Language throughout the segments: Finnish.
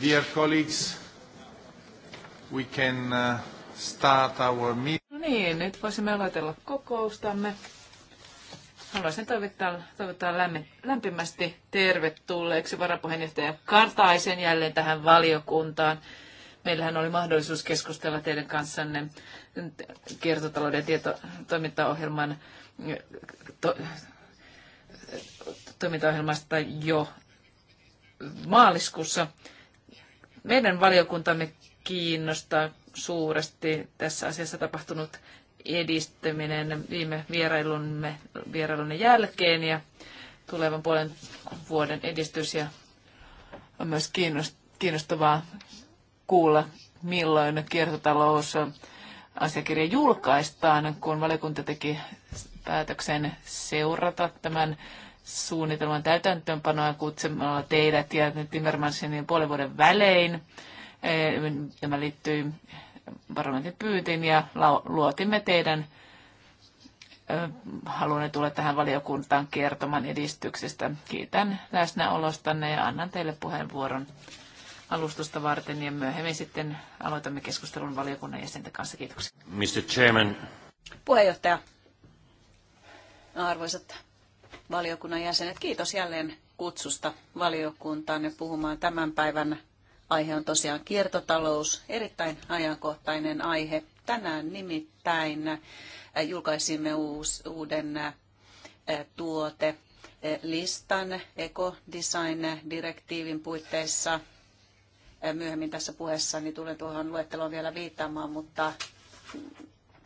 Dear colleagues, we can uh, start our meeting. No niin, nyt voisimme aloitella kokoustamme. Haluaisin toivottaa, toivottaa lämmin, lämpimästi tervetulleeksi varapuheenjohtaja Kartaisen jälleen tähän valiokuntaan. Meillähän oli mahdollisuus keskustella teidän kanssanne kiertotalouden tietotoimintaohjelman to, toimintaohjelmasta jo maaliskuussa. Meidän valiokuntamme kiinnostaa suuresti tässä asiassa tapahtunut edistyminen viime vierailumme, vierailunne jälkeen ja tulevan puolen vuoden edistys ja on myös kiinnostavaa kuulla, milloin kiertotalous asiakirja julkaistaan, kun valiokunta teki päätöksen seurata tämän suunnitelman täytäntöönpanoa kutsumalla teidät ja Timmermansin puolen vuoden välein. E, tämä liittyy parlamentin pyyntiin ja luotimme teidän e, halunne tulla tähän valiokuntaan kertomaan edistyksestä. Kiitän läsnäolostanne ja annan teille puheenvuoron alustusta varten ja myöhemmin sitten aloitamme keskustelun valiokunnan jäsenten kanssa. Kiitoksia. Mr. Chairman. Puheenjohtaja. Arvoisat valiokunnan jäsenet. Kiitos jälleen kutsusta valiokuntaan puhumaan tämän päivän Aihe on tosiaan kiertotalous, erittäin ajankohtainen aihe. Tänään nimittäin äh, julkaisimme uus, uuden äh, tuote äh, listan ekodesign-direktiivin puitteissa. Myöhemmin tässä puheessa niin tulen tuohon luetteloon vielä viittaamaan, mutta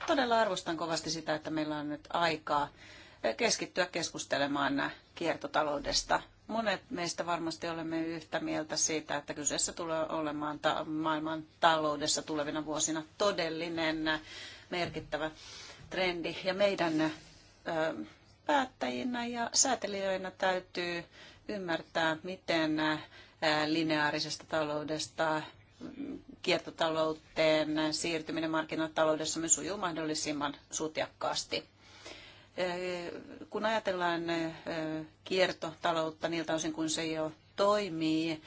todella arvostan kovasti sitä, että meillä on nyt aikaa keskittyä keskustelemaan kiertotaloudesta. Monet meistä varmasti olemme yhtä mieltä siitä, että kyseessä tulee olemaan ta- maailman taloudessa tulevina vuosina todellinen merkittävä trendi. Ja meidän ö, päättäjinä ja säätelijöinä täytyy ymmärtää, miten lineaarisesta taloudesta kiertotalouteen siirtyminen markkinataloudessa myös sujuu mahdollisimman sutjakkaasti kun ajatellaan kiertotaloutta niiltä osin kuin se jo toimii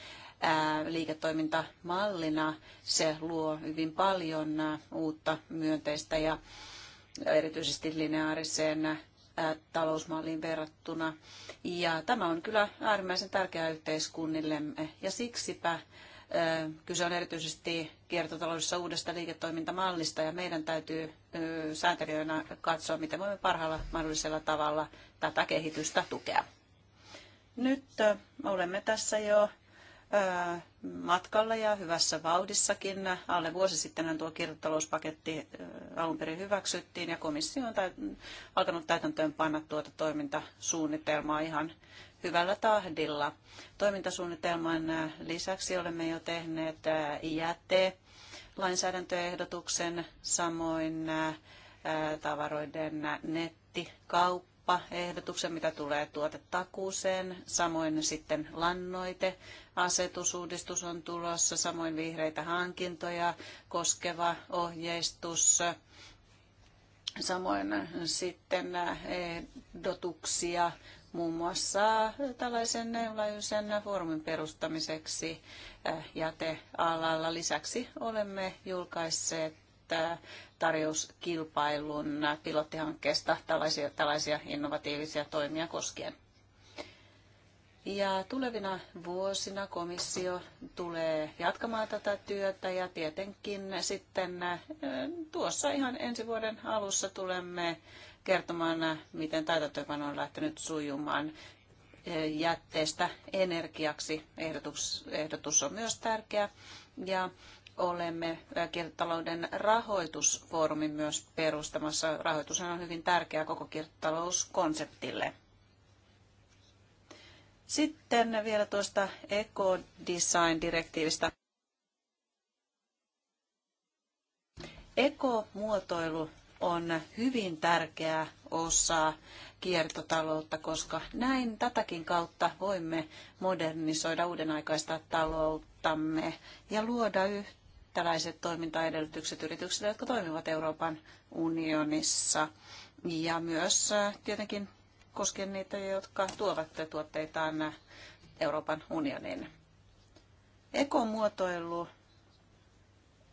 liiketoimintamallina, se luo hyvin paljon uutta myönteistä ja erityisesti lineaariseen talousmalliin verrattuna. Ja tämä on kyllä äärimmäisen tärkeää yhteiskunnille ja siksipä Kyse on erityisesti kiertotaloudessa uudesta liiketoimintamallista ja meidän täytyy sääntelijöinä katsoa, miten voimme parhaalla mahdollisella tavalla tätä kehitystä tukea. Nyt olemme tässä jo matkalla ja hyvässä vauhdissakin. Alle vuosi sitten tuo kiertotalouspaketti alun perin hyväksyttiin ja komissio on alkanut täytäntöön panna tuota toimintasuunnitelmaa ihan hyvällä tahdilla. Toimintasuunnitelman äh, lisäksi olemme jo tehneet äh, IAT-lainsäädäntöehdotuksen, samoin äh, tavaroiden nettikauppaehdotuksen, mitä tulee tuotetakuuseen, samoin sitten lannoite, asetusuudistus on tulossa, samoin vihreitä hankintoja koskeva ohjeistus, samoin sitten ehdotuksia muun muassa tällaisen laajuisen foorumin perustamiseksi äh, jätealalla. Lisäksi olemme julkaisseet äh, tarjouskilpailun pilottihankkeesta tällaisia, tällaisia innovatiivisia toimia koskien. Ja tulevina vuosina komissio tulee jatkamaan tätä työtä ja tietenkin sitten äh, tuossa ihan ensi vuoden alussa tulemme kertomaan, miten täytäntöönpano on lähtenyt sujumaan e, jätteestä energiaksi. Ehdotus, ehdotus on myös tärkeä ja olemme e, kiertotalouden rahoitusfoorumin myös perustamassa. Rahoitus on hyvin tärkeä koko kiertotalouskonseptille. Sitten vielä tuosta ekodesign-direktiivistä. Ekomuotoilu on hyvin tärkeä osa kiertotaloutta, koska näin tätäkin kautta voimme modernisoida uuden aikaista talouttamme ja luoda yhtäläiset toimintaedellytykset yrityksille, jotka toimivat Euroopan unionissa. Ja myös tietenkin koskien niitä, jotka tuovat tuotteitaan Euroopan unioniin. Ekomuotoilu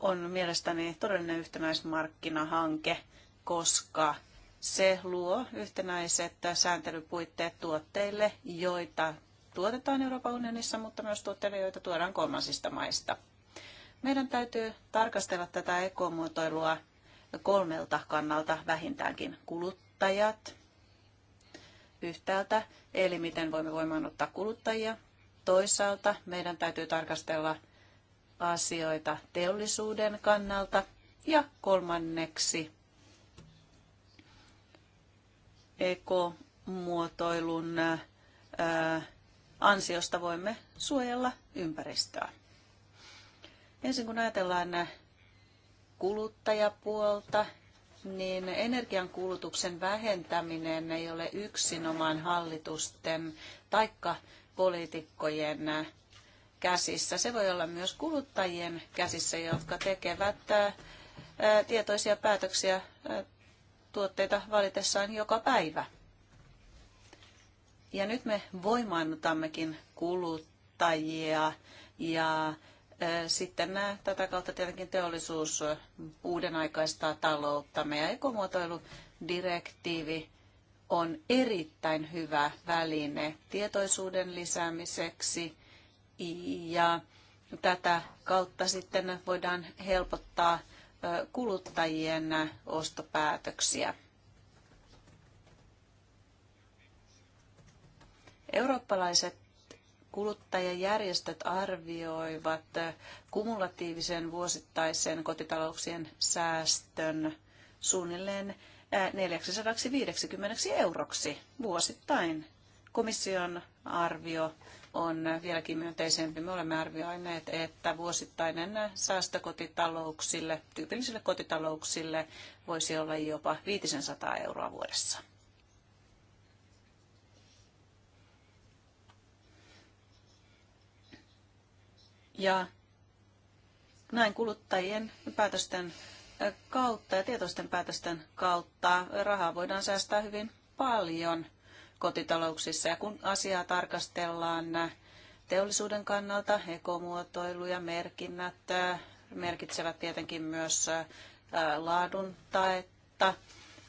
on mielestäni todellinen yhtenäismarkkinahanke – koska se luo yhtenäiset sääntelypuitteet tuotteille, joita tuotetaan Euroopan unionissa, mutta myös tuotteille, joita tuodaan kolmansista maista. Meidän täytyy tarkastella tätä ekomuotoilua kolmelta kannalta vähintäänkin kuluttajat yhtäältä, eli miten voimme voimaan ottaa kuluttajia. Toisaalta meidän täytyy tarkastella asioita teollisuuden kannalta ja kolmanneksi ekomuotoilun ansiosta voimme suojella ympäristöä. Ensin kun ajatellaan kuluttajapuolta, niin energian kulutuksen vähentäminen ei ole yksinomaan hallitusten taikka poliitikkojen käsissä. Se voi olla myös kuluttajien käsissä, jotka tekevät tietoisia päätöksiä tuotteita valitessaan joka päivä. Ja nyt me voimaannutammekin kuluttajia ja sitten nämä, tätä kautta tietenkin teollisuus uuden aikaistaa taloutta. Meidän ekomuotoiludirektiivi on erittäin hyvä väline tietoisuuden lisäämiseksi ja tätä kautta sitten voidaan helpottaa kuluttajien ostopäätöksiä. Eurooppalaiset kuluttajajärjestöt arvioivat kumulatiivisen vuosittaisen kotitalouksien säästön suunnilleen 450 euroksi vuosittain. Komission arvio on vieläkin myönteisempi. Me olemme arvioineet, että vuosittainen säästö kotitalouksille, tyypillisille kotitalouksille, voisi olla jopa 500 euroa vuodessa. Ja näin kuluttajien päätösten kautta ja tietoisten päätösten kautta rahaa voidaan säästää hyvin paljon – kotitalouksissa. Ja kun asiaa tarkastellaan teollisuuden kannalta, ekomuotoilu ja merkinnät merkitsevät tietenkin myös laadun taetta.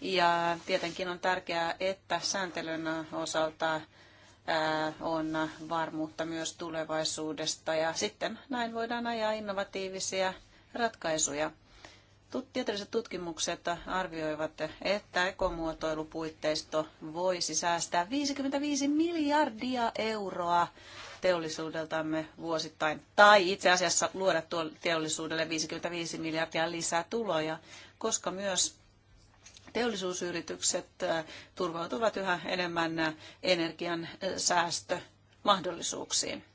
Ja tietenkin on tärkeää, että sääntelyn osalta on varmuutta myös tulevaisuudesta ja sitten näin voidaan ajaa innovatiivisia ratkaisuja. Tieteelliset tutkimukset arvioivat, että ekomuotoilupuitteisto voisi säästää 55 miljardia euroa teollisuudeltamme vuosittain, tai itse asiassa luoda teollisuudelle 55 miljardia lisää tuloja, koska myös teollisuusyritykset äh, turvautuvat yhä enemmän äh, energian äh, säästömahdollisuuksiin.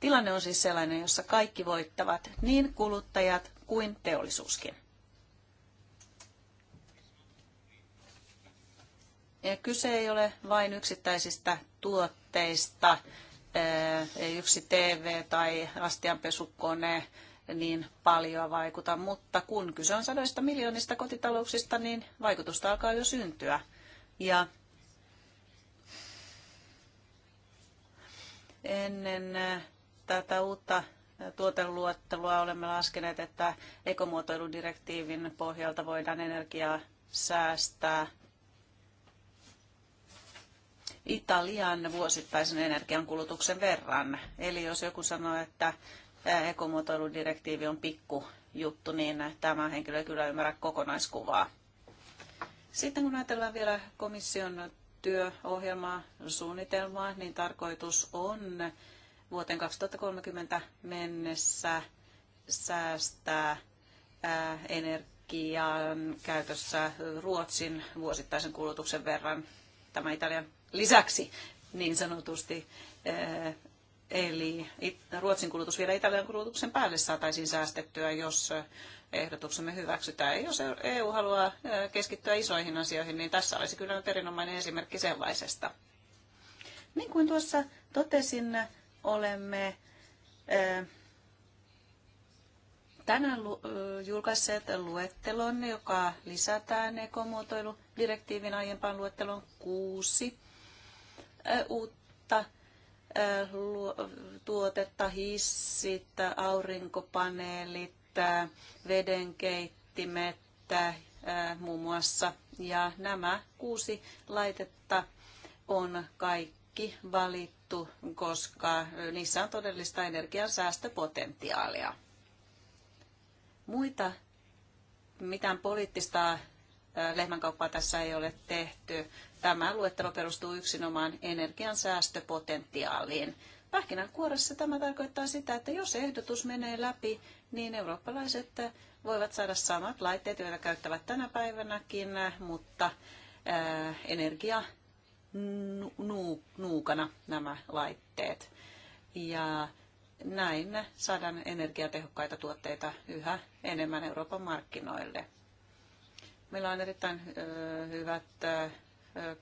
Tilanne on siis sellainen, jossa kaikki voittavat, niin kuluttajat kuin teollisuuskin. Kyse ei ole vain yksittäisistä tuotteista, eh, yksi TV tai astianpesukone niin paljon vaikuta, mutta kun kyse on sadoista miljoonista kotitalouksista, niin vaikutusta alkaa jo syntyä. Ja ennen eh, tätä uutta eh, tuoteluottelua olemme laskeneet, että ekomuotoiludirektiivin pohjalta voidaan energiaa säästää – Italian vuosittaisen energiankulutuksen verran. Eli jos joku sanoo, että ekomuotoiludirektiivi on pikku juttu, niin tämä henkilö ei kyllä ymmärrä kokonaiskuvaa. Sitten kun ajatellaan vielä komission työohjelmaa, suunnitelmaa, niin tarkoitus on vuoteen 2030 mennessä säästää energian käytössä Ruotsin vuosittaisen kulutuksen verran. Tämä Italian lisäksi niin sanotusti. Eh, eli Ruotsin kulutus vielä Italian kulutuksen päälle saataisiin säästettyä, jos eh, ehdotuksemme hyväksytään. jos EU e haluaa eh, keskittyä isoihin asioihin, niin tässä olisi kyllä nyt erinomainen esimerkki sellaisesta. Niin kuin tuossa totesin, olemme tänään julkaisseet luettelon, joka lisätään ekomuotoiludirektiivin aiempaan luettelon kuusi uutta tuotetta, hissit, aurinkopaneelit, vedenkeittimet, muun muassa. Ja nämä kuusi laitetta on kaikki valittu, koska niissä on todellista energiansäästöpotentiaalia. Muita mitään poliittista lehmänkauppaa tässä ei ole tehty. Tämä luettelo perustuu yksinomaan energiansäästöpotentiaaliin. Pähkinänkuoressa tämä tarkoittaa sitä, että jos ehdotus menee läpi, niin eurooppalaiset voivat saada samat laitteet, joita käyttävät tänä päivänäkin, mutta energia nuukana nämä laitteet. Ja näin saadaan energiatehokkaita tuotteita yhä enemmän Euroopan markkinoille. Meillä on erittäin hyvät,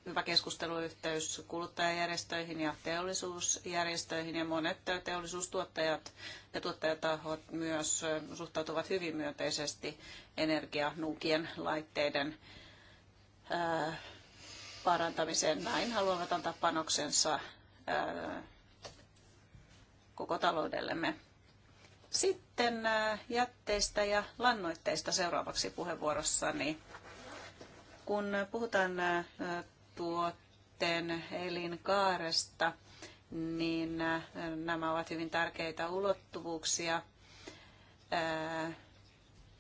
hyvä keskusteluyhteys kuluttajajärjestöihin ja teollisuusjärjestöihin ja monet teollisuustuottajat ja tuottajatahot myös suhtautuvat hyvin myönteisesti energianukien laitteiden parantamiseen. Näin haluavat antaa panoksensa koko taloudellemme. Sitten jätteistä ja lannoitteista seuraavaksi puheenvuorossani kun puhutaan tuotteen elinkaaresta, niin nämä ovat hyvin tärkeitä ulottuvuuksia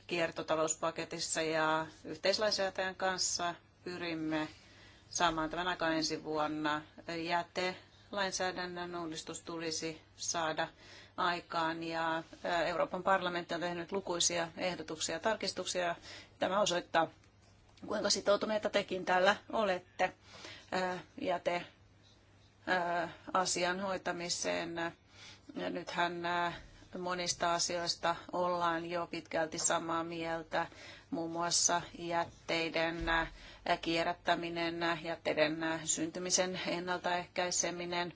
kiertotalouspaketissa ja yhteislainsäätäjän kanssa pyrimme saamaan tämän aikaan ensi vuonna. lainsäädännön uudistus tulisi saada aikaan ja Euroopan parlamentti on tehnyt lukuisia ehdotuksia ja tarkistuksia. Tämä osoittaa kuinka sitoutuneita tekin täällä olette jäte asian hoitamiseen. nythän monista asioista ollaan jo pitkälti samaa mieltä, muun muassa jätteiden kierrättäminen, jätteiden syntymisen ennaltaehkäiseminen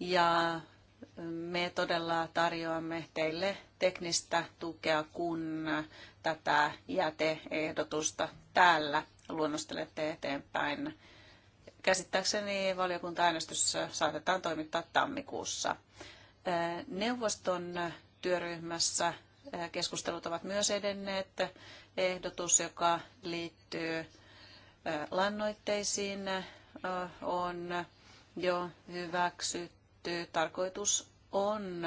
ja me todella tarjoamme teille teknistä tukea, kun tätä jäteehdotusta täällä luonnostelette eteenpäin. Käsittääkseni valiokunta-äänestys saatetaan toimittaa tammikuussa. Neuvoston työryhmässä keskustelut ovat myös edenneet. Ehdotus, joka liittyy lannoitteisiin, on jo hyväksytty päätetty. Tarkoitus on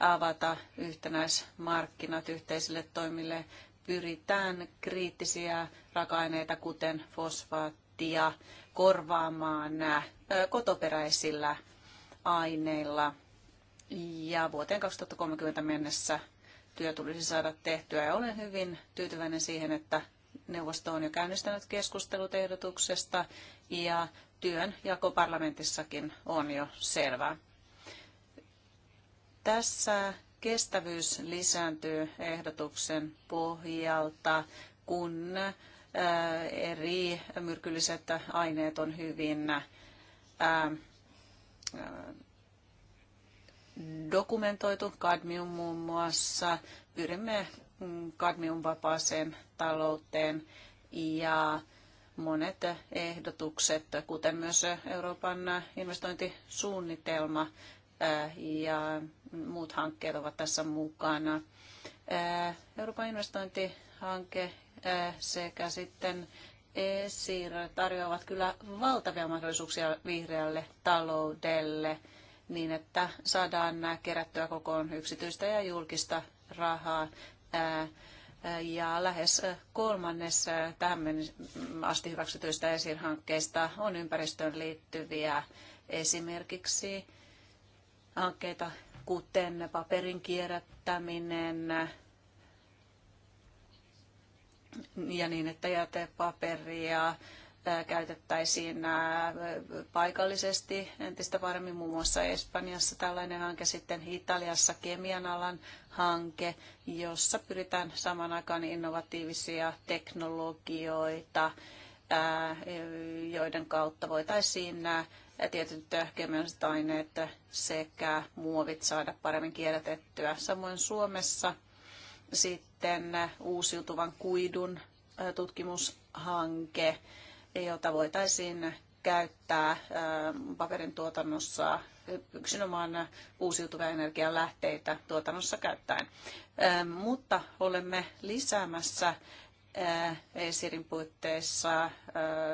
avata yhtenäismarkkinat yhteisille toimille. Pyritään kriittisiä raaka-aineita, kuten fosfaattia, korvaamaan kotoperäisillä aineilla. Ja vuoteen 2030 mennessä työ tulisi saada tehtyä. Ja olen hyvin tyytyväinen siihen, että neuvosto on jo käynnistänyt keskustelut ehdotuksesta ja työn jako parlamentissakin on jo selvää. Tässä kestävyys lisääntyy ehdotuksen pohjalta, kun äh, eri myrkylliset aineet on hyvin äh, äh, dokumentoitu, kadmium muun muassa. Pyrimme mm, kadmiumvapaaseen talouteen ja monet ehdotukset, kuten myös Euroopan investointisuunnitelma, Äh, ja muut hankkeet ovat tässä mukana. Äh, Euroopan investointihanke äh, sekä sitten ESIR tarjoavat kyllä valtavia mahdollisuuksia vihreälle taloudelle niin, että saadaan nämä kerättyä kokoon yksityistä ja julkista rahaa. Ja lähes kolmannes tähän asti hyväksytyistä ESIR-hankkeista on ympäristöön liittyviä esimerkiksi hankkeita, kuten paperin kierrättäminen ja niin, että jätepaperia käytettäisiin paikallisesti entistä paremmin, muun muassa Espanjassa tällainen hanke, sitten Italiassa kemian alan hanke, jossa pyritään saman aikaan innovatiivisia teknologioita, joiden kautta voitaisiin tietyt kemialliset aineet sekä muovit saada paremmin kierrätettyä. Samoin Suomessa sitten uusiutuvan kuidun tutkimushanke, jota voitaisiin käyttää paperin tuotannossa yksinomaan uusiutuvia energialähteitä tuotannossa käyttäen. Mutta olemme lisäämässä ESIRin puitteissa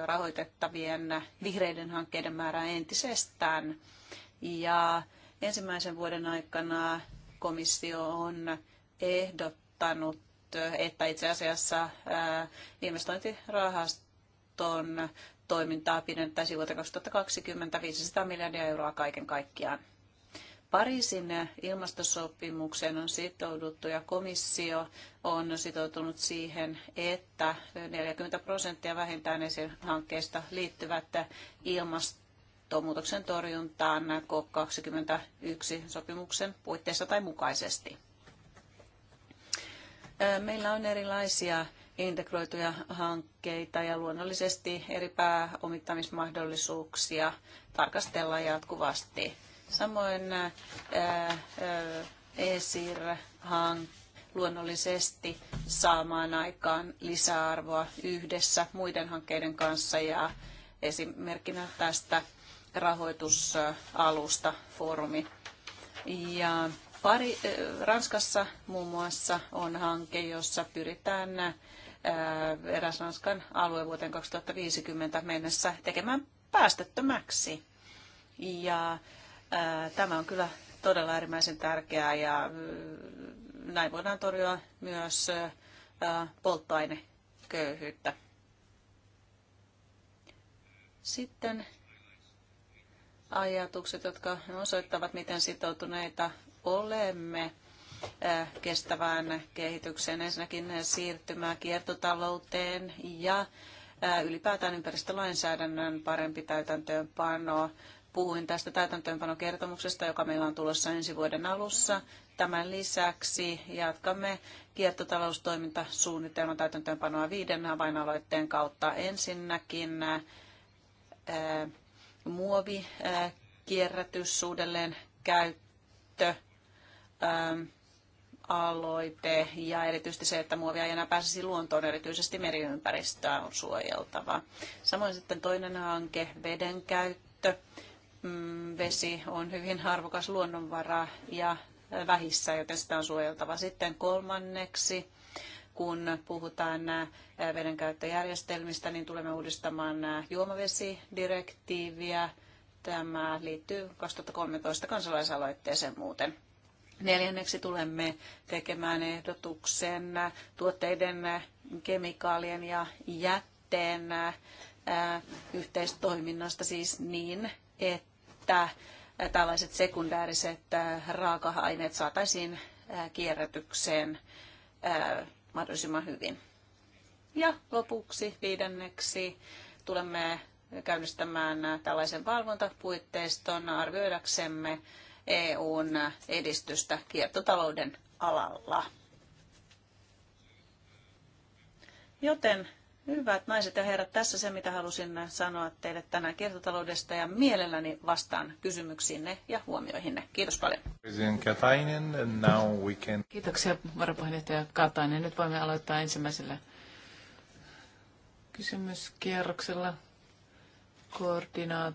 rahoitettavien vihreiden hankkeiden määrää entisestään. Ja ensimmäisen vuoden aikana komissio on ehdottanut, että itse asiassa investointirahaston toimintaa pidennettäisiin vuoteen 2020 500 miljardia euroa kaiken kaikkiaan. Pariisin ilmastosopimukseen on sitouduttu ja komissio on sitoutunut siihen, että 40 prosenttia vähintään esiin hankkeista liittyvät ilmastonmuutoksen torjuntaan COP21 sopimuksen puitteissa tai mukaisesti. Meillä on erilaisia integroituja hankkeita ja luonnollisesti eri pääomittamismahdollisuuksia tarkastellaan jatkuvasti Samoin äh, äh, esir luonnollisesti saamaan aikaan lisäarvoa yhdessä muiden hankkeiden kanssa ja esimerkkinä tästä rahoitusalusta foorumi. Ja pari, äh, Ranskassa muun muassa on hanke, jossa pyritään eräs Ranskan alue vuoteen 2050 mennessä tekemään päästöttömäksi. Ja Tämä on kyllä todella äärimmäisen tärkeää ja mm, näin voidaan torjua myös polttoaineköyhyyttä. Sitten ajatukset, jotka osoittavat, miten sitoutuneita olemme kestävään kehitykseen, ensinnäkin siirtymään kiertotalouteen ja ylipäätään ympäristölainsäädännön parempi täytäntöönpano. Puhuin tästä täytäntöönpanokertomuksesta, joka meillä on tulossa ensi vuoden alussa. Tämän lisäksi jatkamme kiertotaloustoimintasuunnitelman täytäntöönpanoa viiden avainaloitteen kautta. Ensinnäkin ää, äh, muovi ää, äh, kierrätys, uudelleen käyttö, ää, äh, aloite ja erityisesti se, että muovia ei enää pääsisi luontoon, erityisesti meriympäristöä on suojeltava. Samoin sitten toinen hanke, veden käyttö. Mm, vesi on hyvin arvokas luonnonvara ja äh, vähissä, joten sitä on suojeltava. Sitten kolmanneksi, kun puhutaan äh, vedenkäyttöjärjestelmistä, niin tulemme uudistamaan äh, juomavesidirektiiviä. Tämä liittyy 2013 kansalaisaloitteeseen muuten. Neljänneksi tulemme tekemään ehdotuksen tuotteiden, kemikaalien ja jätteen yhteistoiminnasta siis niin, että että äh, tällaiset sekundääriset äh, raaka-aineet saataisiin äh, kierrätykseen mahdollisimman hyvin. Ja lopuksi viidenneksi tulemme käynnistämään tällaisen valvontapuitteiston arvioidaksemme EUn edistystä kiertotalouden alalla. Joten Hyvät naiset ja herrat, tässä se mitä halusin sanoa teille tänään kiertotaloudesta ja mielelläni vastaan kysymyksiinne ja huomioihinne. Kiitos paljon. Kiitoksia varapuheenjohtaja Katainen. Nyt voimme aloittaa ensimmäisellä kysymyskierroksella. Koordinaat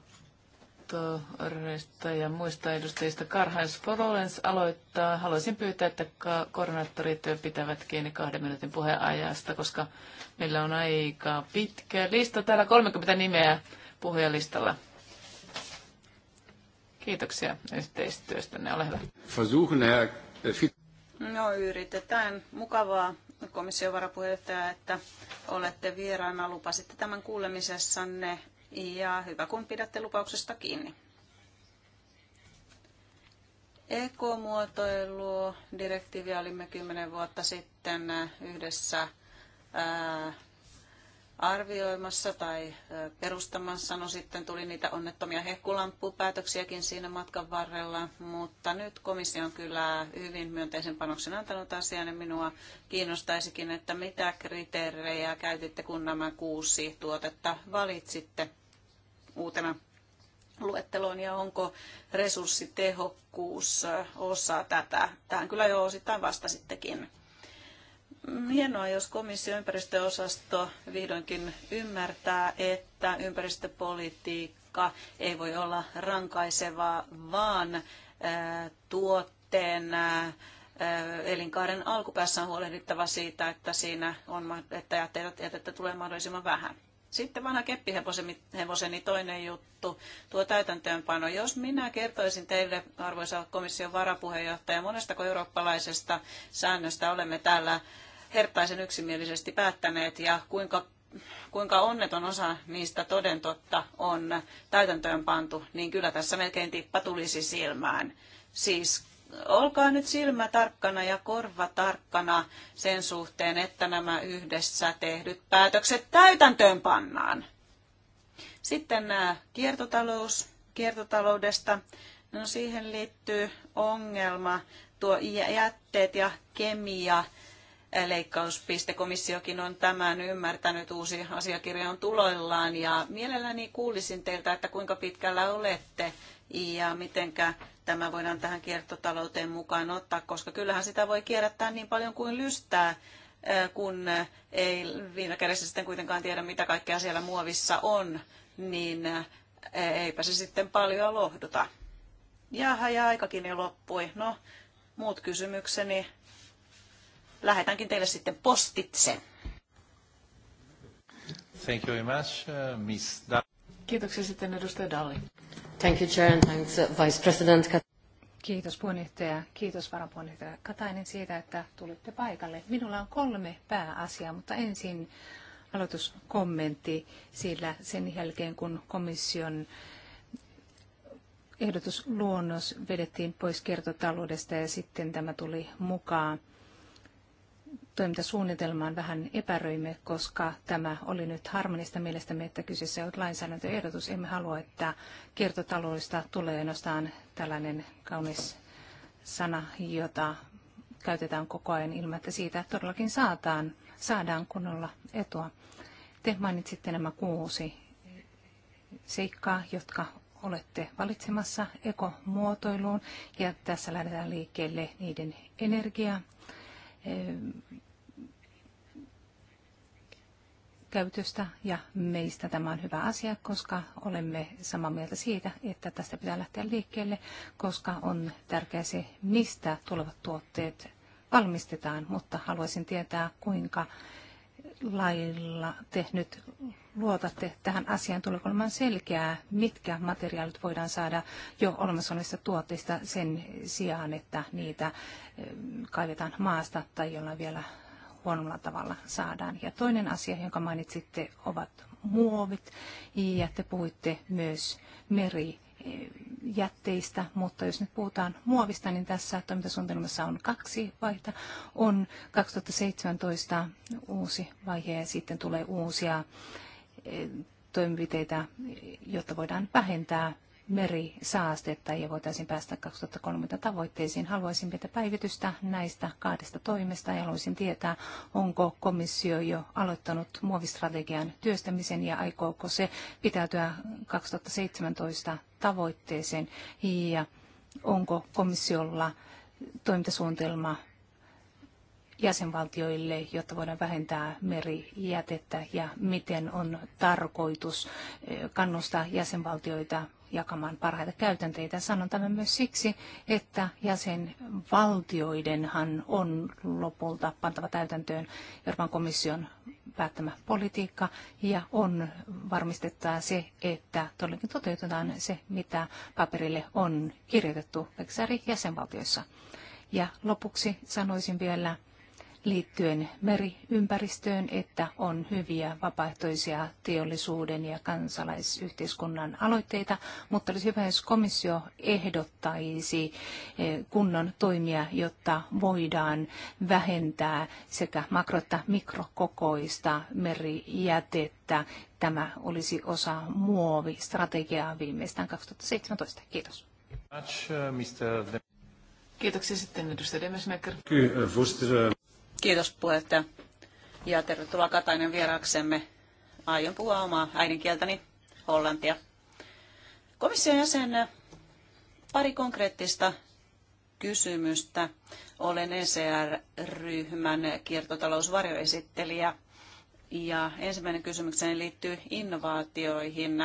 koordinaattoreista ja muista edustajista. Karhais Florence aloittaa. Haluaisin pyytää, että koordinaattorit pitävät kiinni kahden minuutin puheajasta, koska meillä on aika pitkä lista. Täällä 30 nimeä puhujalistalla. Kiitoksia yhteistyöstänne. Ole hyvä. No yritetään. Mukavaa komission varapuheenjohtaja, että olette vieraana. Lupasitte tämän kuulemisessanne ja hyvä kun pidätte lupauksesta kiinni. Ekomuotoilu direktiivi olimme 10 vuotta sitten äh, yhdessä äh, arvioimassa tai perustamassa. No sitten tuli niitä onnettomia hehkulamppupäätöksiäkin siinä matkan varrella, mutta nyt komissio on kyllä hyvin myönteisen panoksen antanut asiaan ja minua kiinnostaisikin, että mitä kriteerejä käytitte, kun nämä kuusi tuotetta valitsitte uutena luetteloon ja onko resurssitehokkuus osa tätä. Tähän kyllä jo osittain vastasittekin hienoa, jos komission ympäristöosasto vihdoinkin ymmärtää, että ympäristöpolitiikka ei voi olla rankaisevaa, vaan äh, tuotteen äh, äh, elinkaaren alkupäässä on huolehdittava siitä, että siinä on, että jätettä tulee mahdollisimman vähän. Sitten vanha keppihevoseni toinen juttu, tuo täytäntöönpano. Jos minä kertoisin teille, arvoisa komission varapuheenjohtaja, monestako eurooppalaisesta säännöstä olemme täällä hertaisen yksimielisesti päättäneet ja kuinka kuinka onneton osa niistä toden totta on täytäntöön pantu, niin kyllä tässä melkein tippa tulisi silmään. Siis olkaa nyt silmä tarkkana ja korva tarkkana sen suhteen, että nämä yhdessä tehdyt päätökset täytäntöön pannaan. Sitten nämä äh, kiertotalous, kiertotaloudesta. No siihen liittyy ongelma, tuo jätteet ja kemia leikkauspiste. Komissiokin on tämän ymmärtänyt, uusi asiakirja on tuloillaan ja mielelläni kuulisin teiltä, että kuinka pitkällä olette ja mitenkä tämä voidaan tähän kiertotalouteen mukaan ottaa, koska kyllähän sitä voi kierrättää niin paljon kuin lystää, eh, kun ei viime kädessä sitten kuitenkaan tiedä, mitä kaikkea siellä muovissa on, niin eh, eipä se sitten paljon lohduta. Jaha, ja aikakin jo loppui. No, muut kysymykseni lähetänkin teille sitten postitse. Thank you very much, uh, Miss da- Kiitoksia sitten edustaja Dalli. Thank you, Chair, and thanks, uh, Vice President. Kiitos puheenjohtaja, kiitos varapuheenjohtaja Katainen siitä, että tulitte paikalle. Minulla on kolme pääasiaa, mutta ensin aloituskommentti, sillä sen jälkeen kun komission ehdotusluonnos vedettiin pois kiertotaloudesta ja sitten tämä tuli mukaan toimintasuunnitelmaan vähän epäröimme, koska tämä oli nyt harmonista mielestämme, että kyseessä on lainsäädäntöehdotus. Emme halua, että kiertotaloudesta tulee ainoastaan tällainen kaunis sana, jota käytetään koko ajan ilman, että siitä todellakin saataan, saadaan kunnolla etua. Te mainitsitte nämä kuusi seikkaa, jotka olette valitsemassa ekomuotoiluun ja tässä lähdetään liikkeelle niiden energia käytöstä ja meistä tämä on hyvä asia, koska olemme samaa mieltä siitä, että tästä pitää lähteä liikkeelle, koska on tärkeää se, mistä tulevat tuotteet valmistetaan, mutta haluaisin tietää, kuinka lailla te nyt luotatte tähän asiaan? Tuleeko olemaan selkeää, mitkä materiaalit voidaan saada jo olemassa olevista tuotteista sen sijaan, että niitä eh, kaivetaan maasta tai jollain vielä huonolla tavalla saadaan. Ja toinen asia, jonka mainitsitte, ovat muovit ja te puhuitte myös meri jätteistä, mutta jos nyt puhutaan muovista, niin tässä toimintasuunnitelmassa on kaksi vaihetta. On 2017 uusi vaihe ja sitten tulee uusia eh, toimenpiteitä, jotta voidaan vähentää merisaastetta ja voitaisiin päästä 2030 tavoitteisiin. Haluaisin pitää päivitystä näistä kahdesta toimesta ja haluaisin tietää, onko komissio jo aloittanut muovistrategian työstämisen ja aikooko se pitäytyä 2017 tavoitteeseen ja onko komissiolla toimintasuunnitelma jäsenvaltioille, jotta voidaan vähentää merijätettä ja miten on tarkoitus eh, kannustaa jäsenvaltioita jakamaan parhaita käytänteitä. Sanon tämän myös siksi, että jäsenvaltioidenhan on lopulta pantava täytäntöön Euroopan komission päättämä politiikka ja on varmistettava se, että todellakin toteutetaan se, mitä paperille on kirjoitettu eri jäsenvaltioissa. Ja lopuksi sanoisin vielä liittyen meriympäristöön, että on hyviä vapaaehtoisia teollisuuden ja kansalaisyhteiskunnan aloitteita, mutta olisi hyvä, jos komissio ehdottaisi eh, kunnon toimia, jotta voidaan vähentää sekä makro- että mikrokokoista merijätettä. Tämä olisi osa muovistrategiaa viimeistään 2017. Kiitos. Uh, Kiitoksia sitten edustaja Demesmaker. Kyllä, Kiitos puheenjohtaja ja tervetuloa Katainen vieraaksemme. Aion puhua omaa äidinkieltäni, hollantia. Komission jäsen, pari konkreettista kysymystä. Olen ECR-ryhmän kiertotalousvarjoesittelijä. Ja ensimmäinen kysymykseni liittyy innovaatioihin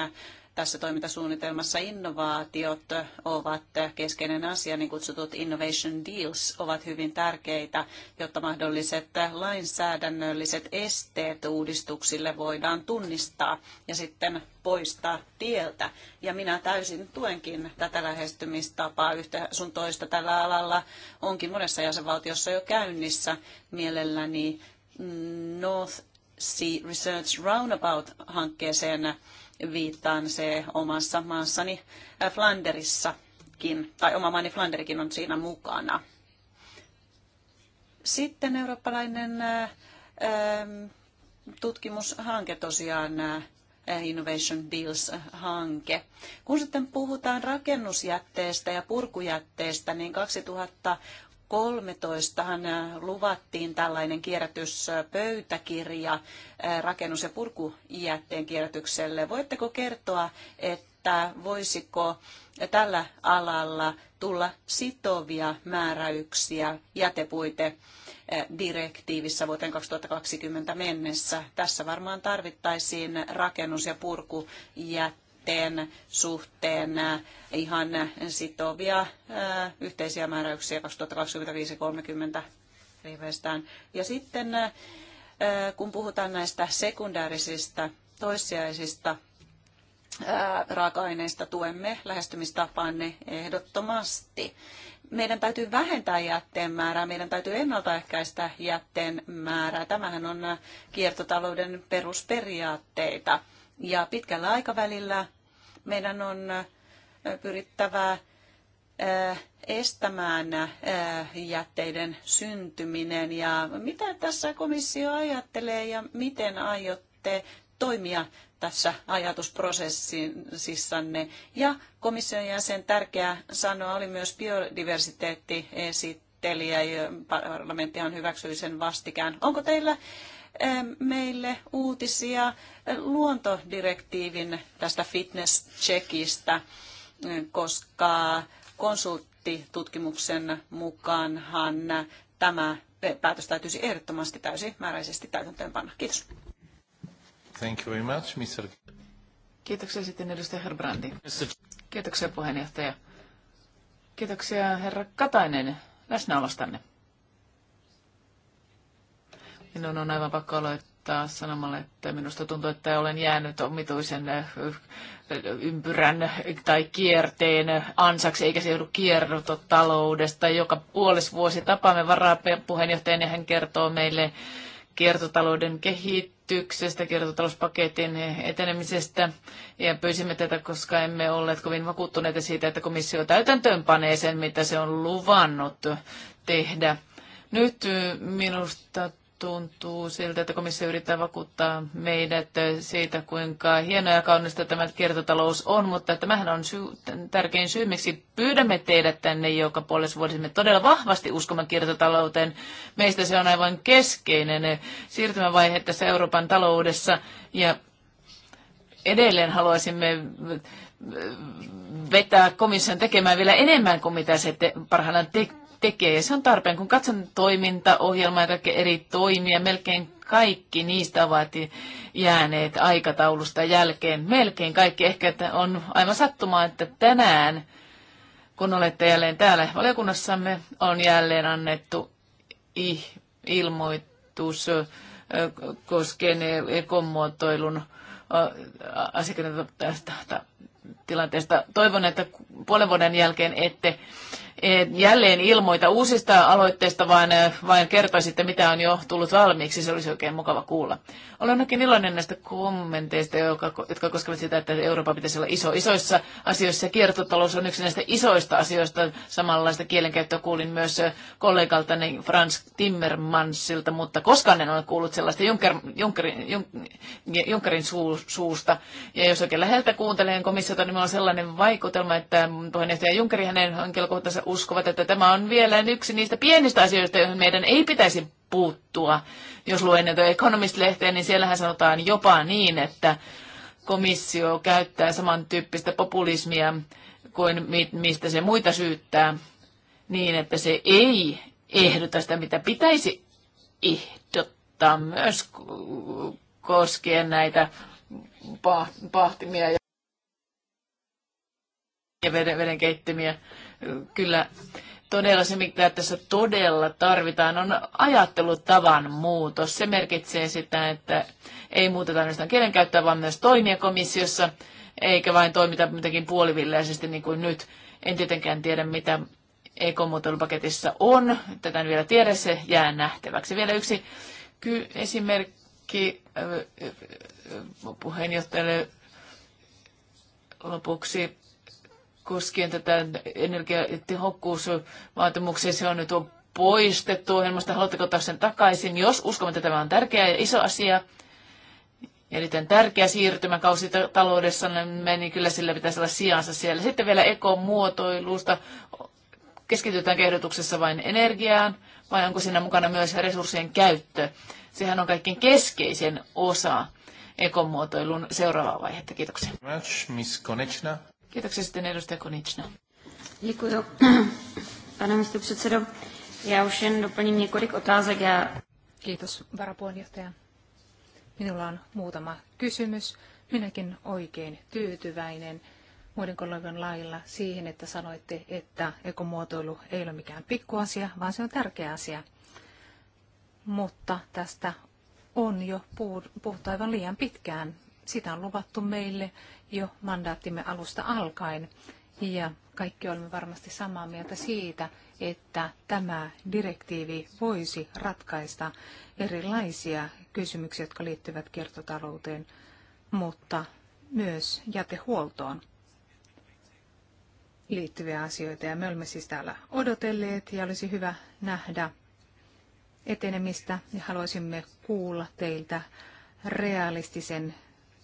tässä toimintasuunnitelmassa innovaatiot ovat keskeinen asia, niin kutsutut innovation deals ovat hyvin tärkeitä, jotta mahdolliset lainsäädännölliset esteet uudistuksille voidaan tunnistaa ja sitten poistaa tieltä. Ja minä täysin tuenkin tätä lähestymistapaa yhtä sun toista tällä alalla. Onkin monessa jäsenvaltiossa jo käynnissä mielelläni North Sea Research Roundabout-hankkeeseen viittaan se omassa maassani äh, Flanderissakin, tai oma maani Flanderikin on siinä mukana. Sitten eurooppalainen äh, ähm, tutkimushanke tosiaan äh, Innovation Deals-hanke. Kun sitten puhutaan rakennusjätteestä ja purkujätteestä, niin 2000 2013 äh, luvattiin tällainen kierrätyspöytäkirja äh, rakennus- ja purkujätteen kierrätykselle. Voitteko kertoa, että voisiko tällä alalla tulla sitovia määräyksiä jätepuite direktiivissä vuoteen 2020 mennessä. Tässä varmaan tarvittaisiin rakennus- ja purkujätteen suhteen, suhteen äh, ihan sitovia äh, yhteisiä määräyksiä 2025 2030 viimeistään. Ja sitten äh, kun puhutaan näistä sekundäärisistä, toissijaisista raaka-aineista tuemme lähestymistapaanne ehdottomasti. Meidän täytyy vähentää jätteen määrää, meidän täytyy ennaltaehkäistä jätteen määrää. Tämähän on kiertotalouden perusperiaatteita. Ja pitkällä aikavälillä meidän on äh, pyrittävä äh, estämään äh, jätteiden syntyminen. Ja mitä tässä komissio ajattelee ja miten aiotte toimia tässä ajatusprosessissanne. Ja komission jäsen tärkeä sanoa oli myös biodiversiteetti ja parlamenttihan hyväksyi sen vastikään. Onko teillä Eh, meille uutisia luontodirektiivin tästä fitness-checkistä, eh, koska konsulttitutkimuksen mukaanhan tämä päätös täytyisi ehdottomasti täysimääräisesti täytäntöönpanna. Kiitos. Thank you very much, Mr. Kiitoksia sitten edustaja Herbrandi. Kiitoksia puheenjohtaja. Kiitoksia herra Katainen läsnäolostanne. Minun on aivan pakko aloittaa sanomalla, että minusta tuntuu, että olen jäänyt omituisen äh, äh, ympyrän tai kierteen ansaksi, eikä se joudu kiertotaloudesta. Joka puolisvuosi tapaamme varapuheenjohtajan ja hän kertoo meille kiertotalouden kehityksestä, kiertotalouspaketin etenemisestä. Ja pyysimme tätä, koska emme olleet kovin vakuuttuneita siitä, että komissio täytäntöön panee sen, mitä se on luvannut tehdä. Nyt minusta tuntuu siltä, että komissio yrittää vakuuttaa meidät siitä, kuinka hienoja ja kaunista tämä kiertotalous on, mutta tämähän on syy, tärkein syy, miksi pyydämme teidät tänne joka puolessa vuodessa. todella vahvasti uskomaan kiertotalouteen. Meistä se on aivan keskeinen siirtymävaihe tässä Euroopan taloudessa ja edelleen haluaisimme vetää komission tekemään vielä enemmän kuin mitä se te, parhaillaan te, tekee. Ja se on tarpeen, kun katson toimintaohjelmaa ja eri toimia, melkein kaikki niistä ovat jääneet aikataulusta jälkeen. Melkein kaikki. Ehkä että on aivan sattumaa, että tänään, kun olette jälleen täällä valiokunnassamme, on jälleen annettu ilmoitus koskien ekomuotoilun asiakirjoittajasta tilanteesta. Toivon, että puolen vuoden jälkeen ette Eh, jälleen ilmoita uusista aloitteista, vaan eh, vain kertoisitte, mitä on jo tullut valmiiksi. Se olisi oikein mukava kuulla. Olen ainakin iloinen näistä kommenteista, jotka koskevat sitä, että Eurooppa pitäisi olla iso isoissa asioissa. Kiertotalous on yksi näistä isoista asioista. Samanlaista kielenkäyttöä kuulin myös eh, kollegaltani Franz Timmermansilta, mutta koskaan en ole kuullut sellaista Juncker, Junckerin, Junckerin suusta. Ja jos oikein läheltä kuuntelen komissiota, niin on sellainen vaikutelma, että puheenjohtaja Junckeri hänen henkilökohtaisessa uskovat, että tämä on vielä yksi niistä pienistä asioista, joihin meidän ei pitäisi puuttua. Jos luen näitä Economist-lehteä, niin siellähän sanotaan jopa niin, että komissio käyttää samantyyppistä populismia kuin mistä se muita syyttää, niin että se ei ehdota sitä, mitä pitäisi ehdottaa myös koskien näitä pahtimia ja vedenkeittimiä kyllä todella se, mitä tässä todella tarvitaan, on ajattelutavan muutos. Se merkitsee sitä, että ei muuteta ainoastaan kielenkäyttöä, vaan myös toimia komissiossa, eikä vain toimita mitenkin puolivilleisesti niin kuin nyt. En tietenkään tiedä, mitä ekomuotoilupaketissa on. Tätä en vielä tiedä, se jää nähtäväksi. Vielä yksi esimerkki äh, äh, äh, puheenjohtajalle lopuksi koskien tätä energiatehokkuusvaatimuksia. Se on nyt poistettu ohjelmasta. Haluatteko ottaa sen takaisin? Jos uskomme, että tämä on tärkeä ja iso asia, erittäin tärkeä siirtymäkausi taloudessa, niin kyllä sillä pitäisi olla sijansa siellä. Sitten vielä ekomuotoilusta. Keskitytään ehdotuksessa vain energiaan, vai onko siinä mukana myös resurssien käyttö? Sehän on kaikkein keskeisen osa ekomuotoilun seuraavaa vaihetta. Kiitoksia. Kiitoksia sitten edustaja Konitsna. Děkuji. Pane místopředsedo, já už jen doplním několik otázek. Já... Kiitos, varapuheenjohtaja. Minulla on muutama kysymys. Minäkin oikein tyytyväinen muiden kollegan lailla siihen, että sanoitte, että ekomuotoilu ei ole mikään pikkuasia, vaan se on tärkeä asia. Mutta tästä on jo puhuttu aivan liian pitkään sitä on luvattu meille jo mandaattimme alusta alkaen. Ja kaikki olemme varmasti samaa mieltä siitä, että tämä direktiivi voisi ratkaista erilaisia kysymyksiä, jotka liittyvät kiertotalouteen, mutta myös jätehuoltoon liittyviä asioita. Ja me olemme siis täällä odotelleet ja olisi hyvä nähdä etenemistä ja haluaisimme kuulla teiltä realistisen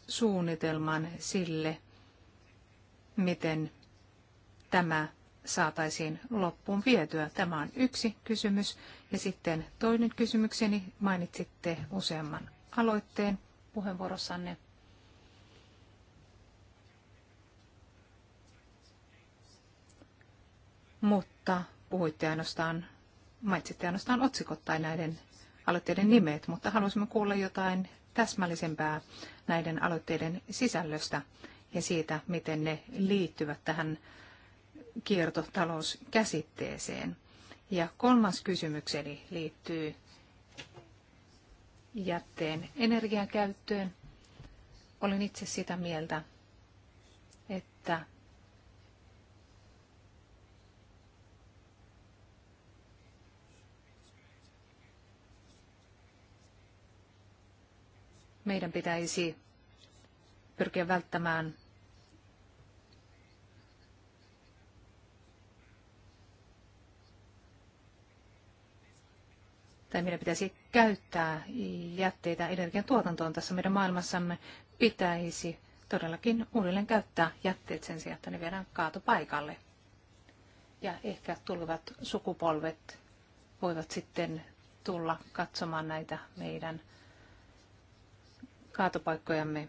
suunnitelman sille, miten tämä saataisiin loppuun vietyä? Tämä on yksi kysymys. Ja sitten toinen kysymykseni. Mainitsitte useamman aloitteen puheenvuorossanne. Mutta puhuitte ainoastaan, mainitsitte ainoastaan otsikot tai näiden aloitteiden nimet, mutta haluaisimme kuulla jotain täsmällisempää näiden aloitteiden sisällöstä ja siitä, miten ne liittyvät tähän kiertotalouskäsitteeseen. Ja kolmas kysymykseni liittyy jätteen energiakäyttöön. Olin itse sitä mieltä, että meidän pitäisi pyrkiä välttämään tai meidän pitäisi käyttää jätteitä energiantuotantoon tässä meidän maailmassamme, pitäisi todellakin uudelleen käyttää jätteet sen sijaan, että ne viedään kaatopaikalle. Ja ehkä tulevat sukupolvet voivat sitten tulla katsomaan näitä meidän kaatopaikkojamme.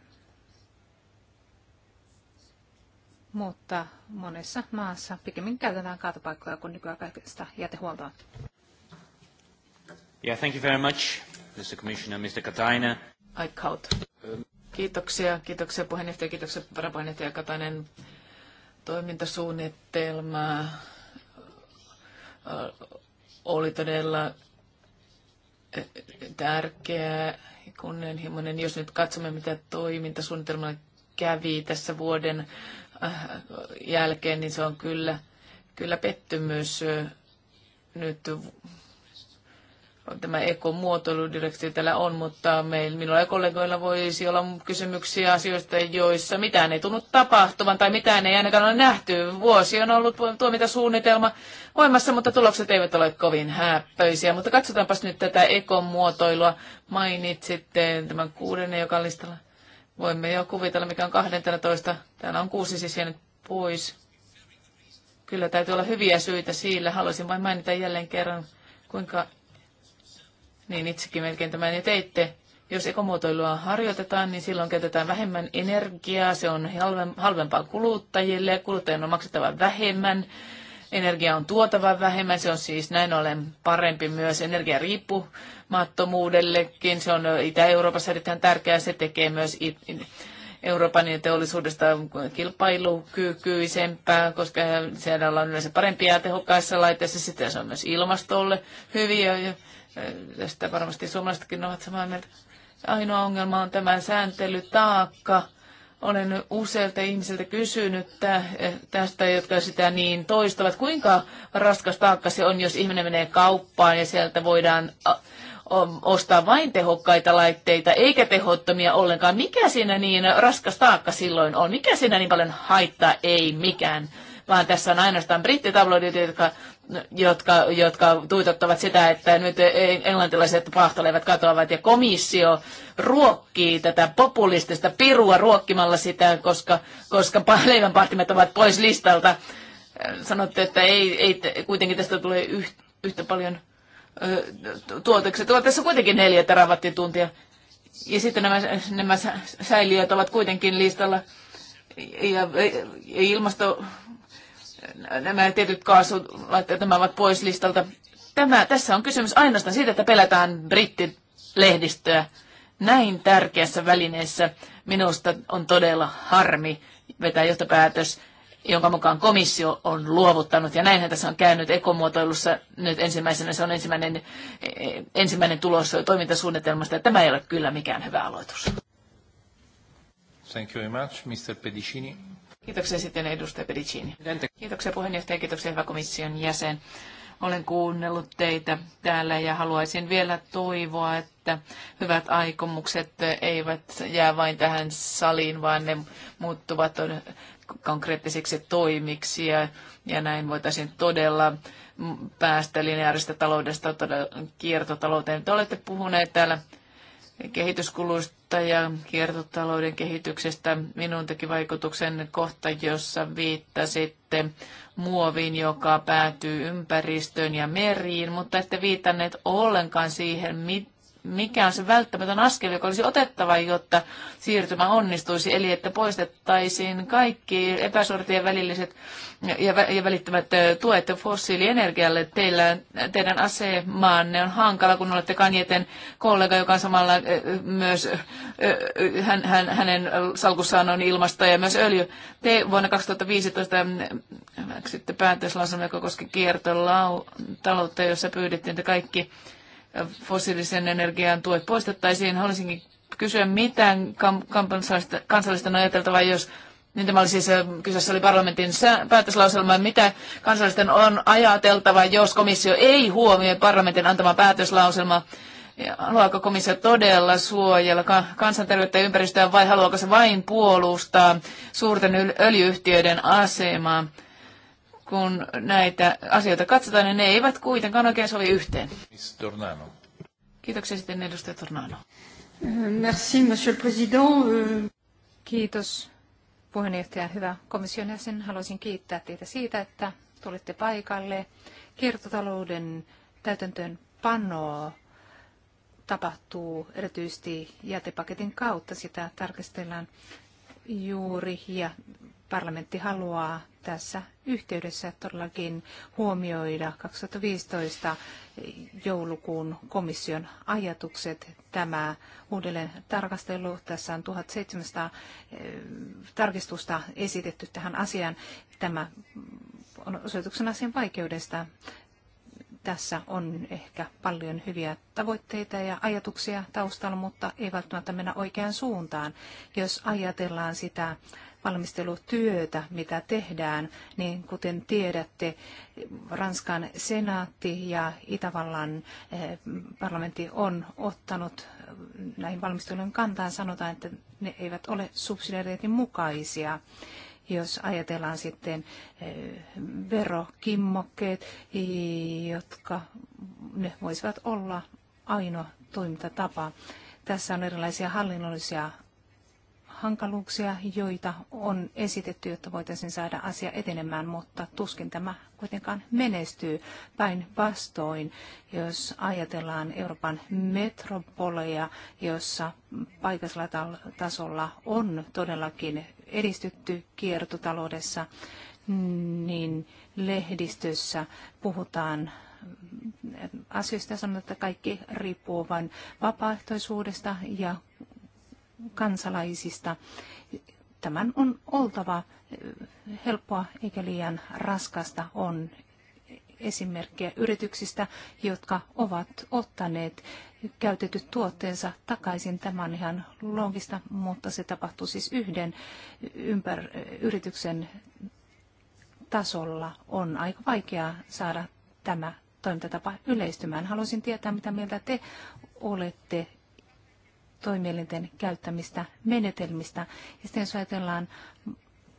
Mutta monessa maassa pikemmin käytetään kaatopaikkoja kuin nykyaikaista jätehuoltoa. Yeah, thank you very much, Mr. Commissioner, Mr. Katainen. Aikaut. Kiitoksia, kiitoksia puheenjohtaja, kiitoksia varapuheenjohtaja Katainen. Toimintasuunnitelma oli todella tärkeä kunnianhimoinen. Jos nyt katsomme, mitä toimintasuunnitelmalla kävi tässä vuoden äh, jälkeen, niin se on kyllä, kyllä pettymys nyt tämä ekomuotoiludirektio täällä on, mutta meillä, minulla ja kollegoilla voisi olla kysymyksiä asioista, joissa mitään ei tunnu tapahtuvan tai mitään ei ainakaan ole nähty. Vuosi on ollut suunnitelma voimassa, mutta tulokset eivät ole kovin häppöisiä. Mutta katsotaanpas nyt tätä ekomuotoilua. Mainitsitte tämän kuudennen, joka listalla. Voimme jo kuvitella, mikä on 12. Täällä on kuusi siis jäänyt pois. Kyllä täytyy olla hyviä syitä sillä. Haluaisin vain mainita jälleen kerran, kuinka niin itsekin melkein tämän jo teitte. Jos ekomuotoilua harjoitetaan, niin silloin käytetään vähemmän energiaa, se on halvempaa kuluttajille, kuluttajan on maksettava vähemmän, energia on tuotava vähemmän, se on siis näin ollen parempi myös energiariippumattomuudellekin, se on Itä-Euroopassa erittäin tärkeää, se tekee myös Euroopan teollisuudesta kilpailukykyisempää, koska siellä on yleensä parempia ja tehokkaissa laitteissa. Sitten se on myös ilmastolle hyviä Tästä varmasti suomalaisetkin ovat samaa mieltä. Ainoa ongelma on tämä sääntelytaakka. Olen useilta ihmisiltä kysynyt tästä, jotka sitä niin toistavat, kuinka raskas taakka se on, jos ihminen menee kauppaan ja sieltä voidaan ostaa vain tehokkaita laitteita eikä tehottomia ollenkaan. Mikä siinä niin raskas taakka silloin on? Mikä siinä niin paljon haittaa? Ei mikään. Vaan tässä on ainoastaan brittitabloidit, jotka jotka, jotka tuitottavat sitä, että nyt englantilaiset pahtalevat katoavat ja komissio ruokkii tätä populistista pirua ruokkimalla sitä, koska, koska leivänpahtimet ovat pois listalta. Sanotte, että ei, ei kuitenkin tästä tulee yhtä paljon tuotoksia. Tuo tässä kuitenkin neljä terawattituntia. Ja sitten nämä, nämä säiliöt ovat kuitenkin listalla. Ja, ja ilmasto nämä tietyt kaasulaitteet nämä ovat pois listalta. Tämä, tässä on kysymys ainoastaan siitä, että pelätään brittilehdistöä. Näin tärkeässä välineessä minusta on todella harmi vetää johtopäätös, jonka mukaan komissio on luovuttanut. Ja näinhän tässä on käynyt ekomuotoilussa nyt ensimmäisenä. Se on ensimmäinen, ensimmäinen tulos toimintasuunnitelmasta. Ja tämä ei ole kyllä mikään hyvä aloitus. Thank you very much, Mr. Pedicini. Kiitoksia sitten edustaja Pedicini. Kiitoksia puheenjohtaja ja kiitoksia hyvä komission jäsen. Olen kuunnellut teitä täällä ja haluaisin vielä toivoa, että hyvät aikomukset eivät jää vain tähän saliin, vaan ne muuttuvat konkreettisiksi toimiksi ja, ja näin voitaisiin todella päästä lineaarista taloudesta todella kiertotalouteen. Te olette puhuneet täällä kehityskuluista ja kiertotalouden kehityksestä. Minun teki vaikutuksen kohta, jossa viittasitte muoviin, joka päätyy ympäristöön ja meriin, mutta ette viitanneet ollenkaan siihen, mitä mikä on se välttämätön askel, joka olisi otettava, jotta siirtymä onnistuisi, eli että poistettaisiin kaikki epäsortien välilliset ja, vä- ja välittömät tuet fossiilienergialle. Teillä, teidän asemaanne on hankala, kun olette Kanjeten kollega, joka on samalla myös, hän, hän, hänen salkussaan on ilmasto ja myös öljy. Te vuonna 2015 sitten päätöslauselma, joka koski kiertotaloutta, jossa pyydettiin, että kaikki fossiilisen energian tuet poistettaisiin. Haluaisinkin kysyä, mitä kansallista, ajateltavaa, on ajateltava, jos niin tämä oli siis, kyseessä oli parlamentin päätöslauselma, mitä kansallisten on ajateltava, jos komissio ei huomioi parlamentin antama päätöslauselma. Haluaako komissio todella suojella kansanterveyttä ja ympäristöä vai haluaako se vain puolustaa suurten öljyyhtiöiden asemaa? kun näitä asioita katsotaan, niin ne eivät kuitenkaan oikein sovi yhteen. Tornano. Kiitoksia sitten edustaja Tornano. Merci, monsieur le président. Kiitos puheenjohtaja. Hyvä komission jäsen. Haluaisin kiittää teitä siitä, että tulitte paikalle. Kiertotalouden täytäntöön panoa tapahtuu erityisesti jätepaketin kautta. Sitä tarkastellaan juuri ja parlamentti haluaa tässä yhteydessä todellakin huomioida 2015 joulukuun komission ajatukset. Tämä uudelleen tarkastelu, tässä on 1700 eh, tarkistusta esitetty tähän asiaan. Tämä on osoituksena asian vaikeudesta tässä on ehkä paljon hyviä tavoitteita ja ajatuksia taustalla, mutta ei välttämättä mennä oikeaan suuntaan. Jos ajatellaan sitä valmistelutyötä, mitä tehdään, niin kuten tiedätte, Ranskan senaatti ja Itävallan eh, parlamentti on ottanut eh, näihin valmistelujen kantaan. Sanotaan, että ne eivät ole subsidiariteetin mukaisia jos ajatellaan sitten eh, verokimmokkeet, jotka ne voisivat olla ainoa toimintatapa. Tässä on erilaisia hallinnollisia hankaluuksia, joita on esitetty, jotta voitaisiin saada asia etenemään, mutta tuskin tämä kuitenkaan menestyy. Päinvastoin, jos ajatellaan Euroopan metropoleja, jossa paikallisella tasolla on todellakin edistytty kiertotaloudessa, niin lehdistössä puhutaan asioista sanotaan, että kaikki riippuu vain vapaaehtoisuudesta ja kansalaisista. Tämän on oltava eh, helppoa eikä liian raskasta on esimerkkejä yrityksistä, jotka ovat ottaneet käytetyt tuotteensa takaisin. Tämä on ihan loogista, mutta se tapahtuu siis yhden ympär- yrityksen tasolla. On aika vaikeaa saada tämä toimintatapa yleistymään. Haluaisin tietää, mitä mieltä te olette toimielinten käyttämistä menetelmistä. Ja sitten jos ajatellaan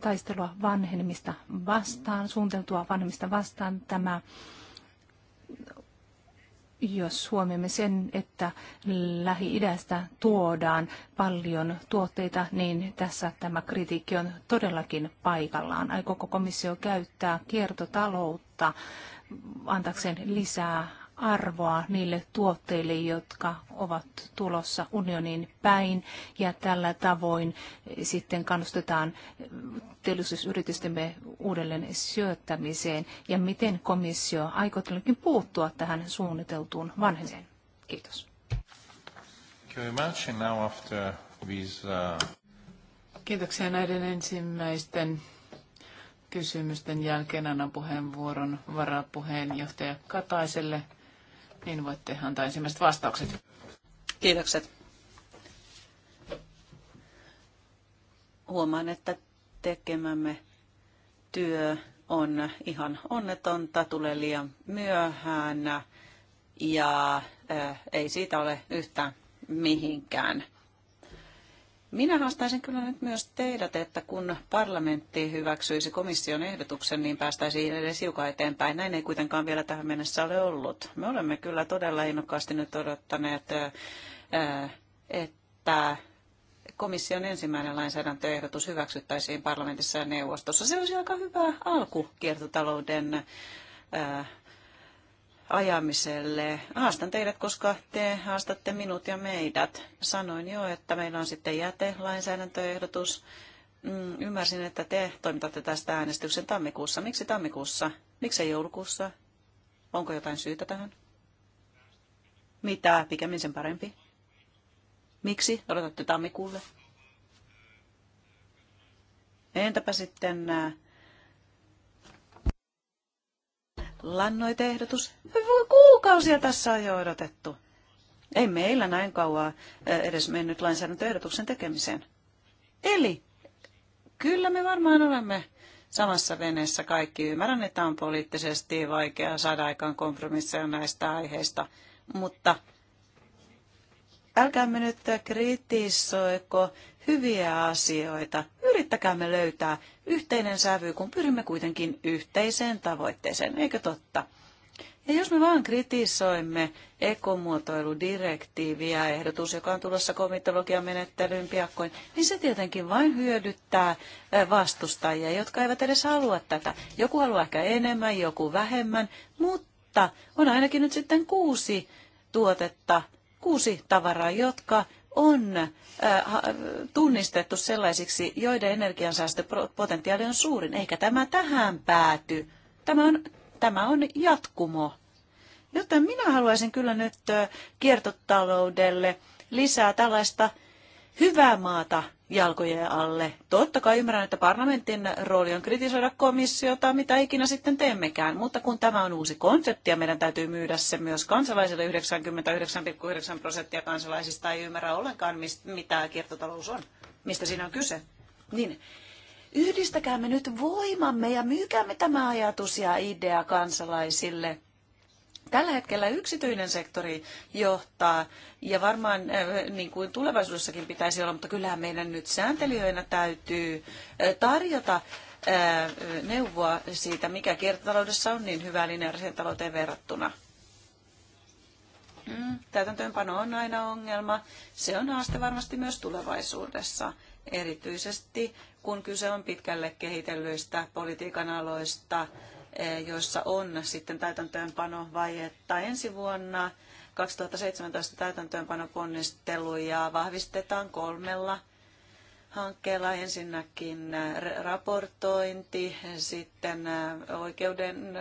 taistelua vanhemmista vastaan, suunniteltua vanhemmista vastaan, tämä jos huomioimme sen, että Lähi-idästä tuodaan paljon tuotteita, niin tässä tämä kritiikki on todellakin paikallaan. Aikooko komissio käyttää kiertotaloutta antakseen lisää arvoa niille tuotteille, jotka ovat tulossa unionin päin ja tällä tavoin eh, sitten kannustetaan eh, teollisuusyritystemme uudelleen syöttämiseen ja miten komissio aikoo tietenkin puuttua tähän suunniteltuun vanhemiseen. Kiitos. Uh, Kiitoksia näiden ensimmäisten kysymysten jälkeen annan puheenvuoron varapuheenjohtaja Kataiselle niin voitte antaa ensimmäiset vastaukset. Kiitokset. Huomaan, että tekemämme työ on ihan onnetonta, tulee liian myöhään ja ei siitä ole yhtään mihinkään. Minä haastaisin kyllä nyt myös teidät, että kun parlamentti hyväksyisi komission ehdotuksen, niin päästäisiin edes hiukan eteenpäin. Näin ei kuitenkaan vielä tähän mennessä ole ollut. Me olemme kyllä todella innokkaasti nyt odottaneet, että komission ensimmäinen lainsäädäntöehdotus hyväksyttäisiin parlamentissa ja neuvostossa. Se olisi aika hyvä alku kiertotalouden ajamiselle. Haastan teidät, koska te haastatte minut ja meidät. Sanoin jo, että meillä on sitten jätelainsäädäntöehdotus. Mm, ymmärsin, että te toimitatte tästä äänestyksen tammikuussa. Miksi tammikuussa? Miksi joulukuussa? Onko jotain syytä tähän? Mitä? Pikemmin sen parempi. Miksi odotatte tammikuulle? Entäpä sitten äh, lannoiteehdotus. Kuukausia tässä on jo odotettu. Ei meillä näin kauan edes mennyt lainsäädäntöehdotuksen tekemiseen. Eli kyllä me varmaan olemme samassa veneessä kaikki. Ymmärrän, että on poliittisesti vaikea saada aikaan kompromisseja näistä aiheista, mutta älkäämme nyt kritisoiko hyviä asioita. Yrittäkäämme löytää yhteinen sävy, kun pyrimme kuitenkin yhteiseen tavoitteeseen, eikö totta? Ja jos me vaan kritisoimme ekomuotoiludirektiiviä, ehdotus, joka on tulossa komitologian menettelyyn piakkoin, niin se tietenkin vain hyödyttää eh, vastustajia, jotka eivät edes halua tätä. Joku haluaa ehkä enemmän, joku vähemmän, mutta on ainakin nyt sitten kuusi tuotetta, kuusi tavaraa, jotka on äh, tunnistettu sellaisiksi, joiden energiansäästöpotentiaali on suurin, eikä tämä tähän pääty. Tämä on, tämä on jatkumo. Joten minä haluaisin kyllä nyt äh, kiertotaloudelle lisää tällaista hyvää maata jalkojen alle. Totta kai ymmärrän, että parlamentin rooli on kritisoida komissiota, mitä ikinä sitten teemmekään, mutta kun tämä on uusi konsepti ja meidän täytyy myydä se myös kansalaisille, 99,9 prosenttia kansalaisista ei ymmärrä ollenkaan, mitä kiertotalous on, mistä siinä on kyse. Niin, yhdistäkäämme nyt voimamme ja myykäämme tämä ajatus ja idea kansalaisille – Tällä hetkellä yksityinen sektori johtaa, ja varmaan äh, niin kuin tulevaisuudessakin pitäisi olla, mutta kyllähän meidän nyt sääntelijöinä täytyy äh, tarjota äh, neuvoa siitä, mikä kiertotaloudessa on niin hyvää lineaariseen talouteen verrattuna. Mm, täytäntöönpano on aina ongelma. Se on haaste varmasti myös tulevaisuudessa, erityisesti kun kyse on pitkälle kehitellyistä politiikan aloista – Eh, joissa on sitten täytäntöönpanovaietta ensi vuonna. 2017 täytäntöönpanoponnisteluja vahvistetaan kolmella hankkeella. Ensinnäkin eh, raportointi, sitten eh, oikeuden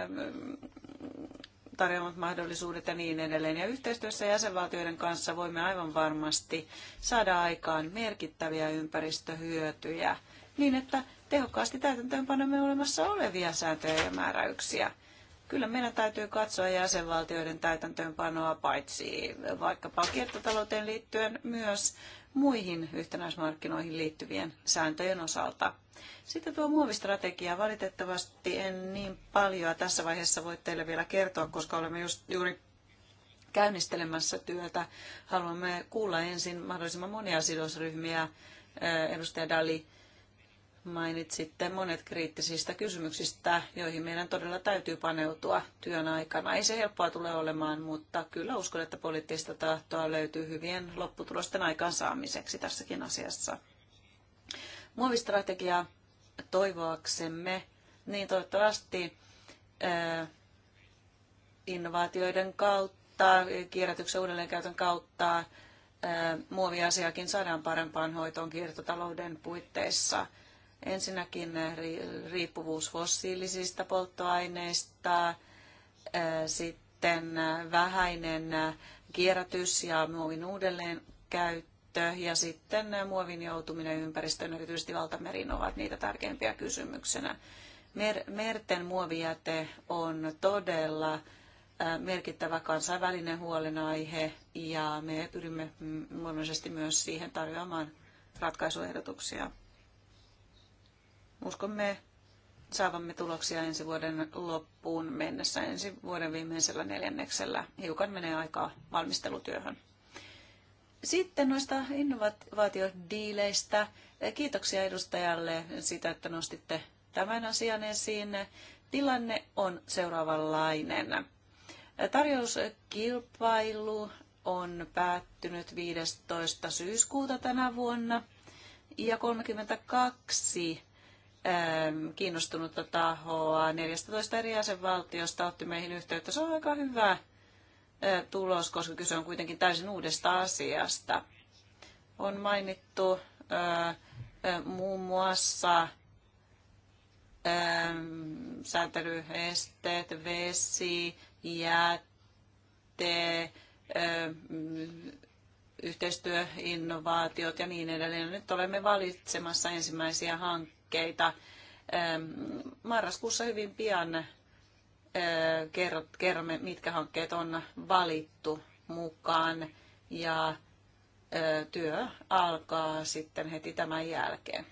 tarjoamat mahdollisuudet ja niin edelleen. Ja yhteistyössä jäsenvaltioiden kanssa voimme aivan varmasti saada aikaan merkittäviä ympäristöhyötyjä – niin, että tehokkaasti täytäntöönpanemme olemassa olevia sääntöjä ja määräyksiä. Kyllä meidän täytyy katsoa jäsenvaltioiden täytäntöönpanoa paitsi vaikkapa kiertotalouteen liittyen myös muihin yhtenäismarkkinoihin liittyvien sääntöjen osalta. Sitten tuo muovistrategia. Valitettavasti en niin paljon tässä vaiheessa voi teille vielä kertoa, koska olemme just, juuri käynnistelemässä työtä. Haluamme kuulla ensin mahdollisimman monia sidosryhmiä. Edustaja Dali mainitsitte monet kriittisistä kysymyksistä, joihin meidän todella täytyy paneutua työn aikana. Ei se helppoa tule olemaan, mutta kyllä uskon, että poliittista tahtoa löytyy hyvien lopputulosten aikaansaamiseksi tässäkin asiassa. Muovistrategia toivoaksemme, niin toivottavasti eh, innovaatioiden kautta, kierrätyksen uudelleenkäytön kautta eh, muoviasiakin saadaan parempaan hoitoon kiertotalouden puitteissa – Ensinnäkin äh, riippuvuus fossiilisista polttoaineista, äh, sitten äh, vähäinen kierrätys ja muovin uudelleenkäyttö ja sitten muovin joutuminen ympäristöön, erityisesti valtameriin, ovat niitä tärkeimpiä kysymyksenä. Mer- merten muovijäte on todella merkittävä kansainvälinen huolenaihe ja me pyrimme luonnollisesti myös siihen tarjoamaan ratkaisuehdotuksia uskomme saavamme tuloksia ensi vuoden loppuun mennessä, ensi vuoden viimeisellä neljänneksellä. Hiukan menee aikaa valmistelutyöhön. Sitten noista innovaatiodiileistä. Kiitoksia edustajalle siitä, että nostitte tämän asian esiin. Tilanne on seuraavanlainen. Tarjouskilpailu on päättynyt 15. syyskuuta tänä vuonna ja 32 Ähm, kiinnostunutta tahoa. 14 eri jäsenvaltiosta otti meihin yhteyttä. Se on aika hyvä äh, tulos, koska kyse on kuitenkin täysin uudesta asiasta. On mainittu äh, äh, muun muassa ähm, sääntelyesteet, vesi, jäte, yhteistyöinnovaatiot ja niin edelleen. Nyt olemme valitsemassa ensimmäisiä hankkeita hankkeita. Marraskuussa hyvin pian kerromme, mitkä hankkeet on valittu mukaan ja työ alkaa sitten heti tämän jälkeen.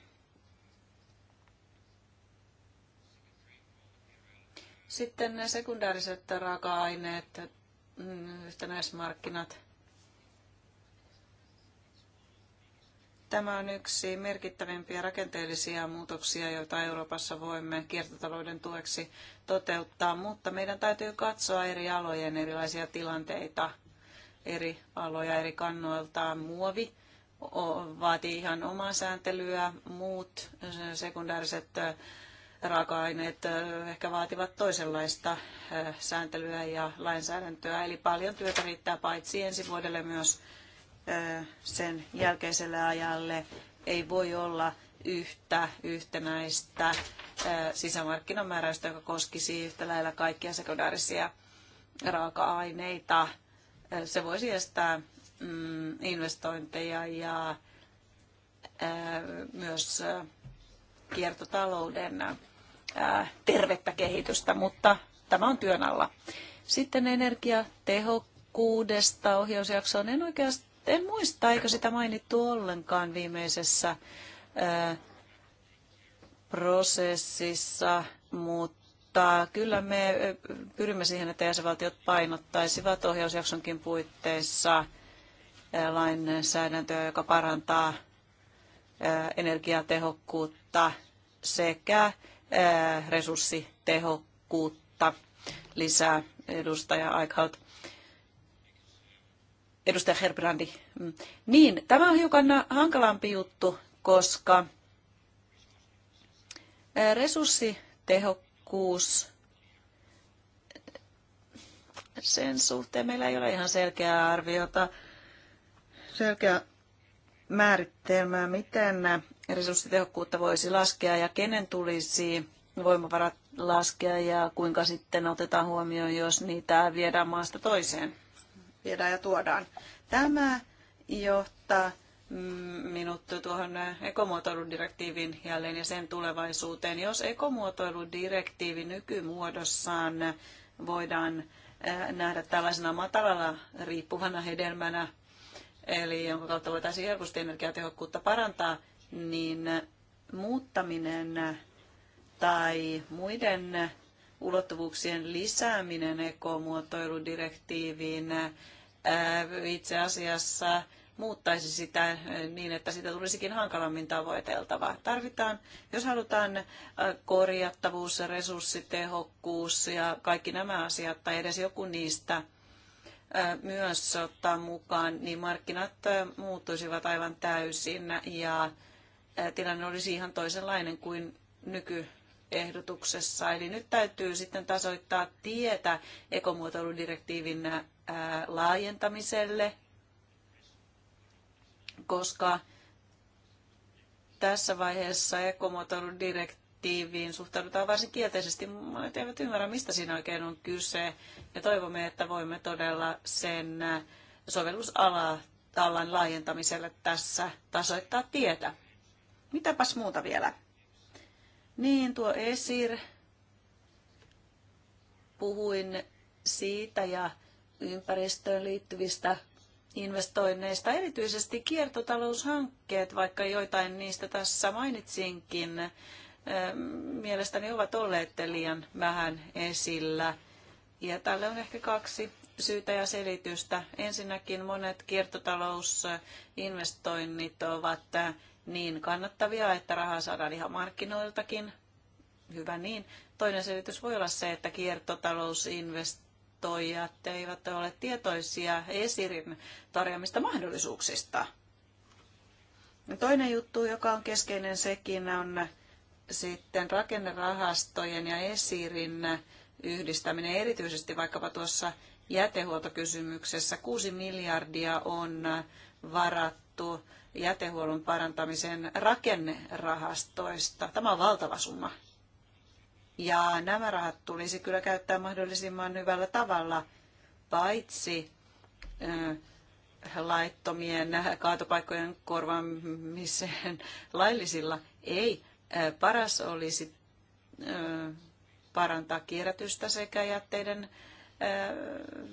Sitten ne sekundaariset raaka-aineet, mm, yhtenäismarkkinat – Tämä on yksi merkittävimpiä rakenteellisia muutoksia, joita Euroopassa voimme kiertotalouden tueksi toteuttaa, mutta meidän täytyy katsoa eri alojen erilaisia tilanteita, eri aloja eri kannoilta. Muovi vaatii ihan omaa sääntelyä, muut sekundääriset raaka-aineet ehkä vaativat toisenlaista sääntelyä ja lainsäädäntöä, eli paljon työtä riittää paitsi ensi vuodelle myös sen jälkeiselle ajalle ei voi olla yhtä yhtenäistä sisämarkkinamääräystä, joka koskisi yhtä lailla kaikkia sekundaarisia raaka-aineita. Se voisi estää mm, investointeja ja myös kiertotalouden tervettä kehitystä, mutta tämä on työn alla. Sitten energiatehokkuudesta ohjausjaksoon en oikeastaan en muista, eikö sitä mainittu ollenkaan viimeisessä prosessissa, mutta kyllä me pyrimme siihen, että jäsenvaltiot painottaisivat ohjausjaksonkin puitteissa lainsäädäntöä, joka parantaa energiatehokkuutta sekä resurssitehokkuutta lisää edustaja Eichhout edustaja Herbrandi. Mm. Niin, tämä on hiukan hankalampi juttu, koska resurssitehokkuus sen suhteen meillä ei ole ihan selkeää arviota, selkeää määritelmää, miten resurssitehokkuutta voisi laskea ja kenen tulisi voimavarat laskea ja kuinka sitten otetaan huomioon, jos niitä viedään maasta toiseen viedään ja tuodaan. Tämä johtaa mm, minut tuohon ekomuotoiludirektiivin jälleen ja sen tulevaisuuteen. Jos ekomuotoiludirektiivi nykymuodossaan voidaan äh, nähdä tällaisena matalalla riippuvana hedelmänä, eli jonka kautta voitaisiin helposti energiatehokkuutta parantaa, niin muuttaminen tai muiden ulottuvuuksien lisääminen ekomuotoiludirektiiviin itse asiassa muuttaisi sitä niin, että sitä tulisikin hankalammin tavoiteltava. Tarvitaan, jos halutaan korjattavuus, resurssitehokkuus ja kaikki nämä asiat tai edes joku niistä myös ottaa mukaan, niin markkinat muuttuisivat aivan täysin ja tilanne olisi ihan toisenlainen kuin nyky ehdotuksessa. Eli nyt täytyy sitten tasoittaa tietä ekomuotoiludirektiivin laajentamiselle, koska tässä vaiheessa ekomuotoiludirektiiviin suhtaudutaan varsin kielteisesti. Monet eivät ymmärrä, mistä siinä oikein on kyse, ja toivomme, että voimme todella sen sovellusalan tallan laajentamiselle tässä tasoittaa tietä. Mitäpäs muuta vielä? Niin, tuo Esir. Puhuin siitä ja ympäristöön liittyvistä investoinneista, erityisesti kiertotaloushankkeet, vaikka joitain niistä tässä mainitsinkin, mielestäni ovat olleet liian vähän esillä. Ja tälle on ehkä kaksi syytä ja selitystä. Ensinnäkin monet kiertotalousinvestoinnit ovat niin kannattavia, että rahaa saadaan ihan markkinoiltakin. Hyvä niin. Toinen selitys voi olla se, että kiertotalousinvestoijat eivät ole tietoisia esirin tarjoamista mahdollisuuksista. Toinen juttu, joka on keskeinen sekin, on sitten rakennerahastojen ja esirin yhdistäminen, erityisesti vaikkapa tuossa jätehuoltokysymyksessä. 6 miljardia on varattu varattu jätehuollon parantamisen rakennerahastoista. Tämä on valtava summa. Ja nämä rahat tulisi kyllä käyttää mahdollisimman hyvällä tavalla, paitsi laittomien kaatopaikkojen korvaamiseen laillisilla. Ei, paras olisi parantaa kierrätystä sekä jätteiden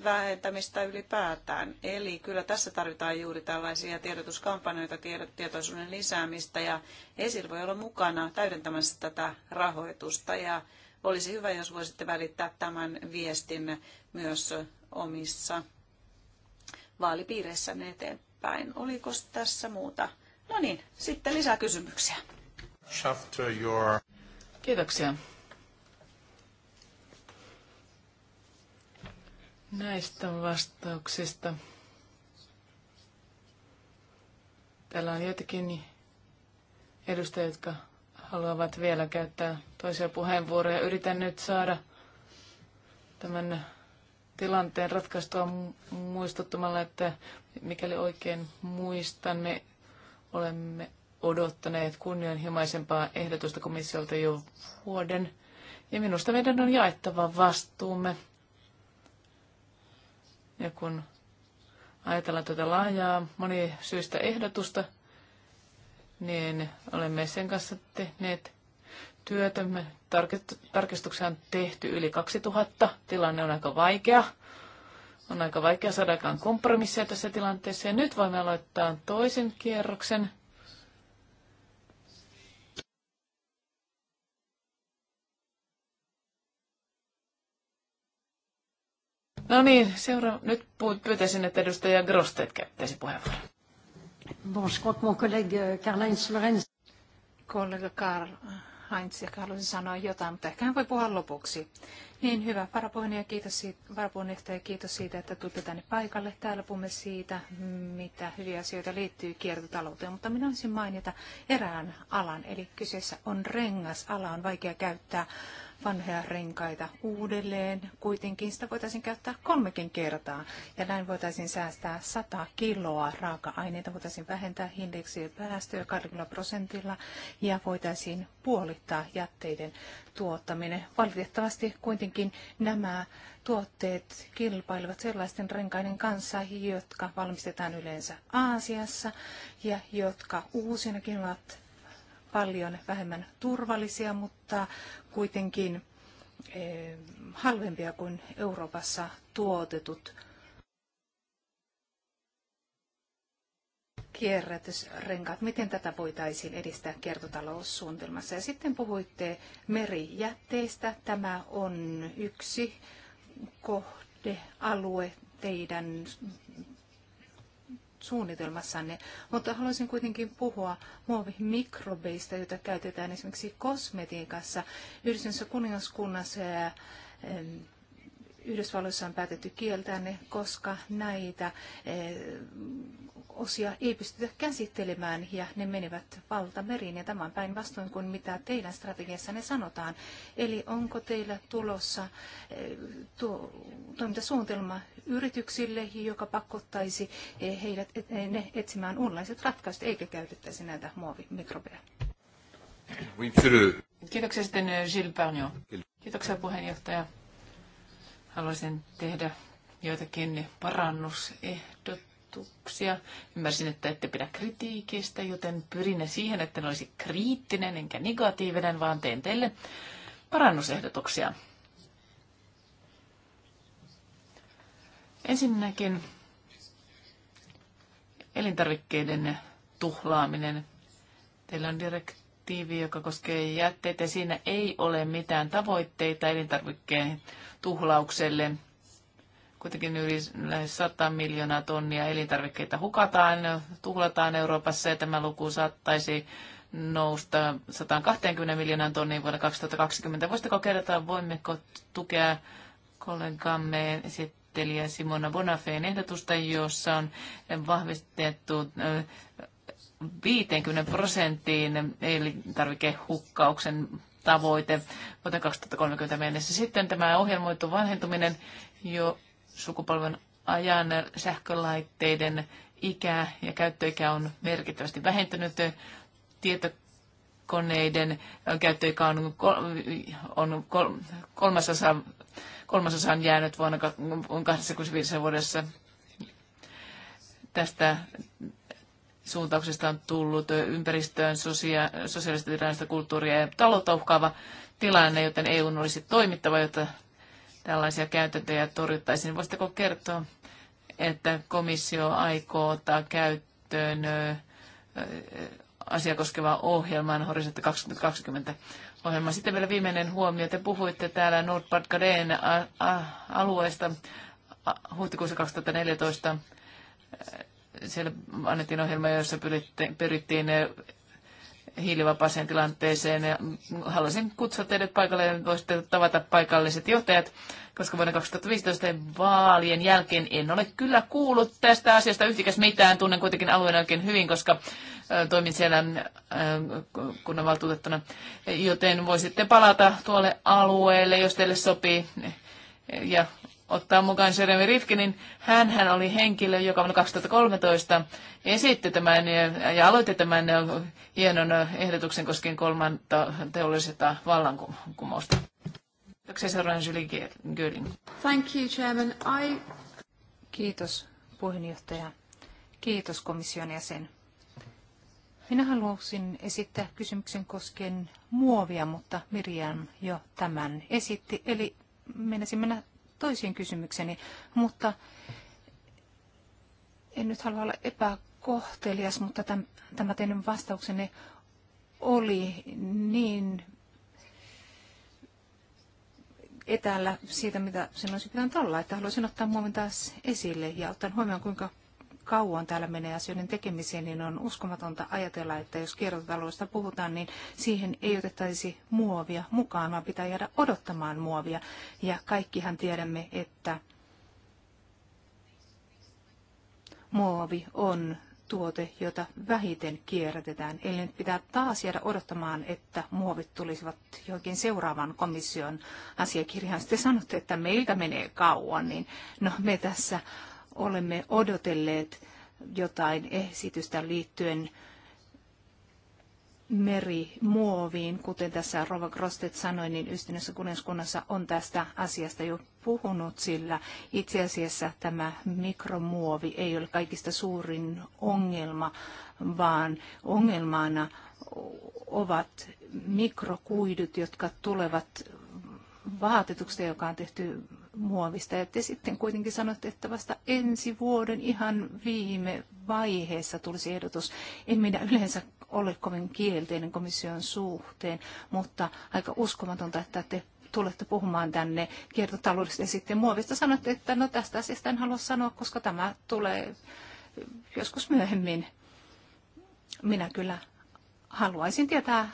vähentämistä ylipäätään. Eli kyllä tässä tarvitaan juuri tällaisia tiedotuskampanjoita, tietoisuuden lisäämistä ja ESIL voi olla mukana täydentämässä tätä rahoitusta ja olisi hyvä, jos voisitte välittää tämän viestin myös omissa vaalipiireissänne eteenpäin. Oliko tässä muuta? No niin, sitten lisää kysymyksiä. Kiitoksia. näistä vastauksista. Täällä on joitakin edustajia, jotka haluavat vielä käyttää toisia puheenvuoroja. Yritän nyt saada tämän tilanteen ratkaistua muistuttamalla, että mikäli oikein muistan, me olemme odottaneet kunnianhimoisempaa ehdotusta komissiolta jo vuoden. Ja minusta meidän on jaettava vastuumme ja kun ajatellaan tätä tuota laajaa moni syystä ehdotusta, niin olemme sen kanssa tehneet työtämme. Tarkistuksia on tehty yli 2000. Tilanne on aika vaikea. On aika vaikea saada kompromisseja tässä tilanteessa. Ja nyt voimme aloittaa toisen kierroksen. No niin, seuraava. nyt pyytäisin, että edustaja Grosted käyttäisi puheenvuoron. Bon, je crois que mon collègue euh, Karl-Heinz Lorenz... Kollega Karl-Heinz ja haluaisin sanoa jotain, mutta ehkä hän voi puhua lopuksi. Niin hyvä. Varapuheenjohtaja, kiitos siitä, kiitos siitä, että tulitte tänne paikalle. Täällä puhumme siitä, mitä hyviä asioita liittyy kiertotalouteen, mutta minä olisin mainita erään alan, eli kyseessä on ala on vaikea käyttää vanhoja renkaita uudelleen. Kuitenkin sitä voitaisiin käyttää kolmekin kertaa ja näin voitaisiin säästää 100 kiloa raaka-aineita. Voitaisiin vähentää indeksien päästöjä 20 prosentilla ja voitaisiin puolittaa jätteiden tuottaminen. Valitettavasti kuitenkin nämä tuotteet kilpailevat sellaisten renkaiden kanssa, jotka valmistetaan yleensä Aasiassa ja jotka uusinakin ovat paljon vähemmän turvallisia, mutta kuitenkin eh, halvempia kuin Euroopassa tuotetut kierrätysrenkaat. Miten tätä voitaisiin edistää kiertotaloussuunnitelmassa? Ja sitten puhuitte merijätteistä. Tämä on yksi kohdealue teidän suunnitelmassanne, mutta haluaisin kuitenkin puhua muovimikrobeista, joita käytetään esimerkiksi kosmetiikassa. Yhdistyneessä kuningaskunnassa ja Yhdysvalloissa on päätetty kieltää ne, koska näitä osia ei pystytä käsittelemään ja ne menevät valtameriin ja tämän päin vastoin kuin mitä teidän strategiassanne sanotaan. Eli onko teillä tulossa eh, tuo, toimintasuunnitelma yrityksille, joka pakottaisi eh, heidät eh, ne etsimään uudenlaiset ratkaisut eikä käytettäisi näitä muovimikrobeja? Kiitoksia sitten Gilles Pernion. Kiitoksia puheenjohtaja. Haluaisin tehdä joitakin parannusehdotuksia ajatuksia. Ymmärsin, että ette pidä kritiikistä, joten pyrin siihen, että ne olisi kriittinen enkä negatiivinen, vaan teen teille parannusehdotuksia. Ensinnäkin elintarvikkeiden tuhlaaminen. Teillä on direktiivi, joka koskee jätteitä. Siinä ei ole mitään tavoitteita elintarvikkeen tuhlaukselle. Kuitenkin yli lähes 100 miljoonaa tonnia elintarvikkeita hukataan, tuhlataan Euroopassa ja tämä luku saattaisi nousta 120 miljoonaan tonniin vuonna 2020. Voisitteko kertoa, voimmeko tukea kollegamme esittelijä Simona Bonafeen ehdotusta, jossa on vahvistettu 50 prosenttiin elintarvikehukkauksen tavoite vuoteen 2030 mennessä. Sitten tämä ohjelmoitu vanhentuminen, jo, sukupolven ajan sähkölaitteiden ikä ja käyttöikä on merkittävästi vähentynyt. Tietokoneiden käyttöikä on, kol, on kol, kolmasosa, kolmasosaan jäänyt vuonna 25 vuodessa. Tästä suuntauksesta on tullut ympäristöön, sosia- sosiaalista tilannetta, kulttuuria ja taloutta uhkaava tilanne, joten EU olisi toimittava, jotta tällaisia käytäntöjä torjuttaisiin. Voisitteko kertoa, että komissio aikoo ottaa käyttöön asia koskeva ohjelman Horisontti 2020 ohjelma. Sitten vielä viimeinen huomio. Te puhuitte täällä Nordbadgadeen alueesta huhtikuussa 2014. Siellä annettiin ohjelma, jossa pyrittiin hiilivapaaseen tilanteeseen. Haluaisin kutsua teidät paikalle ja voisitte tavata paikalliset johtajat, koska vuoden 2015 vaalien jälkeen en ole kyllä kuullut tästä asiasta yhtikäs mitään. Tunnen kuitenkin alueen oikein hyvin, koska toimin siellä kunnanvaltuutettuna, joten voisitte palata tuolle alueelle, jos teille sopii, ja ottaa mukaan Jeremy Rifkinin. hän hän oli henkilö, joka vuonna 2013 esitti tämän ja, ja aloitti tämän hienon ehdotuksen koskien kolmanta teollisesta vallankumousta. Kiitoksia seuraan Julie Göring. Thank you, Chairman. I... Kiitos puheenjohtaja. Kiitos komission jäsen. Minä haluaisin esittää kysymyksen koskien muovia, mutta Miriam jo tämän esitti. Eli menisin mennä toisiin kysymykseni, mutta en nyt halua olla epäkohtelias, mutta tämä teidän vastauksenne oli niin etäällä siitä, mitä sen olisi pitänyt olla, että haluaisin ottaa muomin taas esille ja ottaa huomioon, kuinka kauan täällä menee asioiden tekemiseen, niin on uskomatonta ajatella, että jos kiertotaloudesta puhutaan, niin siihen ei otettaisi muovia mukaan, vaan pitää jäädä odottamaan muovia. Ja kaikkihan tiedämme, että muovi on tuote, jota vähiten kierrätetään. Eli nyt pitää taas jäädä odottamaan, että muovit tulisivat johonkin seuraavan komission asiakirjaan. Sitten sanotte, että meiltä menee kauan, niin no me tässä olemme odotelleet jotain esitystä liittyen merimuoviin. Kuten tässä Rova Grostet sanoi, niin ystävässä kunnassa on tästä asiasta jo puhunut, sillä itse asiassa tämä mikromuovi ei ole kaikista suurin ongelma, vaan ongelmana ovat mikrokuidut, jotka tulevat vaatetuksesta, joka on tehty muovista. Ja te sitten kuitenkin sanotte, että vasta ensi vuoden ihan viime vaiheessa tulisi ehdotus. En minä yleensä ole kovin kielteinen komission suhteen, mutta aika uskomatonta, että te tulette puhumaan tänne kiertotaloudesta ja sitten muovista sanotte, että no tästä asiasta en halua sanoa, koska tämä tulee joskus myöhemmin. Minä kyllä haluaisin tietää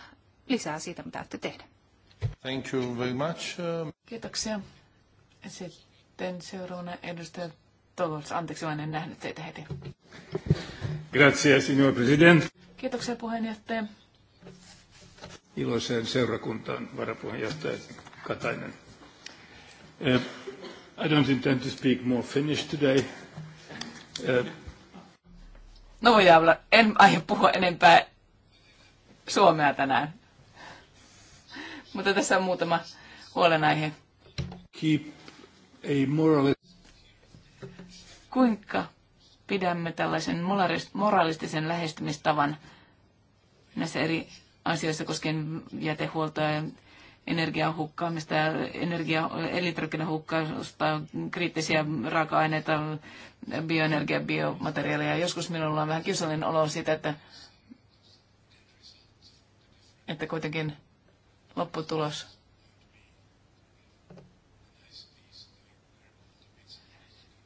lisää siitä, mitä te tehdä. Thank you very much. Kiitoksia. Sitten seuraavana edustaja Tolos. Anteeksi, vaan en nähnyt teitä heti. Grazie, signor President. Kiitoksia puheenjohtaja. Iloiseen seurakuntaan varapuheenjohtaja Katainen. Uh, I don't intend to speak more Finnish today. Uh, no voi olla, en aio puhua enempää suomea tänään. Mutta tässä on muutama huolenaihe. Keep Kuinka pidämme tällaisen moralistisen lähestymistavan näissä eri asioissa koskien jätehuoltoa ja energian hukkaamista ja energia, elintarvikkeiden hukkausta, kriittisiä raaka-aineita, bioenergia, biomateriaalia. Joskus minulla on vähän kiusallinen olo siitä, että, että kuitenkin lopputulos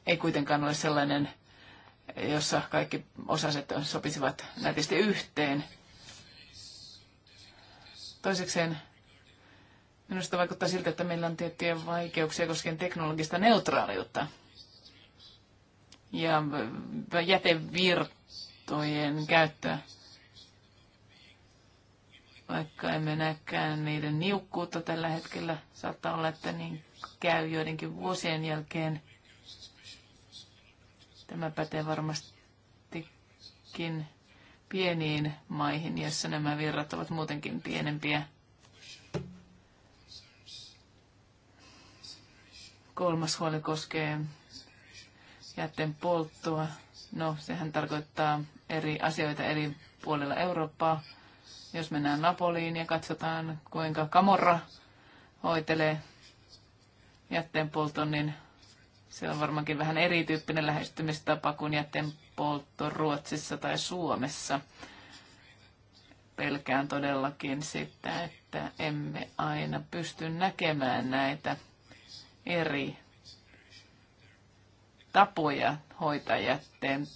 ei kuitenkaan ole sellainen, jossa kaikki osaset sopisivat nätisti yhteen. Toisekseen minusta vaikuttaa siltä, että meillä on tiettyjä vaikeuksia koskien teknologista neutraaliutta ja äh, jätevirtojen käyttöä. Vaikka emme näkään niiden niukkuutta tällä hetkellä, saattaa olla, että niin käy joidenkin vuosien jälkeen – Tämä pätee varmastikin pieniin maihin, joissa nämä virrat ovat muutenkin pienempiä. Kolmas huoli koskee jätteen polttoa. No, sehän tarkoittaa eri asioita eri puolilla Eurooppaa. Jos mennään Napoliin ja katsotaan, kuinka Kamorra hoitelee polton, niin se on varmaankin vähän erityyppinen lähestymistapa kuin jätteen poltto Ruotsissa tai Suomessa. Pelkään todellakin sitä, että emme aina pysty näkemään näitä eri tapoja hoitaa jätteen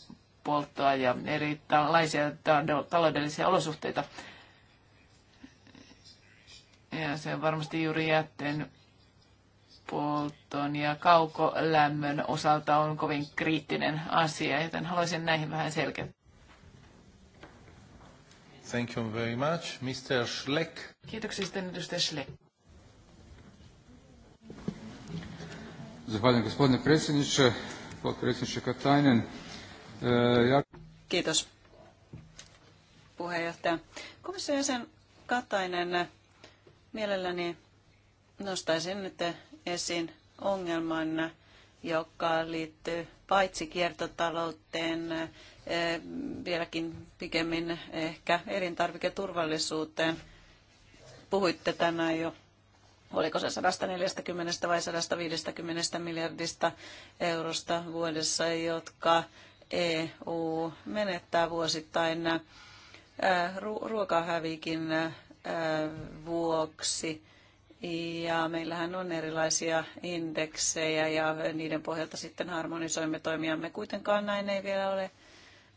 polttoa ja erilaisia taloudellisia olosuhteita. Ja se on varmasti juuri jätteen polton ja kaukolämmön osalta on kovin kriittinen asia, joten haluaisin näihin vähän selkeä. Thank you very much. Mr. Schleck. Kiitoksia sitten edustaja Schleck. Zahvaljujem gospodine predsjedniče, potpredsjedniče Katajnen. E, Kiitos puheenjohtaja. Komission jäsen Katainen, mielelläni nostaisin nyt esiin ongelman, joka liittyy paitsi kiertotalouteen, eh, vieläkin pikemmin ehkä elintarviketurvallisuuteen. Puhuitte tänään jo, oliko se 140 vai 150 miljardista eurosta vuodessa, jotka EU menettää vuosittain eh, ruokahävikin eh, vuoksi. Ja meillähän on erilaisia indeksejä ja niiden pohjalta sitten harmonisoimme toimiamme. Kuitenkaan näin ei vielä ole,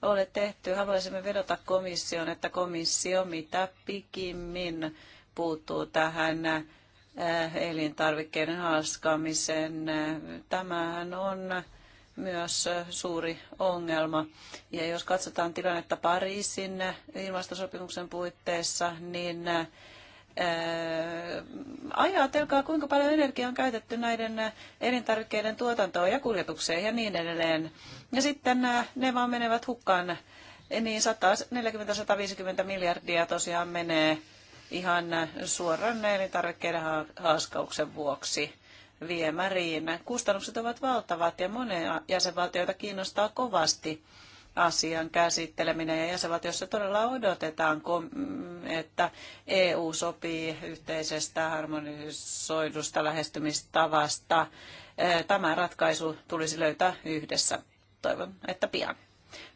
ole tehty. Haluaisimme vedota komission, että komissio mitä pikimmin puuttuu tähän eh, elintarvikkeiden haaskaamiseen. Tämähän on myös suuri ongelma. Ja jos katsotaan tilannetta Pariisin ilmastosopimuksen puitteissa, niin eh, Äh, ajatelkaa, kuinka paljon energiaa on käytetty näiden äh, elintarvikkeiden tuotantoon ja kuljetukseen ja niin edelleen. Ja sitten äh, ne vaan menevät hukkaan, e, niin 140-150 miljardia tosiaan menee ihan suoraan elintarvikkeiden haaskauksen vuoksi viemäriin. Kustannukset ovat valtavat ja monia jäsenvaltioita kiinnostaa kovasti asian käsitteleminen ja jäsenvaltiossa todella odotetaan, mm, että EU sopii yhteisestä harmonisoidusta lähestymistavasta. Tämä ratkaisu tulisi löytää yhdessä. Toivon, että pian.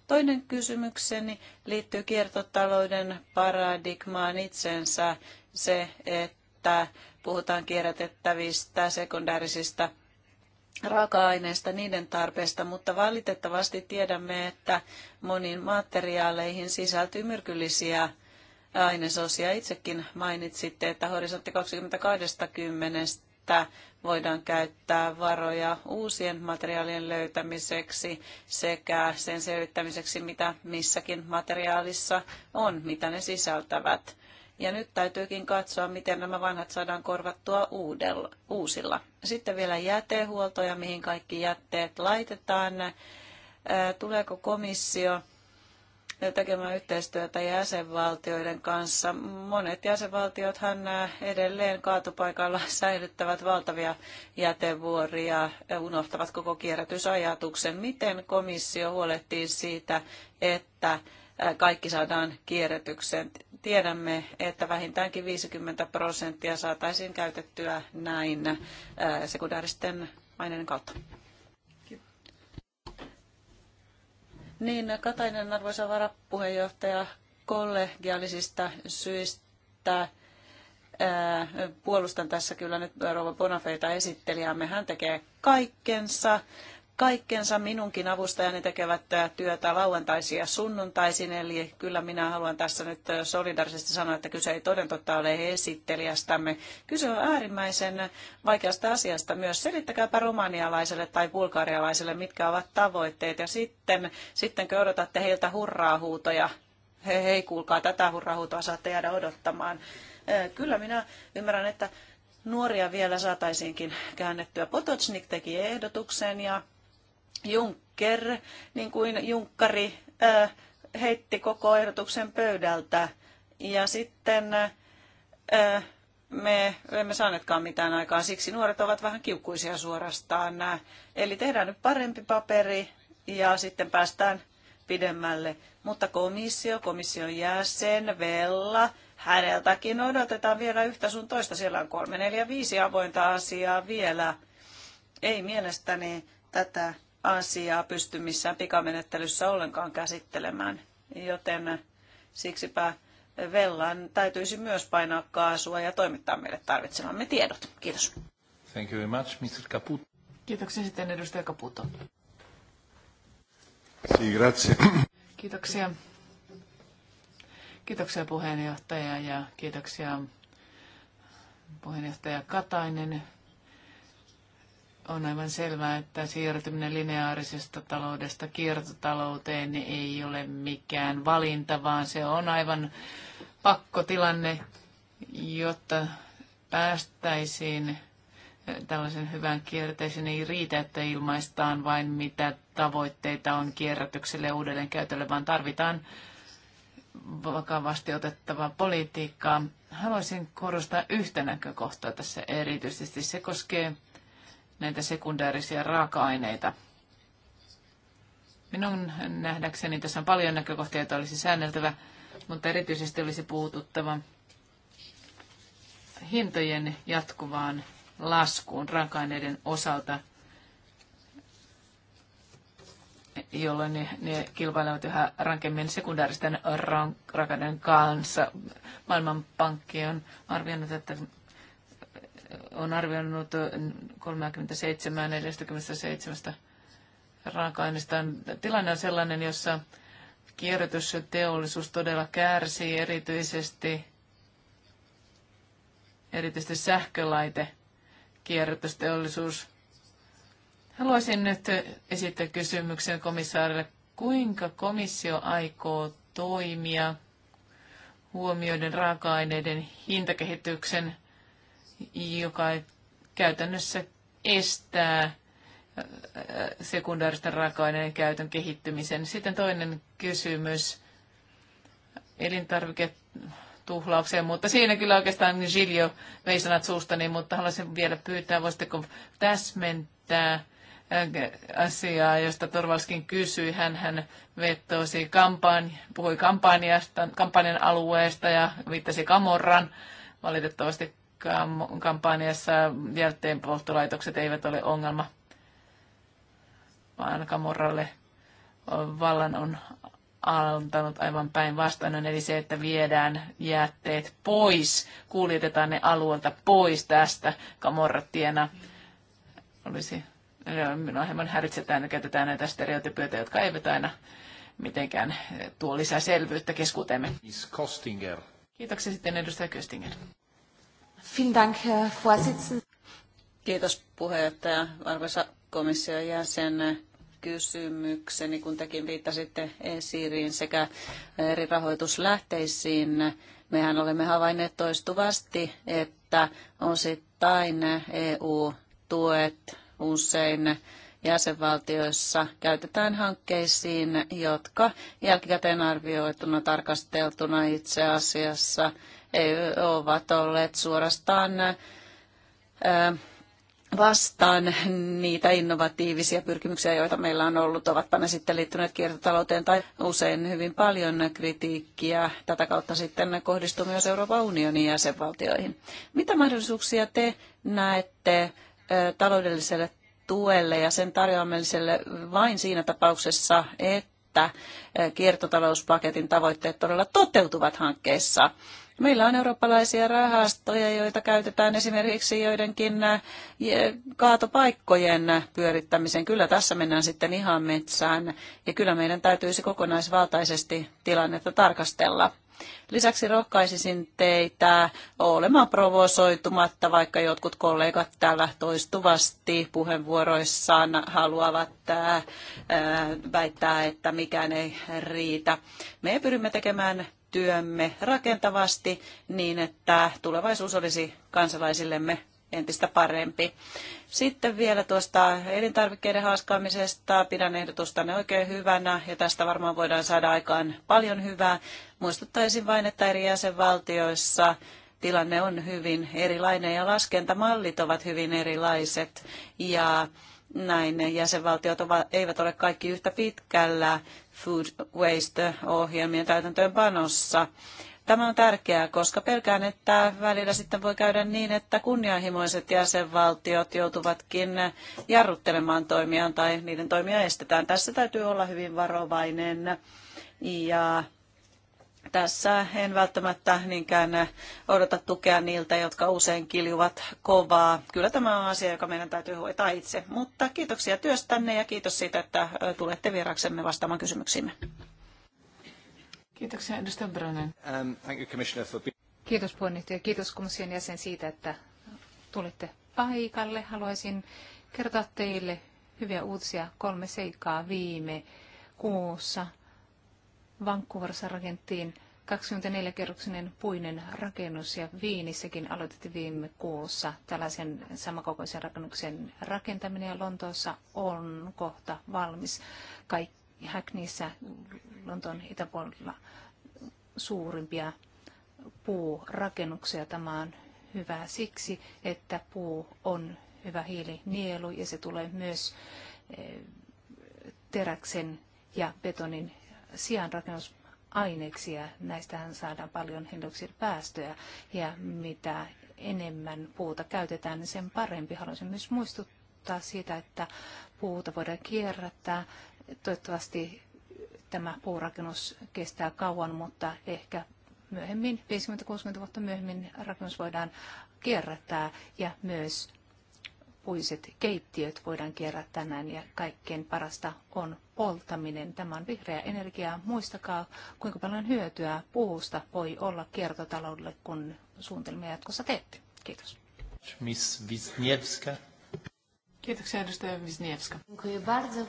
Toinen kysymykseni liittyy kiertotalouden paradigmaan itsensä, se, että puhutaan kierrätettävistä sekundäärisistä raaka-aineista, niiden tarpeesta, mutta valitettavasti tiedämme, että moniin materiaaleihin sisältyy myrkyllisiä ainesosia. Itsekin mainitsitte, että horisontti 2020 voidaan käyttää varoja uusien materiaalien löytämiseksi sekä sen selvittämiseksi, mitä missäkin materiaalissa on, mitä ne sisältävät. Ja nyt täytyykin katsoa, miten nämä vanhat saadaan korvattua uudella, uusilla. Sitten vielä jätehuolto ja mihin kaikki jätteet laitetaan. Tuleeko komissio tekemään yhteistyötä jäsenvaltioiden kanssa. Monet jäsenvaltiothan edelleen kaatopaikalla säilyttävät valtavia jätevuoria ja unohtavat koko kierrätysajatuksen. Miten komissio huolehtii siitä, että kaikki saadaan kierrätykseen. Tiedämme, että vähintäänkin 50 prosenttia saataisiin käytettyä näin sekundaaristen aineiden kautta. Niin, Katainen arvoisa varapuheenjohtaja kollegiaalisista syistä puolustan tässä kyllä nyt Rova Bonafeita esittelijäämme. Hän tekee kaikkensa kaikkensa. Minunkin avustajani tekevät äh, työtä lauantaisin ja sunnuntaisin, eli kyllä minä haluan tässä nyt äh, solidarisesti sanoa, että kyse ei toden totta ole esittelijästämme. Kyse on äärimmäisen vaikeasta asiasta myös. Selittäkääpä romanialaiselle tai bulgarialaiselle, mitkä ovat tavoitteet, ja sitten, sitten odotatte heiltä hurraa huutoja. Hei, hei, kuulkaa, tätä hurraa huutoa saatte jäädä odottamaan. Äh, kyllä minä ymmärrän, että nuoria vielä saataisiinkin käännettyä. Potocnik teki ehdotuksen ja Juncker, niin kuin Junkkari, heitti koko ehdotuksen pöydältä. Ja sitten me emme saaneetkaan mitään aikaa, siksi nuoret ovat vähän kiukkuisia suorastaan. Eli tehdään nyt parempi paperi ja sitten päästään pidemmälle. Mutta komissio, komission jäsen, Vella, häneltäkin odotetaan vielä yhtä sun toista. Siellä on kolme, neljä, viisi avointa asiaa vielä. Ei mielestäni tätä asiaa pysty missään pikamenettelyssä ollenkaan käsittelemään. Joten siksipä Vellan täytyisi myös painaa kaasua ja toimittaa meille tarvitsemamme tiedot. Kiitos. Thank you very much, Mr. Caputo. Kiitoksia sitten edustaja Caputo. Si, grazie. Kiitoksia. Kiitoksia puheenjohtaja ja kiitoksia puheenjohtaja Katainen on aivan selvää, että siirtyminen lineaarisesta taloudesta kiertotalouteen ei ole mikään valinta, vaan se on aivan pakkotilanne, jotta päästäisiin tällaisen hyvän kierteisen ei riitä, että ilmaistaan vain mitä tavoitteita on kierrätykselle ja uudelleenkäytölle, vaan tarvitaan vakavasti otettavaa politiikkaa. Haluaisin korostaa yhtä näkökohtaa tässä erityisesti. Se koskee näitä sekundäärisiä raaka-aineita. Minun nähdäkseni tässä on paljon näkökohtia, joita olisi säänneltävä, mutta erityisesti olisi puututtava hintojen jatkuvaan laskuun raaka-aineiden osalta, jolloin ne, ne kilpailevat yhä rankemmin sekundaaristen raaka-aineiden kanssa. Maailmanpankki on arvioinut, että on arvioinut 37-47 raaka aineista Tilanne on sellainen, jossa kierrätysteollisuus todella kärsii erityisesti, erityisesti sähkölaite kierrätysteollisuus. Haluaisin nyt esittää kysymyksen komissaarille, kuinka komissio aikoo toimia huomioiden raaka-aineiden hintakehityksen joka käytännössä estää äh, sekundaaristen raaka-aineiden käytön kehittymisen. Sitten toinen kysymys elintarviketuhlaukseen, mutta siinä kyllä oikeastaan Giljo vei sanat suustani, mutta haluaisin vielä pyytää, voisitteko täsmentää äh, asiaa, josta Torvalskin kysyi. Hän, hän vetosi kampanj, puhui kampanjasta, kampanjan alueesta ja viittasi Kamorran. Valitettavasti kampanjassa polttolaitokset eivät ole ongelma, vaan Kamorralle vallan on antanut aivan päinvastainen, eli se, että viedään jätteet pois, kuljetetaan ne alueelta pois tästä Kamorratiena. Olisi, minua hieman häritsetään ja käytetään näitä stereotypioita, jotka eivät aina mitenkään tuo lisää selvyyttä keskuuteemme. Kiitoksia sitten edustaja Köstinger. Vielen Dank, Herr Kiitos puheenjohtaja. Arvoisa komission jäsen, kysymykseni, kun tekin viittasitte esiriin sekä eri rahoituslähteisiin. Mehän olemme havainneet toistuvasti, että osittain EU-tuet usein jäsenvaltioissa käytetään hankkeisiin, jotka jälkikäteen arvioituna tarkasteltuna itse asiassa – ovat olleet suorastaan vastaan niitä innovatiivisia pyrkimyksiä, joita meillä on ollut, ovatpa ne sitten liittyneet kiertotalouteen tai usein hyvin paljon kritiikkiä. Tätä kautta sitten kohdistuu myös Euroopan unionin jäsenvaltioihin. Mitä mahdollisuuksia te näette taloudelliselle tuelle ja sen tarjoamiselle vain siinä tapauksessa, että kiertotalouspaketin tavoitteet todella toteutuvat hankkeessa? Meillä on eurooppalaisia rahastoja, joita käytetään esimerkiksi joidenkin äh, kaatopaikkojen pyörittämiseen. Kyllä tässä mennään sitten ihan metsään ja kyllä meidän täytyisi kokonaisvaltaisesti tilannetta tarkastella. Lisäksi rohkaisisin teitä olemaan provosoitumatta, vaikka jotkut kollegat täällä toistuvasti puheenvuoroissaan haluavat äh, äh, väittää, että mikään ei riitä. Me pyrimme tekemään työmme rakentavasti niin, että tulevaisuus olisi kansalaisillemme entistä parempi. Sitten vielä tuosta elintarvikkeiden haaskaamisesta. Pidän ehdotustanne oikein hyvänä ja tästä varmaan voidaan saada aikaan paljon hyvää. Muistuttaisin vain, että eri jäsenvaltioissa tilanne on hyvin erilainen ja laskentamallit ovat hyvin erilaiset ja näin jäsenvaltiot ovat, eivät ole kaikki yhtä pitkällä food waste-ohjelmien täytäntöönpanossa. Tämä on tärkeää, koska pelkään, että välillä sitten voi käydä niin, että kunnianhimoiset jäsenvaltiot joutuvatkin jarruttelemaan toimiaan tai niiden toimia estetään. Tässä täytyy olla hyvin varovainen ja tässä en välttämättä niinkään odota tukea niiltä, jotka usein kiljuvat kovaa. Kyllä tämä on asia, joka meidän täytyy hoitaa itse. Mutta kiitoksia työstänne ja kiitos siitä, että tulette vieraksemme vastaamaan kysymyksiimme. Kiitoksia, edustaja Brunen. Um, thank you, Commissioner, for... Kiitos puheenjohtaja. Kiitos komission jäsen siitä, että tulitte paikalle. Haluaisin kertoa teille hyviä uutisia kolme seikkaa viime kuussa Vancouverissa rakenttiin 24-kerroksinen puinen rakennus ja Viinissäkin aloitettiin viime kuussa tällaisen samankokoisen rakennuksen rakentaminen ja Lontoossa on kohta valmis. Kaikki Hackneyssä Lontoon itäpuolella suurimpia puurakennuksia. Tämä on hyvä siksi, että puu on hyvä hiilinielu ja se tulee myös eh, teräksen ja betonin sianrakennusaineksia. Näistähän saadaan paljon hiilidioksidipäästöjä ja mitä enemmän puuta käytetään, niin sen parempi. Haluaisin myös muistuttaa siitä, että puuta voidaan kierrättää. Toivottavasti tämä puurakennus kestää kauan, mutta ehkä myöhemmin, 50-60 vuotta myöhemmin rakennus voidaan kierrättää ja myös puiset keittiöt voidaan kierrää tänään ja kaikkein parasta on polttaminen. Tämä on vihreä energia. Muistakaa, kuinka paljon hyötyä puusta voi olla kiertotaloudelle, kun suunnitelmia jatkossa teette. Kiitos. Miss Wisniewska. Kiitoksia edustaja Wisniewska. Dziękuję bardzo.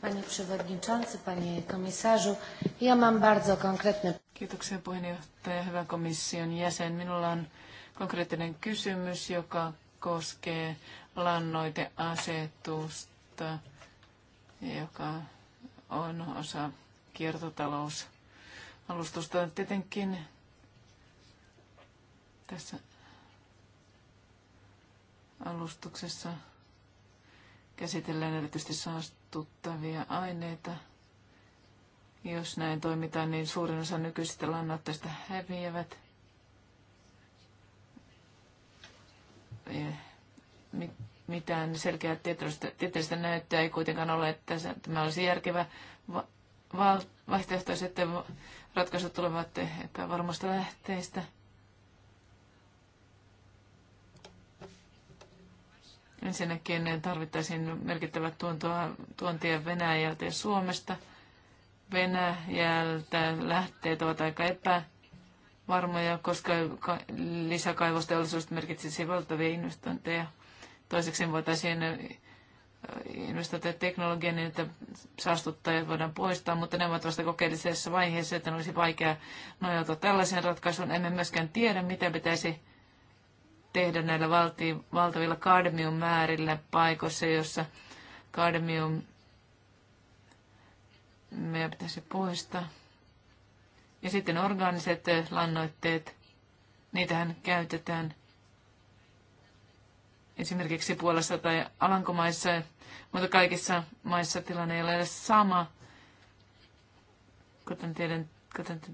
Panie Przewodniczący, Panie Komisarzu, ja mam bardzo konkretne... Kiitoksia puheenjohtaja, hyvä komission jäsen. Minulla on konkreettinen kysymys, joka koskee lannoiteasetusta, joka on osa kiertotalousalustusta. Tietenkin tässä alustuksessa käsitellään erityisesti saastuttavia aineita. Jos näin toimitaan, niin suurin osa nykyisistä lannoitteista häviävät mitään selkeää tieteellistä näyttöä ei kuitenkaan ole, että tämä olisi järkevä vaihtoehto, että ratkaisut tulevat epävarmasta lähteistä. Ensinnäkin tarvittaisiin merkittävät tuontoa, tuontia Venäjältä ja Suomesta. Venäjältä lähteet ovat aika epävarmoja, koska lisäkaivosteollisuus merkitsisi valtavia investointeja Toiseksi voitaisiin investoida teknologiaan niin, että saastuttajat voidaan poistaa, mutta ne ovat vasta kokeellisessa vaiheessa, että olisi vaikea nojata tällaiseen ratkaisuun. Emme myöskään tiedä, mitä pitäisi tehdä näillä valti, valtavilla kadmiummäärillä paikoissa, jossa kadmium meidän pitäisi poistaa. Ja sitten orgaaniset lannoitteet, niitähän käytetään – esimerkiksi Puolassa tai Alankomaissa, mutta kaikissa maissa tilanne ei ole edes sama, kuten, tiedän, kuten te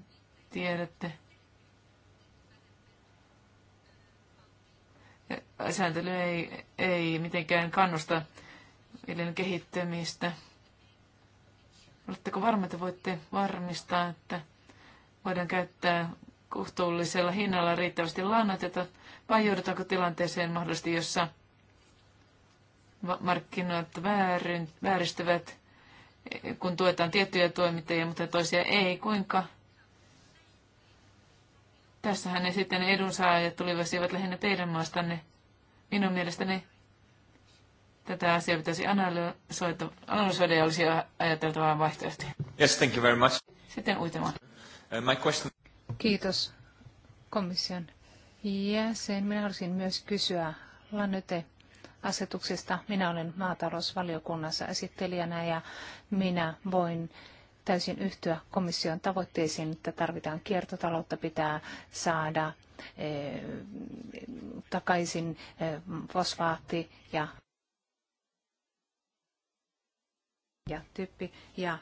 tiedätte. Sääntely ei, ei mitenkään kannusta viljelyn kehittämistä. Oletteko varma, että voitte varmistaa, että voidaan käyttää kohtuullisella hinnalla riittävästi lannoitetta? vai joudutaanko tilanteeseen mahdollisesti, jossa markkinat väärin, vääristyvät, kun tuetaan tiettyjä toimittajia, mutta toisia ei. Kuinka? Tässähän ne sitten edunsaajat tulivat lähinnä teidän maastanne. Minun mielestäni tätä asiaa pitäisi analysoida, analysoida ja olisi ajateltava vaihtoehtoja. Yes, thank you very much. Sitten uitamaan. Uh, my question... Kiitos komission sen Minä haluaisin myös kysyä Lannete asetuksesta. Minä olen maatalousvaliokunnassa esittelijänä ja minä voin täysin yhtyä komission tavoitteisiin, että tarvitaan kiertotaloutta, pitää saada eh, takaisin eh, fosfaatti ja ja typpi ja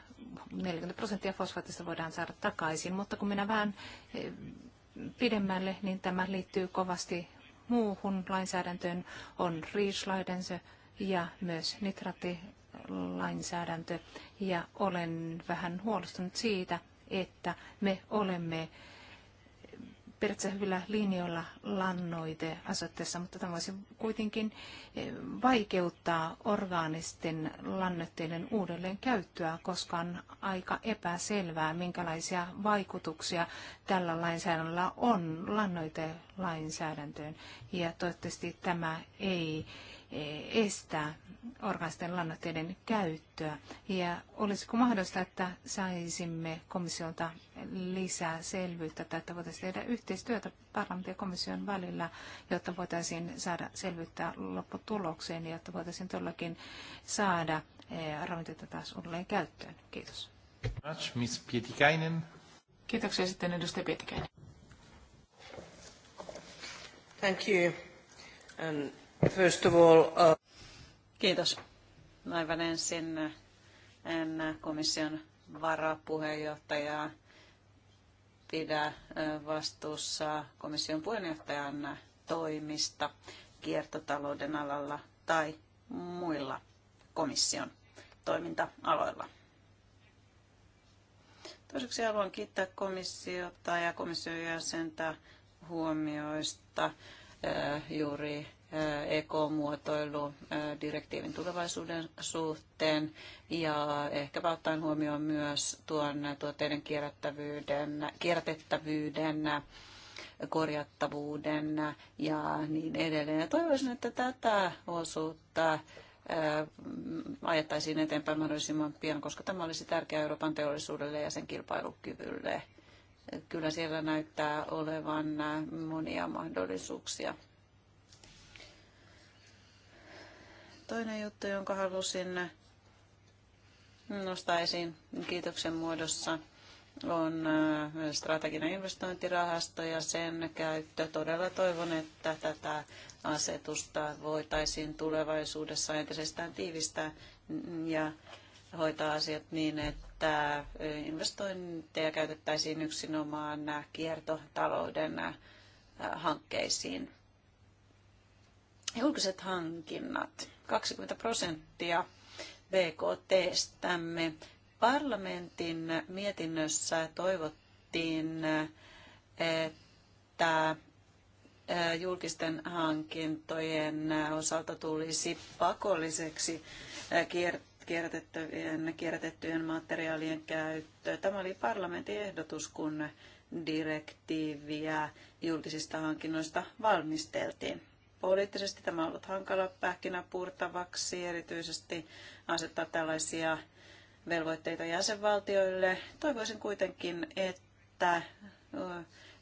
40 prosenttia fosfaattista voidaan saada takaisin, mutta kun minä vähän eh, pidemmälle, niin tämä liittyy kovasti muuhun lainsäädäntöön. On riislaidense ja myös nitraattilainsäädäntö. Ja olen vähän huolestunut siitä, että me olemme periaatteessa hyvillä linjoilla lannoite asetteessa, mutta tämä voisi kuitenkin eh, vaikeuttaa orgaanisten lannoitteiden uudelleen käyttöä, koska on aika epäselvää, minkälaisia vaikutuksia tällä lainsäädännöllä on lannoitelainsäädäntöön. Ja toivottavasti tämä ei estää orgaanisten lannoitteiden käyttöä. Ja olisiko mahdollista, että saisimme komissiolta lisää selvyyttä tai että voitaisiin tehdä yhteistyötä parlamentin ja komission välillä, jotta voitaisiin saada selvyyttä lopputulokseen ja jotta voitaisiin todellakin saada eh, ravinteita taas uudelleen käyttöön. Kiitos. Kiitoksia sitten edustaja Pietikäinen. Thank you. Um, First of all, uh... Kiitos. Aivan ensin en komission varapuheenjohtajaa pidä vastuussa komission puheenjohtajan toimista kiertotalouden alalla tai muilla komission toiminta-aloilla. Toiseksi haluan kiittää komissiota ja komission jäsentä huomioista juuri ekomuotoilu direktiivin tulevaisuuden suhteen ja ehkä ottaen huomioon myös tuon tuotteiden kierrättävyyden, kierrätettävyyden korjattavuuden ja niin edelleen. Ja toivoisin, että tätä osuutta ajettaisiin eteenpäin mahdollisimman pian, koska tämä olisi tärkeää Euroopan teollisuudelle ja sen kilpailukyvylle. Kyllä siellä näyttää olevan monia mahdollisuuksia Toinen juttu, jonka halusin nostaa esiin kiitoksen muodossa, on äh, strateginen investointirahasto ja sen käyttö. Todella toivon, että tätä asetusta voitaisiin tulevaisuudessa entisestään tiivistää ja hoitaa asiat niin, että äh, investointeja käytettäisiin yksinomaan kiertotalouden äh, hankkeisiin. Julkiset hankinnat. 20 prosenttia BKTstämme. Parlamentin mietinnössä toivottiin, että julkisten hankintojen osalta tulisi pakolliseksi kierrätettävien, kierrätettyjen materiaalien käyttö. Tämä oli parlamentin ehdotus, kun direktiiviä julkisista hankinnoista valmisteltiin poliittisesti tämä on ollut hankala pähkinä purtavaksi, erityisesti asettaa tällaisia velvoitteita jäsenvaltioille. Toivoisin kuitenkin, että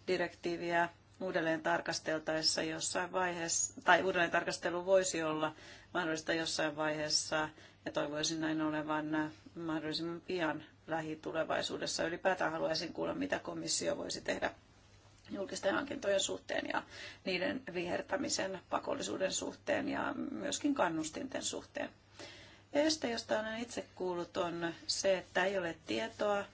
direktiiviä uudelleen tarkasteltaessa jossain vaiheessa, tai uudelleen tarkastelu voisi olla mahdollista jossain vaiheessa, ja toivoisin näin olevan mahdollisimman pian lähitulevaisuudessa. Ylipäätään haluaisin kuulla, mitä komissio voisi tehdä julkisten hankintojen suhteen ja niiden vihertämisen pakollisuuden suhteen ja myöskin kannustinten suhteen. Este, josta olen itse kuullut, on se, että ei ole tietoa,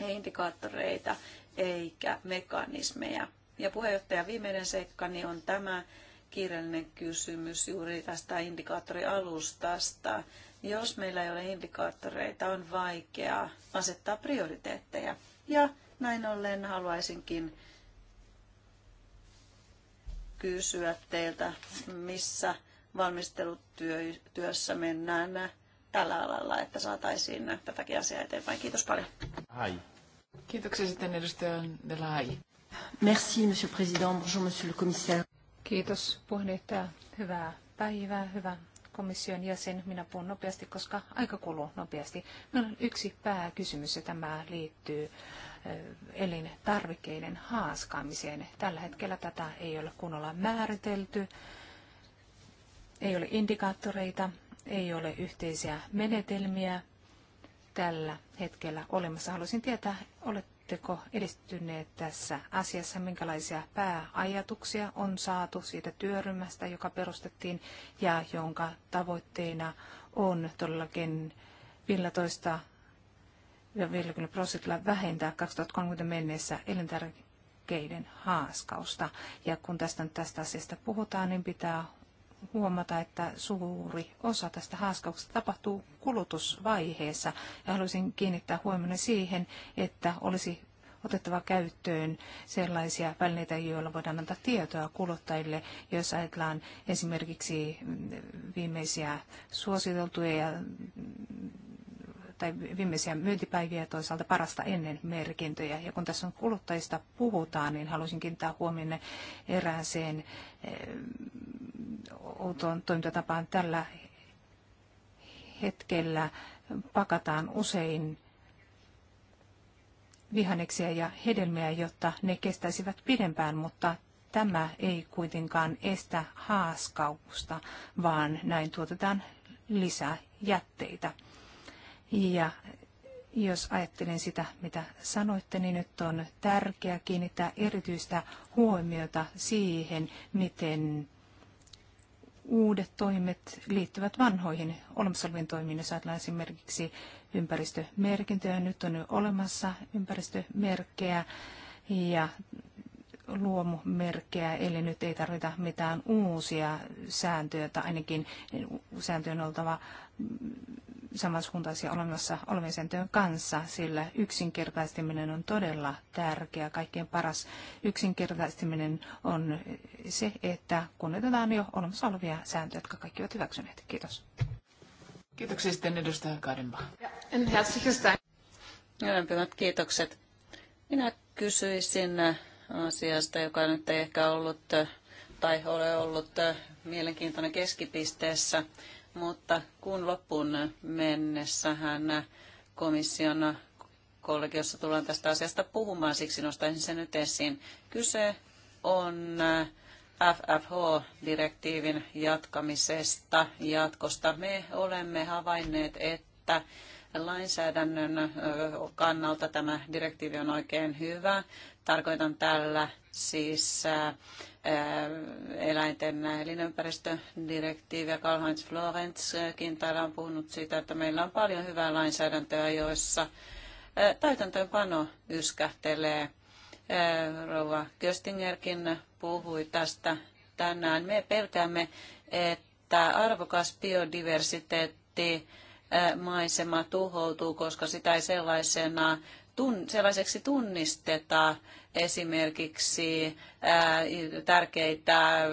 ei indikaattoreita eikä mekanismeja. Ja puheenjohtaja viimeinen niin on tämä kiireellinen kysymys juuri tästä indikaattorialustasta. Jos meillä ei ole indikaattoreita, on vaikea asettaa prioriteetteja. Ja näin ollen haluaisinkin kysyä teiltä, missä valmistelutyössä mennään tällä alalla, että saataisiin tätäkin asiaa eteenpäin. Kiitos paljon. Ai. Kiitoksia sitten edustaja Delay. Merci, monsieur président. Bonjour, monsieur le commissaire. Kiitos puheenjohtaja. Hyvää päivää, hyvä komission jäsen. Minä puhun nopeasti, koska aika kuluu nopeasti. Minulla on yksi pääkysymys ja tämä liittyy elintarvikkeiden haaskaamiseen. Tällä hetkellä tätä ei ole kunnolla määritelty, ei ole indikaattoreita, ei ole yhteisiä menetelmiä tällä hetkellä olemassa. Haluaisin tietää, oletteko edistyneet tässä asiassa, minkälaisia pääajatuksia on saatu siitä työryhmästä, joka perustettiin ja jonka tavoitteena on todellakin 15 50 prosentilla vähentää 2030 mennessä elintärkeiden haaskausta. Ja kun tästä, tästä asiasta puhutaan, niin pitää huomata, että suuri osa tästä haaskauksesta tapahtuu kulutusvaiheessa. Ja haluaisin kiinnittää huomioon siihen, että olisi otettava käyttöön sellaisia välineitä, joilla voidaan antaa tietoa kuluttajille, jos ajatellaan esimerkiksi viimeisiä suositeltuja ja tai viimeisiä myyntipäiviä ja toisaalta parasta ennen merkintöjä. Ja kun tässä on kuluttajista puhutaan, niin haluaisin kiinnittää huomioon erääseen eh, outoon toimintatapaan. Tällä hetkellä pakataan usein vihanneksia ja hedelmiä, jotta ne kestäisivät pidempään, mutta tämä ei kuitenkaan estä haaskausta, vaan näin tuotetaan lisää jätteitä. Ja jos ajattelen sitä, mitä sanoitte, niin nyt on tärkeää kiinnittää erityistä huomiota siihen, miten uudet toimet liittyvät vanhoihin olemassa oleviin toimiin. Jos ajatellaan esimerkiksi ympäristömerkintöjä, nyt on jo olemassa ympäristömerkkejä ja luomumerkkejä, eli nyt ei tarvita mitään uusia sääntöjä, tai ainakin sääntöjen oltava samansuuntaisia olemassa olemisen työn kanssa, sillä yksinkertaistaminen on todella tärkeä. Kaikkein paras yksinkertaistaminen on se, että kunnioitetaan jo olemassa olevia sääntöjä, jotka kaikki ovat hyväksyneet. Kiitos. Kiitoksia sitten edustaja Kadenba. Ja, kiitokset. Minä kysyisin äh, asiasta, joka nyt ei ehkä ollut äh, tai ole ollut äh, mielenkiintoinen keskipisteessä mutta kun loppuun mennessähän komission kollegiossa tullaan tästä asiasta puhumaan, siksi nostaisin sen nyt esiin. Kyse on FFH-direktiivin jatkamisesta, jatkosta. Me olemme havainneet, että lainsäädännön kannalta tämä direktiivi on oikein hyvä. Tarkoitan tällä siis eläinten elinympäristödirektiivi ja Karl-Heinz Florenzkin täällä on puhunut siitä, että meillä on paljon hyvää lainsäädäntöä, joissa täytäntöönpano yskähtelee. Rouva Köstingerkin puhui tästä tänään. Me pelkäämme, että arvokas biodiversiteetti maisema tuhoutuu, koska sitä ei sellaisena tun, sellaiseksi tunnisteta esimerkiksi ää, tärkeitä ää,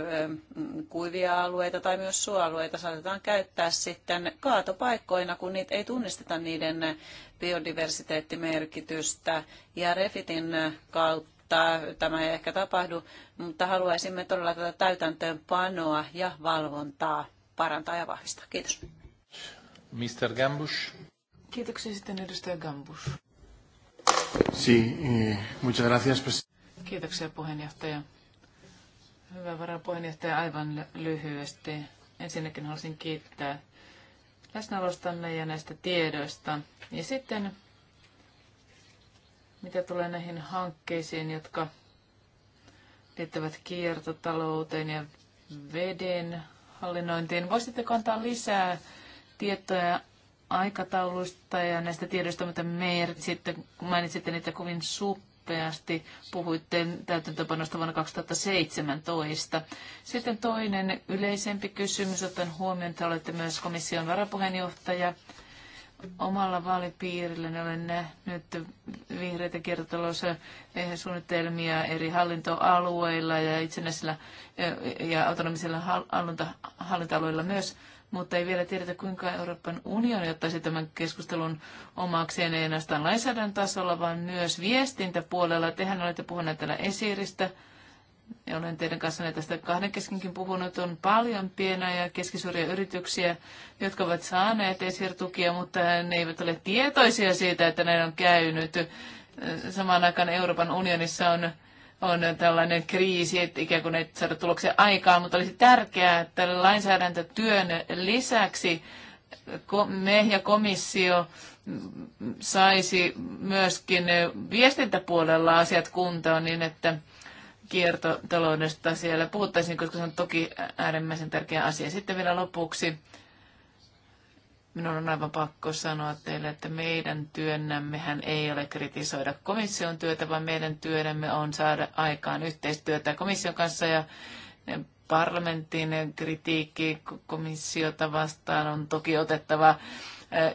kuivia alueita tai myös suoalueita saatetaan käyttää sitten kaatopaikkoina, kun niitä ei tunnisteta niiden biodiversiteettimerkitystä. Ja Refitin kautta tämä ei ehkä tapahdu, mutta haluaisimme todella tätä täytäntöönpanoa ja valvontaa parantaa ja vahvistaa. Kiitos. Mr. Gambush, Kiitoksia sitten edustaja Gambush. Si, eh, muchas gracias. Kiitoksia puheenjohtaja. Hyvä varapuheenjohtaja, aivan lyhyesti. Ensinnäkin haluaisin kiittää läsnäolostanne ja näistä tiedoista. Ja sitten, mitä tulee näihin hankkeisiin, jotka liittyvät kiertotalouteen ja veden hallinnointiin. Voisitteko antaa lisää tietoja aikatauluista ja näistä tiedoista, mitä me sitten mainitsitte niitä kovin suppeasti. Puhuitte täytäntöpanosta vuonna 2017. Sitten toinen yleisempi kysymys, ottaen huomioon, että olette myös komission varapuheenjohtaja. Omalla vaalipiirilläni olen nähnyt vihreitä kiertotaloussuunnitelmia eri hallintoalueilla ja itsenäisillä ja autonomisilla hallinta-alueilla myös mutta ei vielä tiedetä, kuinka Euroopan unioni ottaisi tämän keskustelun omakseen, ei ainoastaan lainsäädännön tasolla, vaan myös viestintäpuolella. Tehän olette puhuneet täällä esiiristä. Ja olen teidän kanssanne tästä kahden keskenkin puhunut. On paljon pieniä ja keskisuuria yrityksiä, jotka ovat saaneet esiirtukia, mutta ne eivät ole tietoisia siitä, että näin on käynyt. Samaan aikaan Euroopan unionissa on on tällainen kriisi, että ikään kuin ei saada tuloksia aikaan, mutta olisi tärkeää, että lainsäädäntötyön lisäksi me ja komissio saisi myöskin viestintäpuolella asiat kuntoon niin, että kiertotaloudesta siellä puhuttaisiin, koska se on toki äärimmäisen tärkeä asia. Sitten vielä lopuksi Minun on aivan pakko sanoa teille, että meidän työnnämmehän ei ole kritisoida komission työtä, vaan meidän työnämme on saada aikaan yhteistyötä komission kanssa ja parlamentin kritiikki komissiota vastaan on toki otettava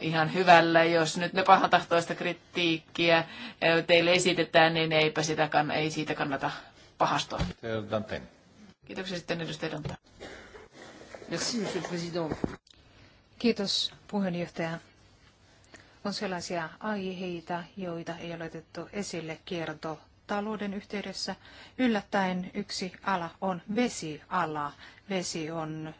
ihan hyvällä. Jos nyt ne pahantahtoista kritiikkiä teille esitetään, niin eipä sitä kann- ei siitä kannata pahastua. Kiitoksia sitten edustaja Dantin. Merci, monsieur le président. Kiitos puheenjohtaja. On sellaisia aiheita, joita ei ole otettu esille kiertotalouden yhteydessä. Yllättäen yksi ala on vesiala. Vesi on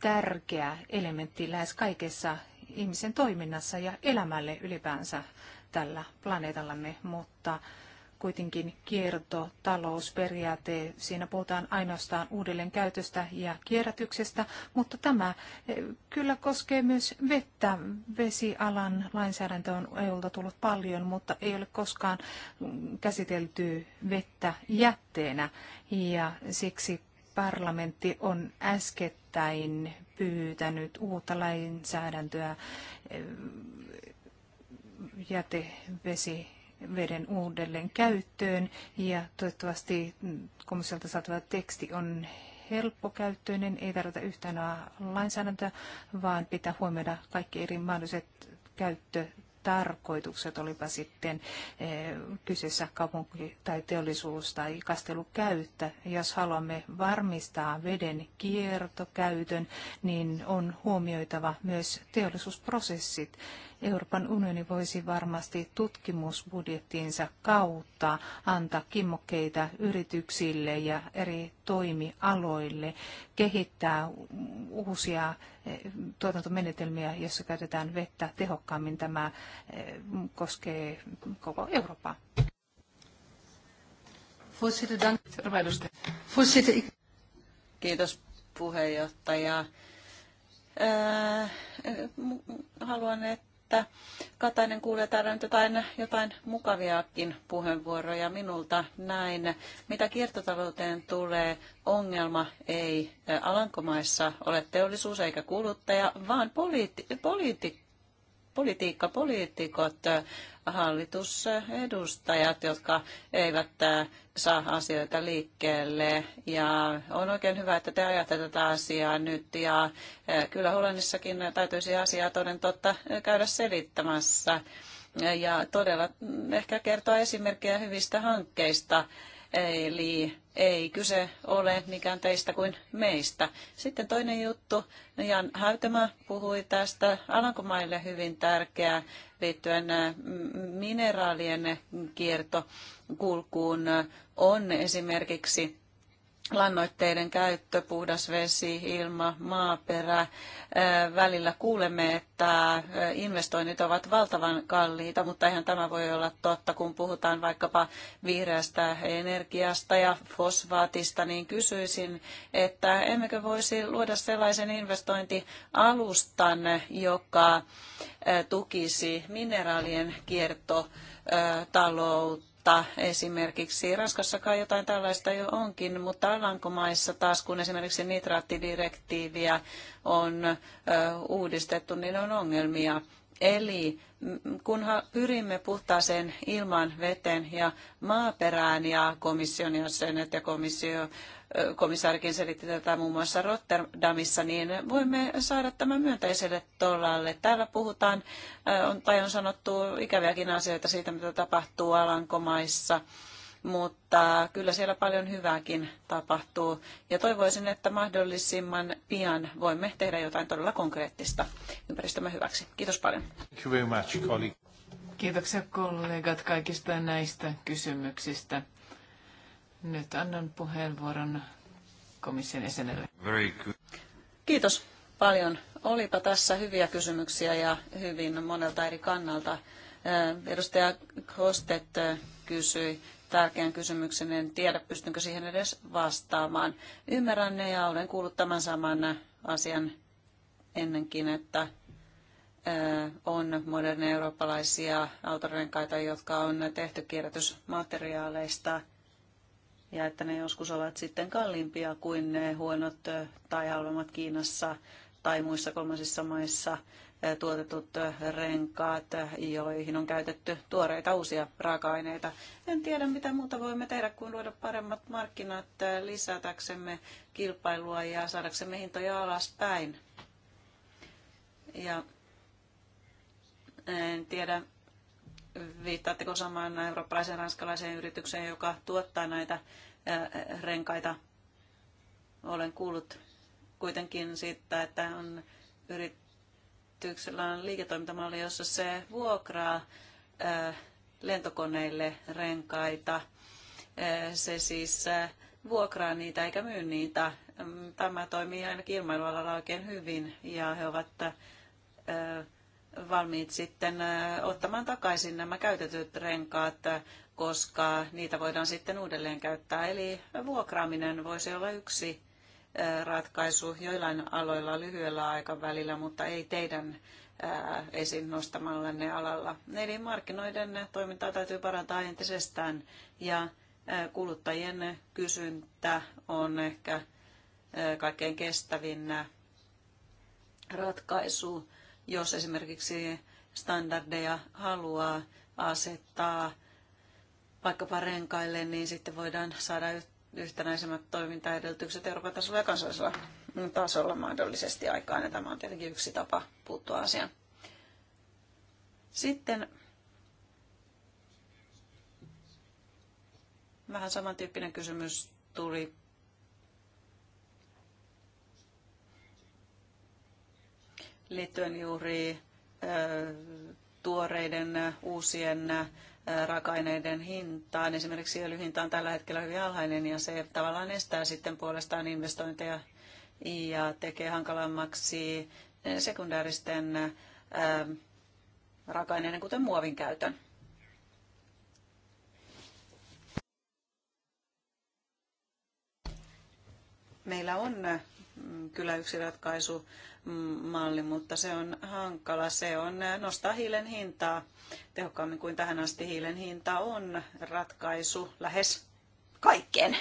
tärkeä elementti lähes kaikessa ihmisen toiminnassa ja elämälle ylipäänsä tällä planeetallamme, mutta kuitenkin kiertotalousperiaate. Siinä puhutaan ainoastaan käytöstä ja kierrätyksestä, mutta tämä eh, kyllä koskee myös vettä. Vesialan lainsäädäntö on EUlta tullut paljon, mutta ei ole koskaan käsitelty vettä jätteenä ja siksi parlamentti on äskettäin pyytänyt uutta lainsäädäntöä eh, jätevesi veden uudelleen käyttöön ja toivottavasti komissiolta saatava teksti on helppokäyttöinen, ei tarvita yhtään lainsäädäntöä, vaan pitää huomioida kaikki eri mahdolliset käyttö tarkoitukset, olipa sitten eh, kyseessä kaupunki tai teollisuus tai kastelukäyttö. Jos haluamme varmistaa veden kiertokäytön, niin on huomioitava myös teollisuusprosessit Euroopan unioni voisi varmasti tutkimusbudjettiinsa kautta antaa kimmokkeita yrityksille ja eri toimialoille, kehittää uusia eh, tuotantomenetelmiä, joissa käytetään vettä tehokkaammin. Tämä eh, koskee koko Eurooppaa. Kiitos puheenjohtaja. Äh, äh, haluan, että että Katainen kuulee täällä nyt jotain, jotain mukaviakin puheenvuoroja minulta näin. Mitä kiertotalouteen tulee, ongelma ei Alankomaissa ole teollisuus eikä kuluttaja, vaan poliitikko politiikka, poliitikot, hallitusedustajat, jotka eivät äh, saa asioita liikkeelle. Ja on oikein hyvä, että te ajatte tätä asiaa nyt. Ja äh, kyllä Hollannissakin täytyisi asiaa toden totta äh, käydä selittämässä ja todella mm, ehkä kertoa esimerkkejä hyvistä hankkeista. Eli ei kyse ole mikään teistä kuin meistä. Sitten toinen juttu, no, Jan Häytämä puhui tästä Alankomaille hyvin tärkeää liittyen äh, mineraalien kiertokulkuun äh, on esimerkiksi lannoitteiden käyttö, puhdas vesi, ilma, maaperä. Välillä kuulemme, että investoinnit ovat valtavan kalliita, mutta eihän tämä voi olla totta, kun puhutaan vaikkapa vihreästä energiasta ja fosfaatista, niin kysyisin, että emmekö voisi luoda sellaisen investointialustan, joka tukisi mineraalien kiertotaloutta mutta esimerkiksi. Ranskassakaan jotain tällaista jo onkin, mutta Alankomaissa taas, kun esimerkiksi nitraattidirektiiviä on uudistettu, niin on ongelmia. Eli kun pyrimme puhtaaseen ilmaan, veteen ja maaperään ja komission jäsenet ja komissio, komissaarikin selitti tätä muun muassa Rotterdamissa, niin voimme saada tämän myönteiselle tolalle. Täällä puhutaan, on, tai on sanottu ikäviäkin asioita siitä, mitä tapahtuu Alankomaissa – mutta kyllä siellä paljon hyvääkin tapahtuu. Ja toivoisin, että mahdollisimman pian voimme tehdä jotain todella konkreettista ympäristömme hyväksi. Kiitos paljon. Thank you very much, Kiitoksia kollegat kaikista näistä kysymyksistä. Nyt annan puheenvuoron komission jäsenelle. Very good. Kiitos paljon. Olipa tässä hyviä kysymyksiä ja hyvin monelta eri kannalta. Edustaja Kostet kysyi tärkeän kysymyksen. En tiedä, pystynkö siihen edes vastaamaan. Ymmärrän ne ja olen kuullut tämän saman asian ennenkin, että on moderne eurooppalaisia autorenkaita, jotka on tehty kierrätysmateriaaleista ja että ne joskus ovat sitten kalliimpia kuin ne huonot tai halvemmat Kiinassa tai muissa kolmansissa maissa – tuotetut renkaat, joihin on käytetty tuoreita uusia raaka-aineita. En tiedä, mitä muuta voimme tehdä kuin luoda paremmat markkinat lisätäksemme kilpailua ja saadaksemme hintoja alaspäin. Ja en tiedä, viittaatteko samaan eurooppalaiseen ranskalaiseen yritykseen, joka tuottaa näitä eh, renkaita. Olen kuullut kuitenkin siitä, että on yrit, yrityksellä on liiketoimintamalli, jossa se vuokraa lentokoneille renkaita. Se siis vuokraa niitä eikä myy niitä. Mm, tämä toimii ainakin ilmailualalla oikein hyvin ja he ovat valmiit sitten ottamaan takaisin nämä käytetyt renkaat, koska niitä voidaan sitten uudelleen käyttää. Eli vuokraaminen voisi olla yksi ratkaisu joillain aloilla lyhyellä aikavälillä, mutta ei teidän esiin nostamallanne alalla. Eli markkinoiden toimintaa täytyy parantaa entisestään ja kuluttajien kysyntä on ehkä kaikkein kestävin ratkaisu, jos esimerkiksi standardeja haluaa asettaa vaikkapa renkaille, niin sitten voidaan saada yhtenäisemmät toimintaedellytykset Euroopan tasolla ja kansallisella tasolla mahdollisesti aikaan. Ja tämä on tietenkin yksi tapa puuttua asiaan. Sitten vähän samantyyppinen kysymys tuli liittyen juuri tuoreiden uusien raaka-aineiden hintaan, esimerkiksi öljyhinta on tällä hetkellä hyvin alhainen ja se tavallaan estää sitten puolestaan investointeja ja tekee hankalammaksi sekundääristen ähm, raaka-aineiden, kuten muovin käytön. Meillä on kyllä yksi ratkaisumalli, mutta se on hankala. Se on nostaa hiilen hintaa tehokkaammin kuin tähän asti. Hiilen hinta on ratkaisu lähes kaikkeen.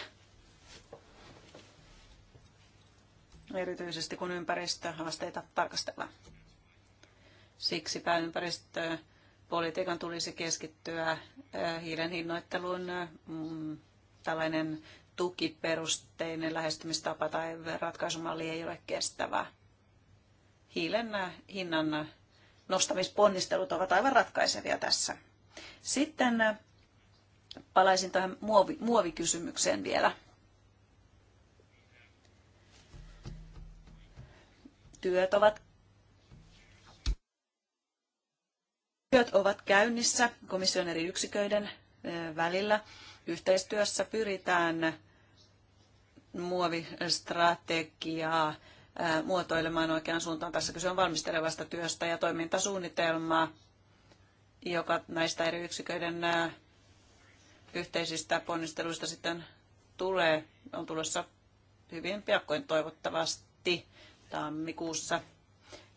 Erityisesti kun ympäristöhaasteita tarkastellaan. Siksi ympäristöpolitiikan tulisi keskittyä eh, hiilen hinnoitteluun. Mm, tällainen tukiperusteinen lähestymistapa tai ratkaisumalli ei ole kestävä. Hiilen äh, hinnan nostamisponnistelut ovat aivan ratkaisevia tässä. Sitten äh, palaisin tähän muovi, muovikysymykseen vielä. Työt ovat Työt ovat käynnissä komission eri yksiköiden äh, välillä Yhteistyössä pyritään muovistrategiaa muotoilemaan oikean suuntaan. Tässä kyse on valmistelevasta työstä ja toimintasuunnitelmaa, joka näistä eri yksiköiden yhteisistä ponnisteluista sitten tulee. On tulossa hyvin piakkoin toivottavasti tammikuussa.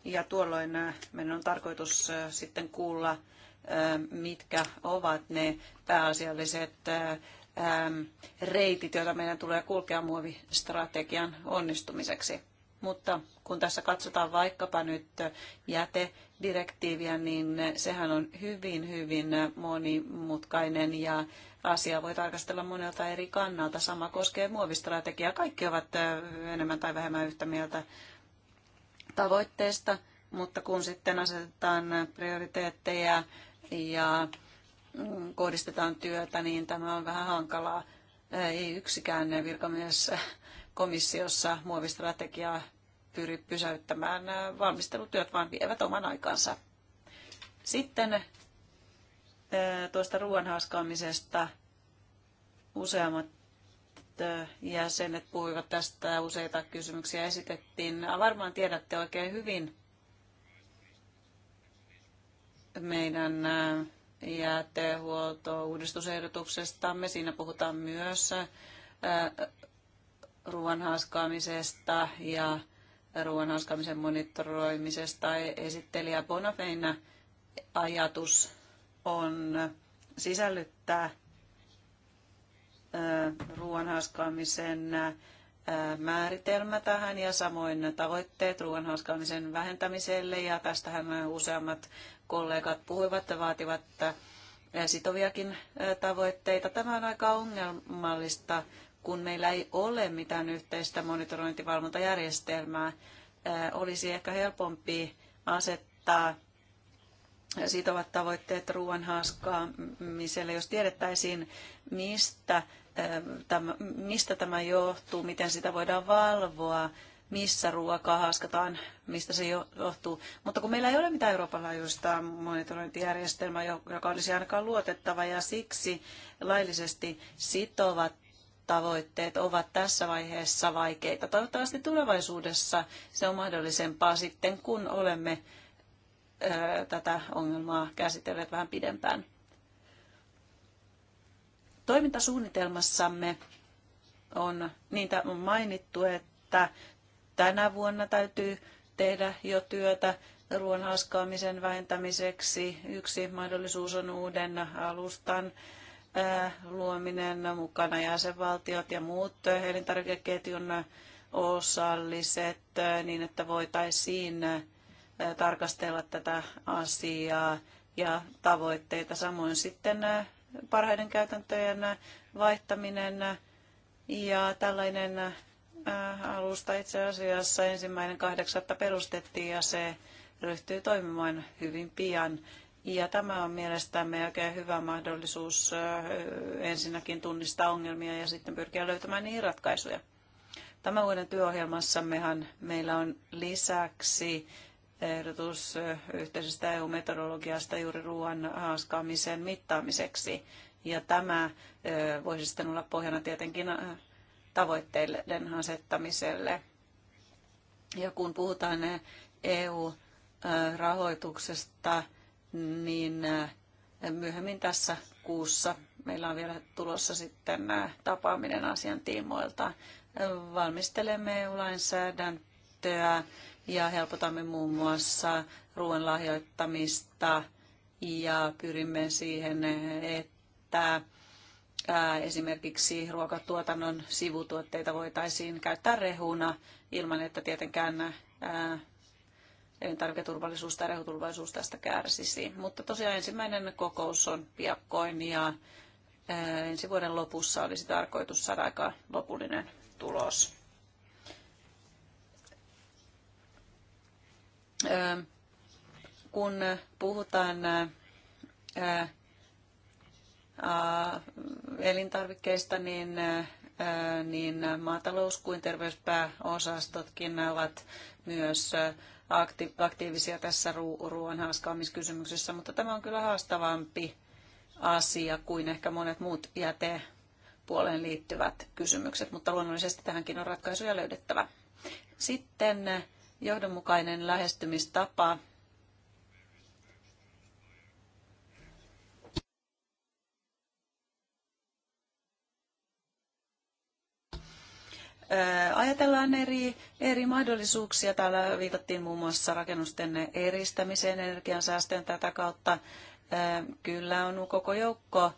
Ja tuolloin meidän on tarkoitus sitten kuulla mitkä ovat ne pääasialliset reitit, joita meidän tulee kulkea muovistrategian onnistumiseksi. Mutta kun tässä katsotaan vaikkapa nyt jätedirektiiviä, niin sehän on hyvin, hyvin monimutkainen ja asia voi tarkastella monelta eri kannalta. Sama koskee muovistrategiaa. Kaikki ovat enemmän tai vähemmän yhtä mieltä tavoitteesta, mutta kun sitten asetetaan prioriteetteja ja mm, kohdistetaan työtä, niin tämä on vähän hankalaa. Ei yksikään virkamies komissiossa muovistrategiaa pyri pysäyttämään valmistelutyöt, vaan vievät oman aikansa. Sitten eh, tuosta ruoan haaskaamisesta useammat eh, jäsenet puhuivat tästä, useita kysymyksiä esitettiin. Varmaan tiedätte oikein hyvin, meidän äh, jäätehuolto uudistusehdotuksestamme Siinä puhutaan myös äh, ruoan haaskaamisesta ja ruoan haaskaamisen monitoroimisesta. Esittelijä Bonafeina ajatus on sisällyttää äh, ruoan haaskaamisen määritelmä tähän ja samoin tavoitteet ruoan vähentämiselle ja tästähän useammat kollegat puhuivat ja vaativat sitoviakin tavoitteita. Tämä on aika ongelmallista, kun meillä ei ole mitään yhteistä monitorointivalvontajärjestelmää. Olisi ehkä helpompi asettaa sitovat tavoitteet ruoan haaskaamiselle, jos tiedettäisiin, mistä mistä tämä johtuu, miten sitä voidaan valvoa, missä ruokaa haaskataan, mistä se johtuu. Mutta kun meillä ei ole mitään Euroopan laajuista monitorointijärjestelmää, joka olisi ainakaan luotettava, ja siksi laillisesti sitovat tavoitteet ovat tässä vaiheessa vaikeita. Toivottavasti tulevaisuudessa se on mahdollisempaa sitten, kun olemme tätä ongelmaa käsitelleet vähän pidempään. Toimintasuunnitelmassamme on, niitä on mainittu, että tänä vuonna täytyy tehdä jo työtä ruoan haskaamisen vähentämiseksi. Yksi mahdollisuus on uuden alustan luominen mukana jäsenvaltiot ja muut elintarvikeketjun osalliset niin, että voitaisiin tarkastella tätä asiaa ja tavoitteita. Samoin sitten parhaiden käytäntöjen vaihtaminen ja tällainen äh, alusta itse asiassa ensimmäinen kahdeksatta perustettiin ja se ryhtyy toimimaan hyvin pian. Ja tämä on mielestämme oikein hyvä mahdollisuus äh, ensinnäkin tunnistaa ongelmia ja sitten pyrkiä löytämään niihin ratkaisuja. Tämän vuoden työohjelmassammehan meillä on lisäksi ehdotus yhteisestä EU-metodologiasta juuri ruoan haaskaamisen mittaamiseksi. Ja tämä voisi sitten olla pohjana tietenkin tavoitteiden asettamiselle. Ja kun puhutaan EU-rahoituksesta, niin myöhemmin tässä kuussa meillä on vielä tulossa sitten tapaaminen asian tiimoilta. Valmistelemme EU-lainsäädäntöä ja helpotamme muun muassa ruoan lahjoittamista ja pyrimme siihen, että esimerkiksi ruokatuotannon sivutuotteita voitaisiin käyttää rehuna ilman, että tietenkään elintarviketurvallisuus tai rehuturvallisuus tästä kärsisi. Mutta tosiaan ensimmäinen kokous on piakkoin ja ensi vuoden lopussa olisi tarkoitus saada aika lopullinen tulos. kun puhutaan elintarvikkeista, niin, niin maatalous- kuin terveyspääosastotkin ovat myös aktiivisia tässä ruoan haaskaamiskysymyksessä, mutta tämä on kyllä haastavampi asia kuin ehkä monet muut jätepuoleen liittyvät kysymykset, mutta luonnollisesti tähänkin on ratkaisuja löydettävä. Sitten johdonmukainen lähestymistapa Ajatellaan eri, eri mahdollisuuksia. Täällä viitattiin muun muassa rakennusten eristämiseen, energiansäästöön tätä kautta. Kyllä on koko joukko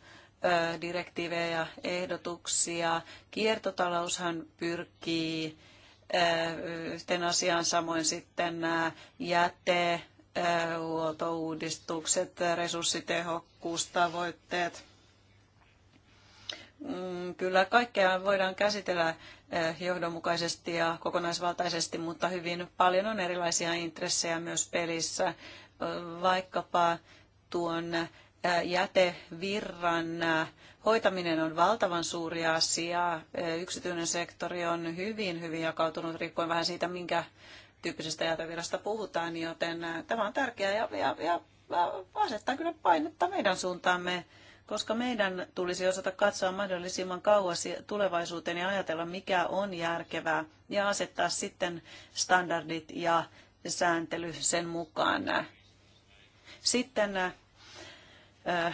direktiivejä ja ehdotuksia. Kiertotaloushan pyrkii Eh, yhteen asiaan, samoin sitten eh, jäte, eh, huoltouudistukset, resurssitehokkuustavoitteet. Mm, kyllä kaikkea voidaan käsitellä johdonmukaisesti ja kokonaisvaltaisesti, mutta hyvin paljon on erilaisia intressejä myös pelissä. Vaikkapa tuon jätevirran hoitaminen on valtavan suuri asia. Yksityinen sektori on hyvin, hyvin jakautunut riippuen vähän siitä, minkä tyyppisestä jätevirrasta puhutaan, joten tämä on tärkeää ja, ja, ja asettaa kyllä painetta meidän suuntaamme, koska meidän tulisi osata katsoa mahdollisimman kauas tulevaisuuteen ja ajatella, mikä on järkevää ja asettaa sitten standardit ja sääntely sen mukaan. Sitten Äh,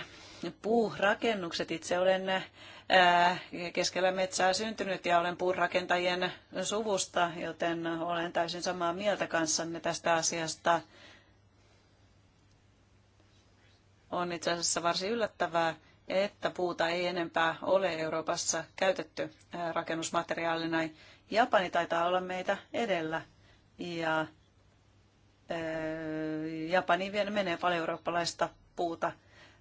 puurakennukset. Itse olen äh, keskellä metsää syntynyt ja olen puurakentajien suvusta, joten olen täysin samaa mieltä kanssanne tästä asiasta. On itse asiassa varsin yllättävää, että puuta ei enempää ole Euroopassa käytetty äh, rakennusmateriaalina. Japani taitaa olla meitä edellä ja Japani vielä menee paljon eurooppalaista puuta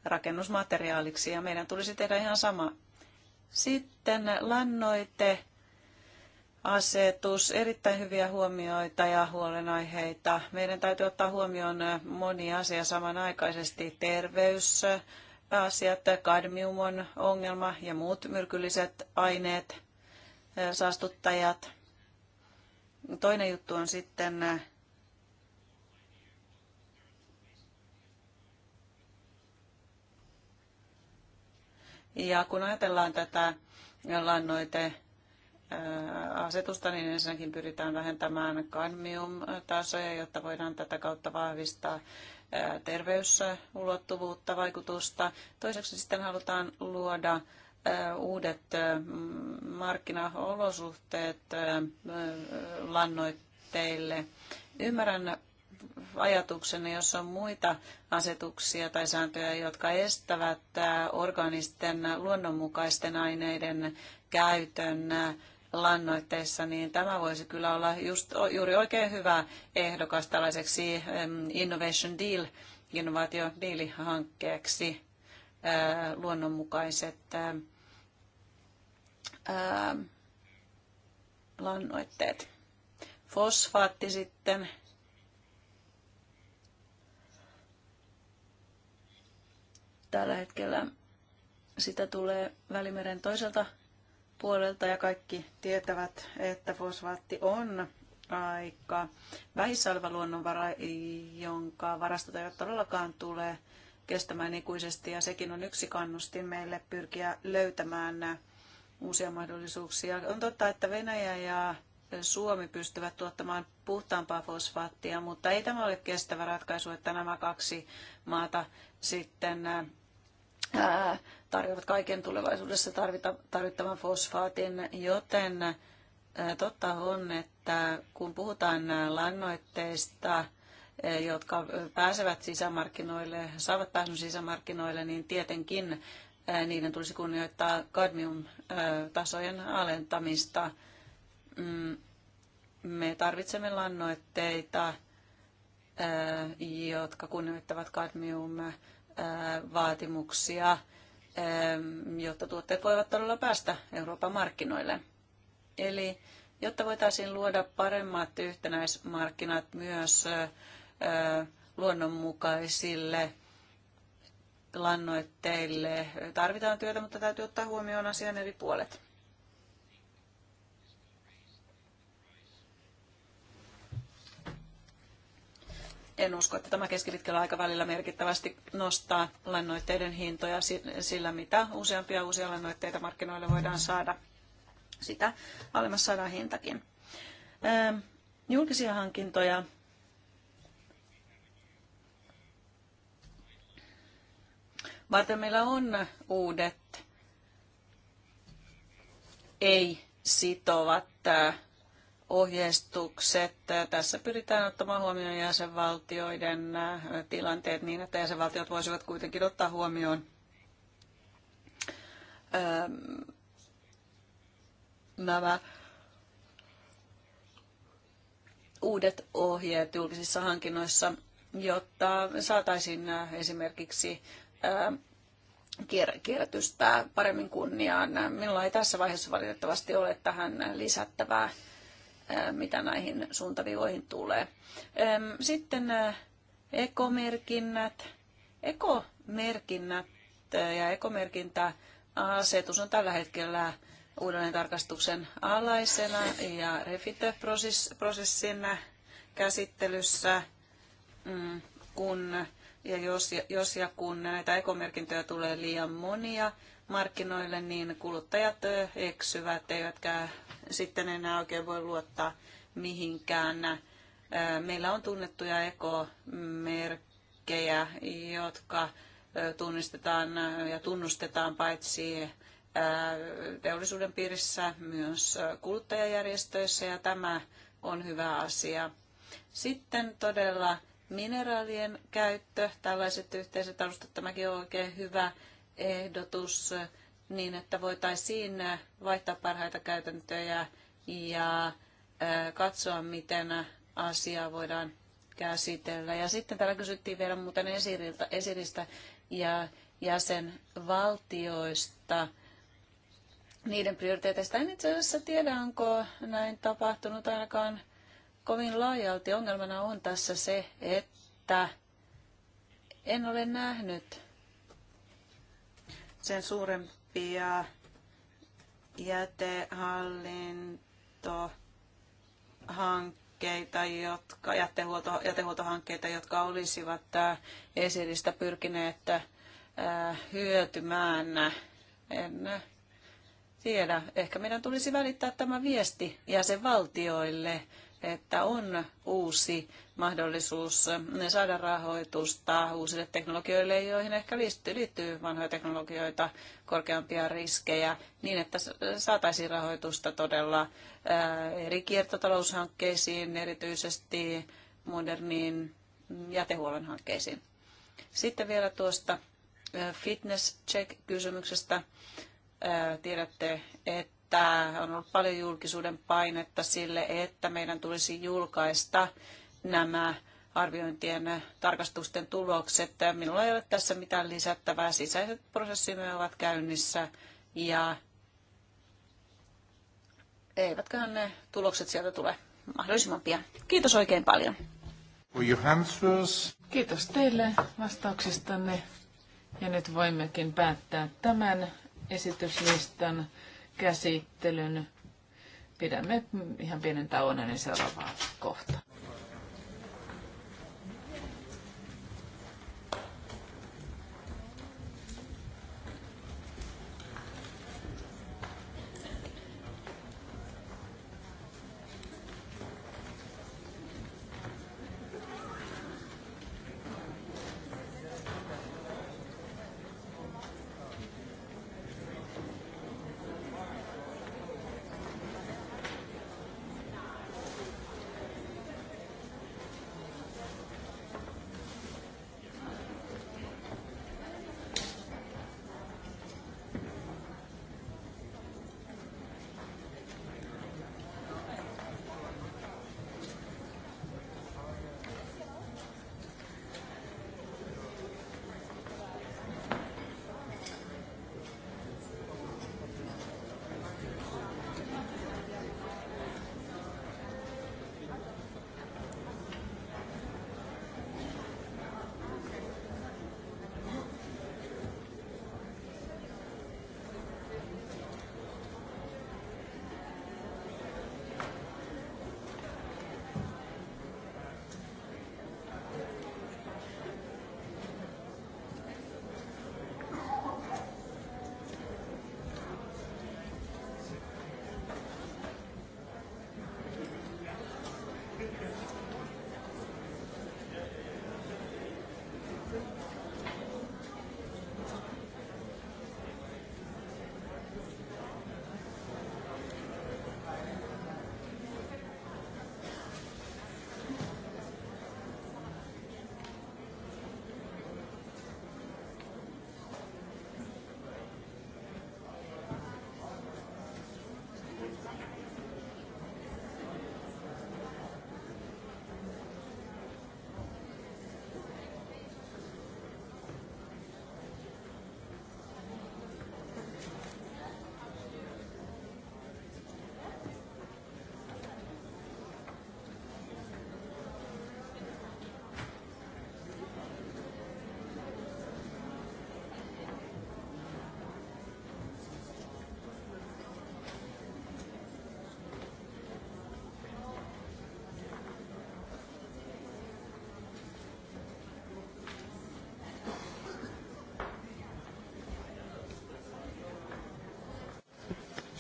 rakennusmateriaaliksi ja meidän tulisi tehdä ihan sama. Sitten lannoite, asetus, erittäin hyviä huomioita ja huolenaiheita. Meidän täytyy ottaa huomioon moni asia samanaikaisesti, terveys, asiat, kadmiumon ongelma ja muut myrkylliset aineet, saastuttajat. Toinen juttu on sitten Ja kun ajatellaan tätä lannoiteasetusta, niin ensinnäkin pyritään vähentämään kadmiumtasoja, jotta voidaan tätä kautta vahvistaa terveysulottuvuutta, vaikutusta. Toiseksi sitten halutaan luoda uudet markkinaolosuhteet lannoitteille. Ymmärrän ajatuksenne, jos on muita asetuksia tai sääntöjä, jotka estävät organisten luonnonmukaisten aineiden käytön lannoitteissa, niin tämä voisi kyllä olla just, juuri oikein hyvä ehdokas tällaiseksi Innovation Deal, hankkeeksi luonnonmukaiset lannoitteet. Fosfaatti sitten tällä hetkellä. Sitä tulee Välimeren toiselta puolelta ja kaikki tietävät, että fosfaatti on aika vähissä luonnonvara, jonka varastot eivät todellakaan tule kestämään ikuisesti ja sekin on yksi kannustin meille pyrkiä löytämään uusia mahdollisuuksia. On totta, että Venäjä ja Suomi pystyvät tuottamaan puhtaampaa fosfaattia, mutta ei tämä ole kestävä ratkaisu, että nämä kaksi maata sitten tarjoavat kaiken tulevaisuudessa tarvita, tarvittavan fosfaatin, joten totta on, että kun puhutaan lannoitteista, jotka pääsevät sisämarkkinoille, saavat pääsyn sisämarkkinoille, niin tietenkin niiden tulisi kunnioittaa kadmiumtasojen alentamista. Mm, me tarvitsemme lannoitteita, jotka kunnioittavat kadmiumtasoja vaatimuksia, jotta tuotteet voivat todella päästä Euroopan markkinoille. Eli jotta voitaisiin luoda paremmat yhtenäismarkkinat myös luonnonmukaisille lannoitteille, tarvitaan työtä, mutta täytyy ottaa huomioon asian eri puolet. en usko, että tämä keskipitkällä aikavälillä merkittävästi nostaa lannoitteiden hintoja sillä, mitä useampia uusia lannoitteita markkinoille voidaan saada. Sitä alemmas saadaan hintakin. Julkisia hankintoja varten meillä on uudet ei-sitovat ohjeistukset. Tässä pyritään ottamaan huomioon jäsenvaltioiden äh, tilanteet niin, että jäsenvaltiot voisivat kuitenkin ottaa huomioon ähm, nämä uudet ohjeet julkisissa hankinnoissa, jotta saataisiin äh, esimerkiksi äh, kierrätystä paremmin kunniaan. Minulla ei tässä vaiheessa valitettavasti ole tähän lisättävää mitä näihin suuntaviivoihin tulee. Sitten ekomerkinnät. Ekomerkinnät ja ekomerkintäasetus on tällä hetkellä uudelleen tarkastuksen alaisena ja refit-prosessin käsittelyssä, mm, kun ja jos, jos ja kun näitä ekomerkintöjä tulee liian monia, markkinoille, niin kuluttajat eksyvät, eivätkä sitten enää oikein voi luottaa mihinkään. Meillä on tunnettuja ekomerkkejä, jotka tunnistetaan ja tunnustetaan paitsi teollisuuden piirissä myös kuluttajajärjestöissä ja tämä on hyvä asia. Sitten todella mineraalien käyttö, tällaiset yhteiset alustat, tämäkin on oikein hyvä ehdotus niin, että voitaisiin vaihtaa parhaita käytäntöjä ja katsoa, miten asiaa voidaan käsitellä. Ja sitten täällä kysyttiin vielä muuten esiriltä, esiristä ja jäsenvaltioista niiden prioriteeteista. En itse asiassa tiedä, onko näin tapahtunut ainakaan kovin laajalti. Ongelmana on tässä se, että en ole nähnyt sen suurempia jätehallinto hankkeita, jotka, jätehuolto, jätehuoltohankkeita, jotka olisivat äh, esiristä pyrkineet äh, hyötymään. En tiedä. Ehkä meidän tulisi välittää tämä viesti jäsenvaltioille että on uusi mahdollisuus saada rahoitusta uusille teknologioille, joihin ehkä liittyy vanhoja teknologioita, korkeampia riskejä, niin että saataisiin rahoitusta todella eri kiertotaloushankkeisiin, erityisesti moderniin jätehuollon hankkeisiin. Sitten vielä tuosta fitness check-kysymyksestä. Tiedätte, että että on ollut paljon julkisuuden painetta sille, että meidän tulisi julkaista nämä arviointien tarkastusten tulokset. Minulla ei ole tässä mitään lisättävää. Sisäiset prosessimme ovat käynnissä ja eivätköhän ne tulokset sieltä tule mahdollisimman pian. Kiitos oikein paljon. Kiitos teille vastauksistanne. Ja nyt voimmekin päättää tämän esityslistan käsittelyn. Pidämme ihan pienen tauon ennen seuraavaa kohtaa.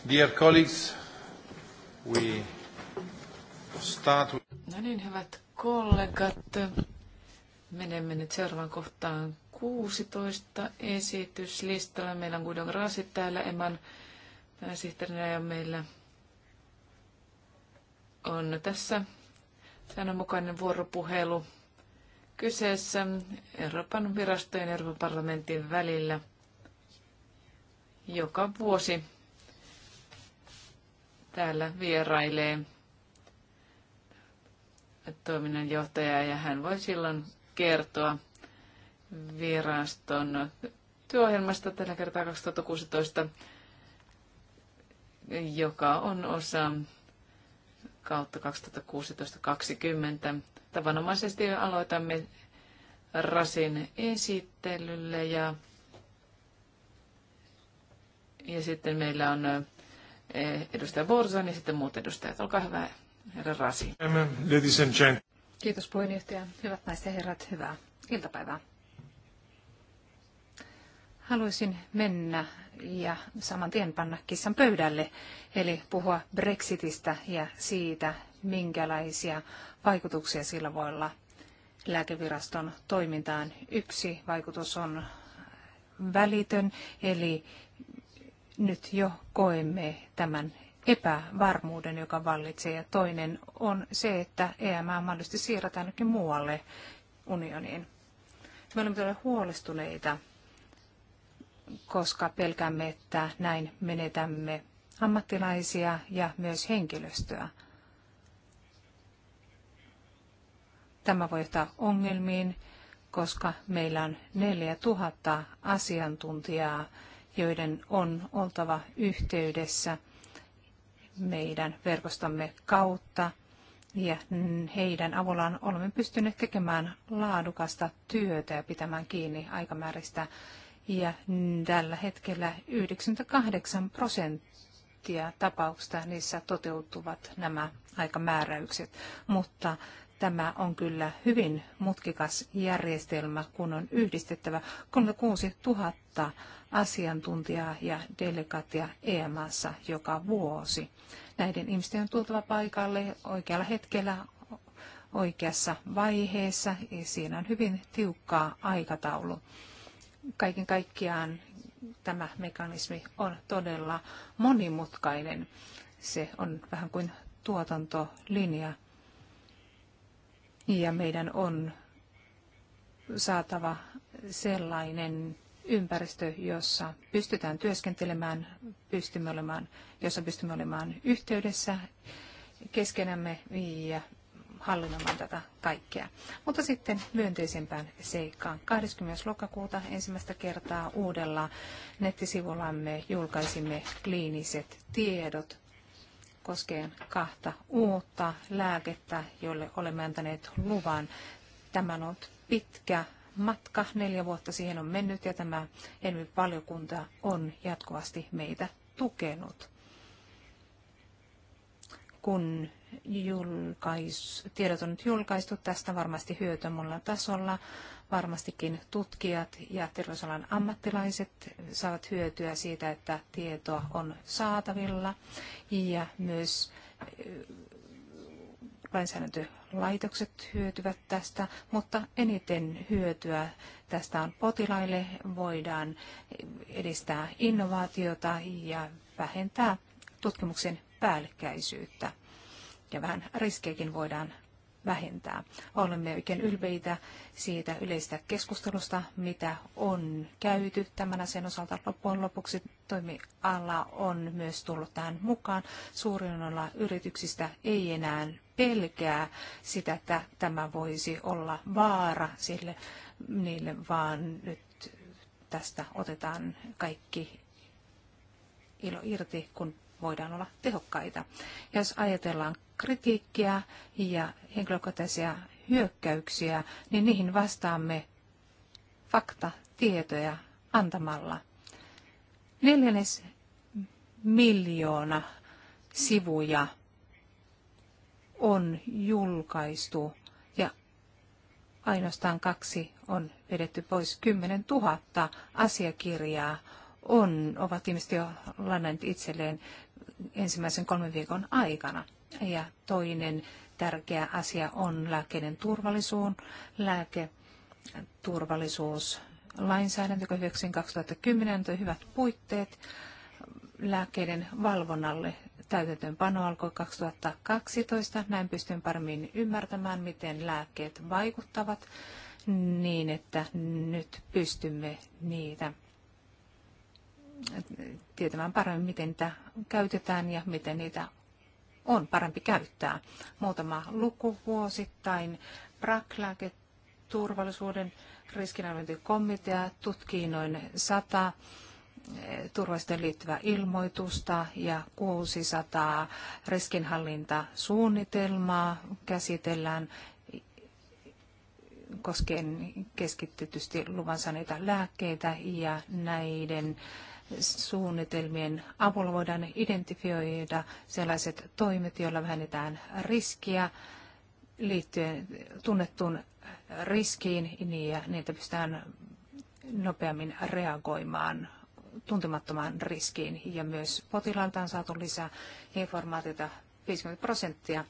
Dear colleagues, we start with... No niin, hyvät kollegat. Menemme nyt seuraavaan kohtaan 16 esityslistalla. Meillä on Gudon Rasi täällä Eman pääsihteerinä ja meillä on tässä säännönmukainen vuoropuhelu kyseessä Euroopan virastojen ja Euroopan parlamentin välillä – joka vuosi täällä vierailee toiminnanjohtaja ja hän voi silloin kertoa viraston työohjelmasta tällä kertaa 2016, joka on osa kautta 2016-2020. Tavanomaisesti aloitamme rasin esittelylle ja, ja sitten meillä on Eh, edustaja Borzan ja sitten muut edustajat. Olkaa hyvä, herra Rasi. Kiitos puheenjohtaja. Hyvät naiset ja herrat, hyvää iltapäivää. Haluaisin mennä ja saman tien panna kissan pöydälle, eli puhua Brexitistä ja siitä, minkälaisia vaikutuksia sillä voi olla lääkeviraston toimintaan. Yksi vaikutus on välitön, eli nyt jo koemme tämän epävarmuuden, joka vallitsee. Ja toinen on se, että EMA mahdollisesti siirretään jokin muualle unioniin. Me olemme todella huolestuneita, koska pelkäämme, että näin menetämme ammattilaisia ja myös henkilöstöä. Tämä voi johtaa ongelmiin, koska meillä on 4000 asiantuntijaa joiden on oltava yhteydessä meidän verkostamme kautta. Ja heidän avullaan olemme pystyneet tekemään laadukasta työtä ja pitämään kiinni aikamääristä. Ja tällä hetkellä 98 prosenttia tapauksista niissä toteutuvat nämä aikamääräykset. Mutta tämä on kyllä hyvin mutkikas järjestelmä, kun on yhdistettävä 36 000 asiantuntijaa ja delegaatia EMassa joka vuosi. Näiden ihmisten on tultava paikalle oikealla hetkellä oikeassa vaiheessa. Ja siinä on hyvin tiukkaa aikataulu. Kaiken kaikkiaan tämä mekanismi on todella monimutkainen. Se on vähän kuin tuotantolinja. Ja meidän on saatava sellainen ympäristö, jossa pystytään työskentelemään, pystymme olemaan, jossa pystymme olemaan yhteydessä keskenämme ja hallinnoimaan tätä kaikkea. Mutta sitten myönteisempään seikkaan. 20. lokakuuta ensimmäistä kertaa uudella nettisivullamme julkaisimme kliiniset tiedot koskien kahta uutta lääkettä, jolle olemme antaneet luvan. Tämä on ollut pitkä matka. Neljä vuotta siihen on mennyt ja tämä envy valiokunta on jatkuvasti meitä tukenut. Kun julkais, tiedot on nyt julkaistu, tästä varmasti hyötyä monella tasolla. Varmastikin tutkijat ja terveysalan ammattilaiset saavat hyötyä siitä, että tietoa on saatavilla ja myös eh, lainsäädäntö laitokset hyötyvät tästä, mutta eniten hyötyä tästä on potilaille. Voidaan edistää innovaatiota ja vähentää tutkimuksen päällekkäisyyttä ja vähän riskejäkin voidaan vähentää. Olemme oikein ylpeitä siitä yleistä keskustelusta, mitä on käyty tämän asian osalta. Loppujen lopuksi toimiala on myös tullut tähän mukaan. Suurin osa yrityksistä ei enää pelkää sitä, että tämä voisi olla vaara sille, niille, vaan nyt tästä otetaan kaikki ilo irti, kun voidaan olla tehokkaita. Jos ajatellaan kritiikkiä ja henkilökohtaisia hyökkäyksiä, niin niihin vastaamme fakta, tietoja antamalla. Neljännes miljoona sivuja on julkaistu ja ainoastaan kaksi on vedetty pois. 10 000 asiakirjaa on, ovat ihmiset jo lannaneet itselleen ensimmäisen kolmen viikon aikana. Ja toinen tärkeä asia on lääkkeiden turvallisuus, lääketurvallisuus lainsäädäntö, joka 2010 antoi hyvät puitteet lääkkeiden valvonnalle. Täytäntöönpano alkoi 2012. Näin pystyn paremmin ymmärtämään, miten lääkkeet vaikuttavat niin, että nyt pystymme niitä tietämään paremmin, miten niitä käytetään ja miten niitä on parempi käyttää. Muutama luku vuosittain PRAC-lääketurvallisuuden riskinarviointikomitea tutkii noin 100 turvallisuuteen liittyvää ilmoitusta ja 600 riskinhallintasuunnitelmaa käsitellään koskien keskittytysti luvansa niitä lääkkeitä ja näiden suunnitelmien avulla voidaan identifioida sellaiset toimet, joilla vähennetään riskiä liittyen tunnettuun riskiin niin ja niitä pystytään nopeammin reagoimaan tuntemattomaan riskiin ja myös potilailta on saatu lisää informaatiota 50 prosenttia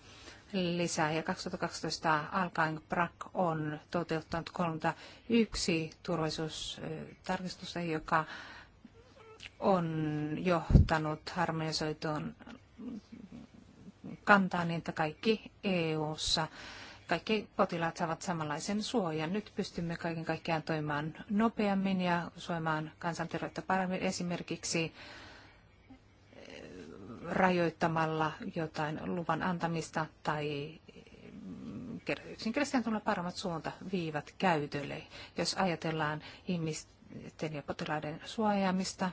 lisää ja 2012 alkaen PRAC on toteuttanut 31 turvallisuustarkistusta, joka on johtanut harmonisoituun kantaan, niin että kaikki EU-ssa kaikki potilaat saavat samanlaisen suojan. Nyt pystymme kaiken kaikkiaan toimimaan nopeammin ja suojamaan kansanterveyttä paremmin esimerkiksi eh, rajoittamalla jotain luvan antamista tai eh, yksinkertaisesti tulee paremmat suuntaviivat käytölle. Jos ajatellaan ihmisten ja potilaiden suojaamista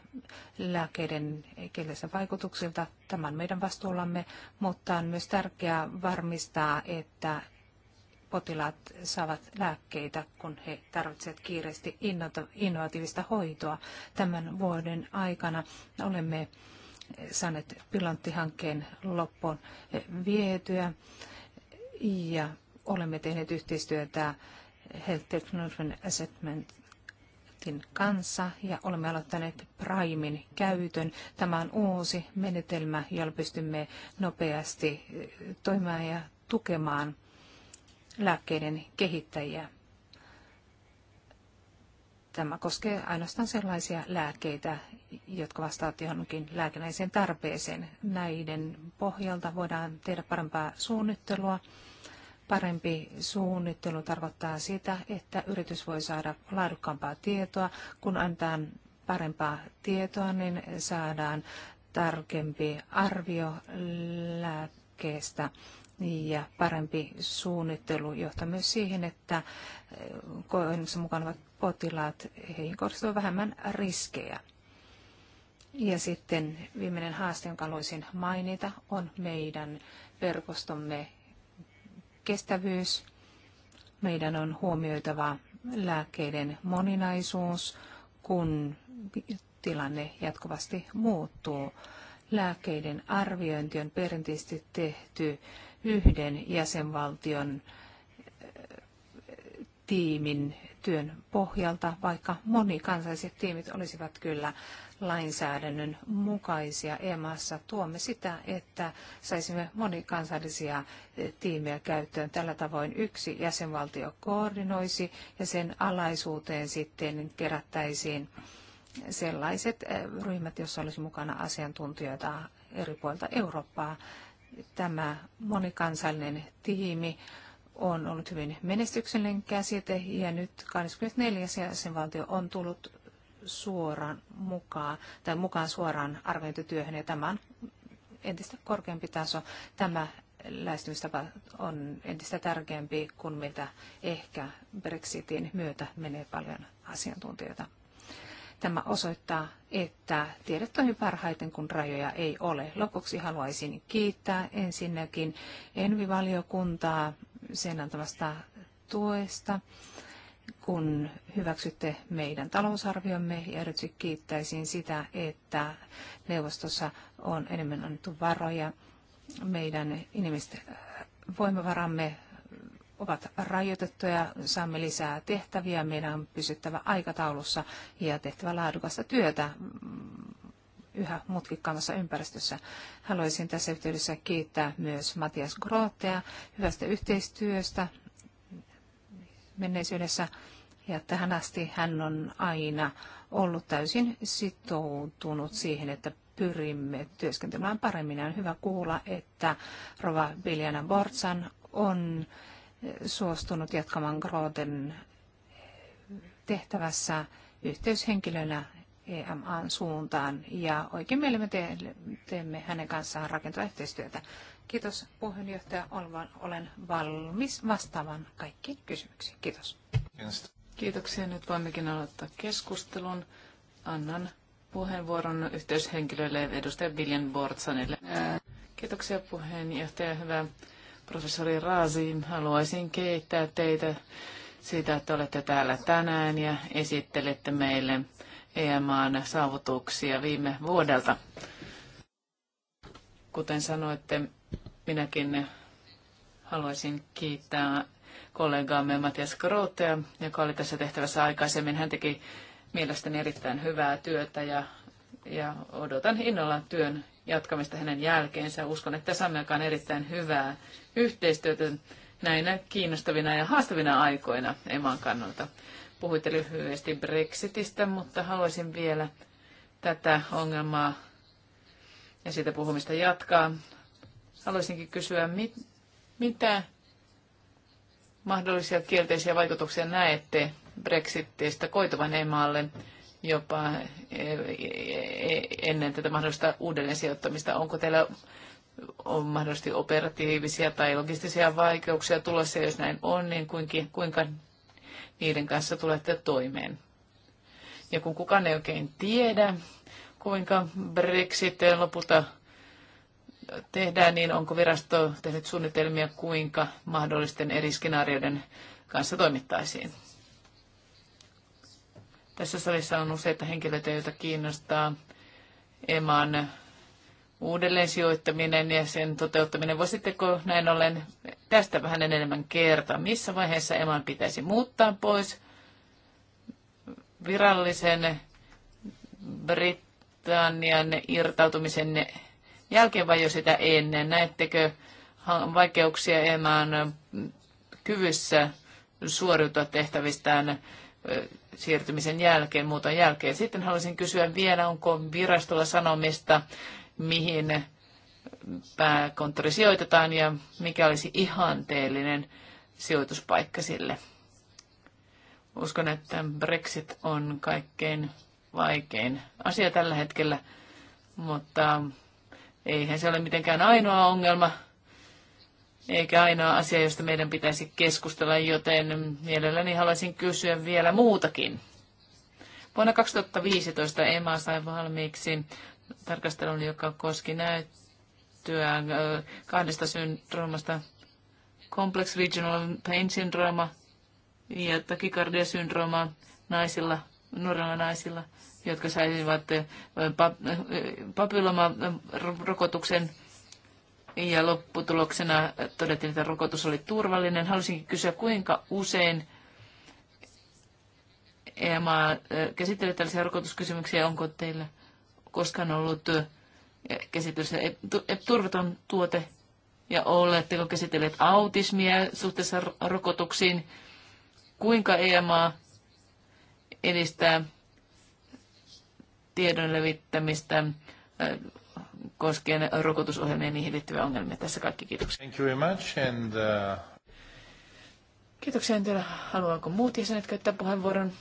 lääkkeiden kielisen vaikutuksilta, tämän meidän vastuullamme, mutta on myös tärkeää varmistaa, että potilaat saavat lääkkeitä, kun he tarvitsevat kiireesti innovatiivista hoitoa. Tämän vuoden aikana olemme saaneet pilanttihankkeen loppuun vietyä ja olemme tehneet yhteistyötä Health Technology Assessment kanssa ja olemme aloittaneet Primin käytön. Tämä on uusi menetelmä, jolla pystymme nopeasti toimimaan ja tukemaan lääkkeiden kehittäjiä. Tämä koskee ainoastaan sellaisia lääkkeitä, jotka vastaavat johonkin lääkeläisen tarpeeseen. Näiden pohjalta voidaan tehdä parempaa suunnittelua. Parempi suunnittelu tarkoittaa sitä, että yritys voi saada laadukkaampaa tietoa. Kun antaa parempaa tietoa, niin saadaan tarkempi arvio lääkkeestä ja parempi suunnittelu johtaa myös siihen, että eh, koennuksen mukana ovat potilaat, heihin kohdistuu vähemmän riskejä. Ja sitten viimeinen haaste, jonka haluaisin mainita, on meidän verkostomme kestävyys. Meidän on huomioitava lääkkeiden moninaisuus, kun tilanne jatkuvasti muuttuu. Lääkkeiden arviointi on perinteisesti tehty yhden jäsenvaltion eh, tiimin työn pohjalta, vaikka monikansalliset tiimit olisivat kyllä lainsäädännön mukaisia emassa. Tuomme sitä, että saisimme monikansallisia eh, tiimejä käyttöön. Tällä tavoin yksi jäsenvaltio koordinoisi ja sen alaisuuteen sitten kerättäisiin sellaiset eh, ryhmät, joissa olisi mukana asiantuntijoita eri puolta Eurooppaa. Tämä monikansallinen tiimi on ollut hyvin menestyksellinen käsite ja nyt 24. jäsenvaltio on tullut suoraan mukaan, tai mukaan suoraan arviointityöhön ja tämä on entistä korkeampi taso. Tämä lähestymistapa on entistä tärkeämpi kuin mitä ehkä Brexitin myötä menee paljon asiantuntijoita Tämä osoittaa, että tiedot toimii parhaiten, kun rajoja ei ole. Lopuksi haluaisin kiittää ensinnäkin Envivaliokuntaa sen antamasta tuesta, kun hyväksytte meidän talousarviomme ja erityisesti kiittäisin sitä, että neuvostossa on enemmän annettu varoja meidän inimisten voimavaramme ovat rajoitettuja, saamme lisää tehtäviä, meidän on pysyttävä aikataulussa ja tehtävä laadukasta työtä mm, yhä mutkikkaammassa ympäristössä. Haluaisin tässä yhteydessä kiittää myös Matias Grootea hyvästä yhteistyöstä menneisyydessä. Ja tähän asti hän on aina ollut täysin sitoutunut siihen, että pyrimme työskentelemään paremmin. On hyvä kuulla, että Rova Biljana Bortsan on suostunut jatkamaan Groten tehtävässä yhteyshenkilönä EMAn suuntaan ja oikein mielemme teemme hänen kanssaan rakentaa yhteistyötä. Kiitos puheenjohtaja, olen valmis vastaamaan kaikkiin kysymyksiin. Kiitos. Kiitoksia. Nyt voimmekin aloittaa keskustelun. Annan puheenvuoron yhteyshenkilölle edustaja Viljan Bortsanille. Kiitoksia puheenjohtaja. Hyvää professori Raasin, haluaisin kiittää teitä siitä, että olette täällä tänään ja esittelette meille EMAn saavutuksia viime vuodelta. Kuten sanoitte, minäkin haluaisin kiittää kollegaamme Matias Grootea, joka oli tässä tehtävässä aikaisemmin. Hän teki mielestäni erittäin hyvää työtä ja, ja odotan innolla työn jatkamista hänen jälkeensä. Uskon, että saamme aikaan erittäin hyvää yhteistyötä näinä kiinnostavina ja haastavina aikoina Eman kannalta. Puhuitte lyhyesti Brexitistä, mutta haluaisin vielä tätä ongelmaa ja siitä puhumista jatkaa. Haluaisinkin kysyä, mit, mitä mahdollisia kielteisiä vaikutuksia näette Brexitistä koituvan emaalle? jopa e, e, e, ennen tätä mahdollista uudelleen sijoittamista. Onko teillä on mahdollisesti operatiivisia tai logistisia vaikeuksia tulossa, jos näin on, niin kuinka niiden kanssa tulette toimeen? Ja kun kukaan ei oikein tiedä, kuinka Brexit lopulta tehdään, niin onko virasto tehnyt suunnitelmia, kuinka mahdollisten eri skenaarioiden kanssa toimittaisiin? Tässä salissa on useita henkilöitä, joita kiinnostaa EMAN uudelleen sijoittaminen ja sen toteuttaminen. Voisitteko näin ollen tästä vähän enemmän kertaa, Missä vaiheessa EMAN pitäisi muuttaa pois virallisen Britannian irtautumisen jälkeen vai jo sitä ennen? Näettekö vaikeuksia EMAN kyvyssä suoriutua tehtävistään siirtymisen jälkeen, muuton jälkeen. Sitten haluaisin kysyä vielä, onko virastolla sanomista, mihin pääkonttori sijoitetaan ja mikä olisi ihanteellinen sijoituspaikka sille. Uskon, että Brexit on kaikkein vaikein asia tällä hetkellä, mutta eihän se ole mitenkään ainoa ongelma eikä ainoa asia, josta meidän pitäisi keskustella, joten mielelläni haluaisin kysyä vielä muutakin. Vuonna 2015 EMA sai valmiiksi tarkastelun, joka koski näyttöä äh, kahdesta syndroomasta, complex regional pain Syndrome ja takikardiasyndrooma naisilla, nuorilla naisilla, jotka saisivat äh, papylomarokotuksen äh, ja lopputuloksena todettiin, että rokotus oli turvallinen. Haluaisinkin kysyä, kuinka usein EMA käsittelee tällaisia rokotuskysymyksiä, onko teillä koskaan ollut käsittelyssä turvaton tuote ja oletteko käsitelleet autismia suhteessa rokotuksiin? Kuinka EMA edistää tiedon levittämistä koskien rokotusohjelmia ja niihin liittyviä ongelmia. Tässä kaikki kiitoksia. Thank you very much and, uh... Kiitoksia. En tiedä, haluaako muut jäsenet käyttää puheenvuoron.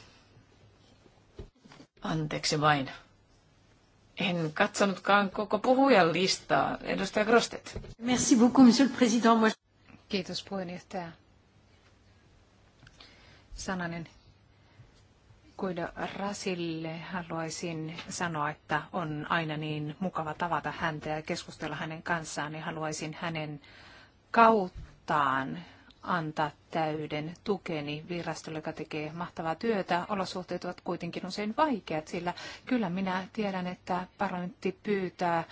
Anteeksi vain. En katsonutkaan koko puhujan listaa. Edustaja Grostet. Merci beaucoup, monsieur le président. Kiitos puheenjohtaja. Sananen kuin Rasille haluaisin sanoa, että on aina niin mukava tavata häntä ja keskustella hänen kanssaan, niin haluaisin hänen kauttaan antaa täyden tukeni virastolle, joka tekee mahtavaa työtä. Olosuhteet ovat kuitenkin usein vaikeat, sillä kyllä minä tiedän, että parlamentti pyytää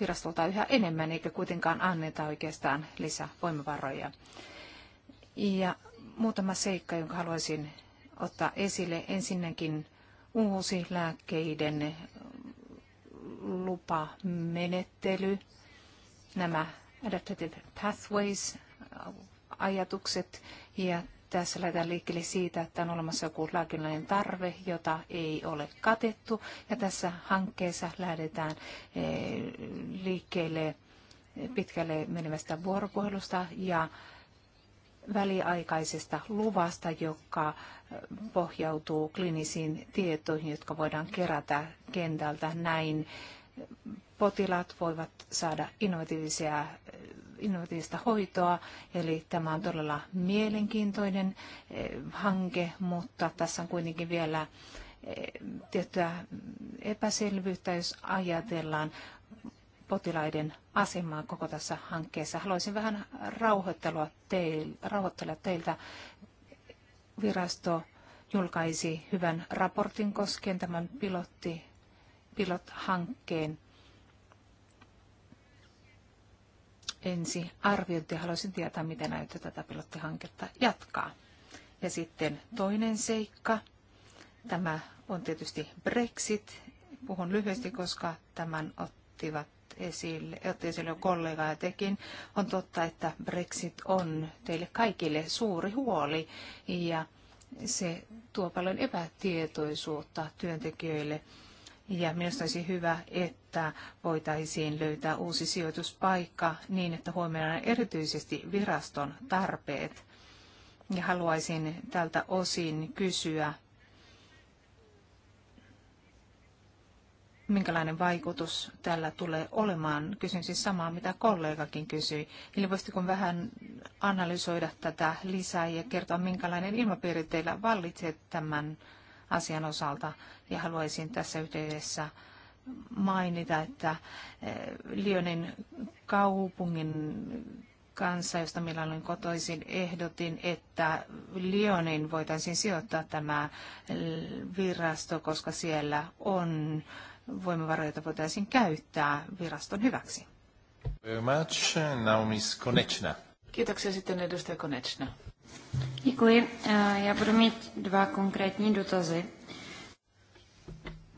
virastolta yhä enemmän, eikä kuitenkaan anneta oikeastaan lisävoimavaroja. Ja muutama seikka, jonka haluaisin ottaa esille. Ensinnäkin uusi lääkkeiden lupamenettely, nämä adaptative pathways ajatukset ja tässä lähdetään liikkeelle siitä, että on olemassa joku lääkinnällinen tarve, jota ei ole katettu. Ja tässä hankkeessa lähdetään eh, liikkeelle pitkälle menevästä vuoropuhelusta ja väliaikaisesta luvasta, joka pohjautuu klinisiin tietoihin, jotka voidaan kerätä kentältä. Näin potilaat voivat saada innovatiivisia innovatiivista hoitoa, eli tämä on todella mielenkiintoinen hanke, mutta tässä on kuitenkin vielä tiettyä epäselvyyttä, jos ajatellaan potilaiden asemaa koko tässä hankkeessa. Haluaisin vähän rauhoittelua teil, rauhoittella teiltä. Virasto julkaisi hyvän raportin koskien tämän pilotti, pilot-hankkeen ensi arviointi. Haluaisin tietää, miten näyttää tätä pilottihanketta jatkaa. Ja sitten toinen seikka. Tämä on tietysti Brexit. Puhun lyhyesti, koska tämän ottivat esille, otti esille jo kollega ja tekin. On totta, että Brexit on teille kaikille suuri huoli ja se tuo paljon epätietoisuutta työntekijöille. Ja minusta olisi hyvä, että voitaisiin löytää uusi sijoituspaikka niin, että huomioidaan erityisesti viraston tarpeet. Ja haluaisin tältä osin kysyä minkälainen vaikutus tällä tulee olemaan. Kysyn siis samaa, mitä kollegakin kysyi. Eli voisitko vähän analysoida tätä lisää ja kertoa, minkälainen ilmapiiri teillä vallitsee tämän asian osalta. Ja haluaisin tässä yhteydessä mainita, että eh, Lyonin kaupungin kanssa, josta minä olen kotoisin, ehdotin, että Lyonin voitaisiin sijoittaa tämä eh, virasto, koska siellä on voimavaroja, joita voitaisiin käyttää viraston hyväksi. Very much. Now Konechna. Kiitoksia sitten edustaja Konechna. Děkuji. Eh, já budu mít dva konkrétní dotazy.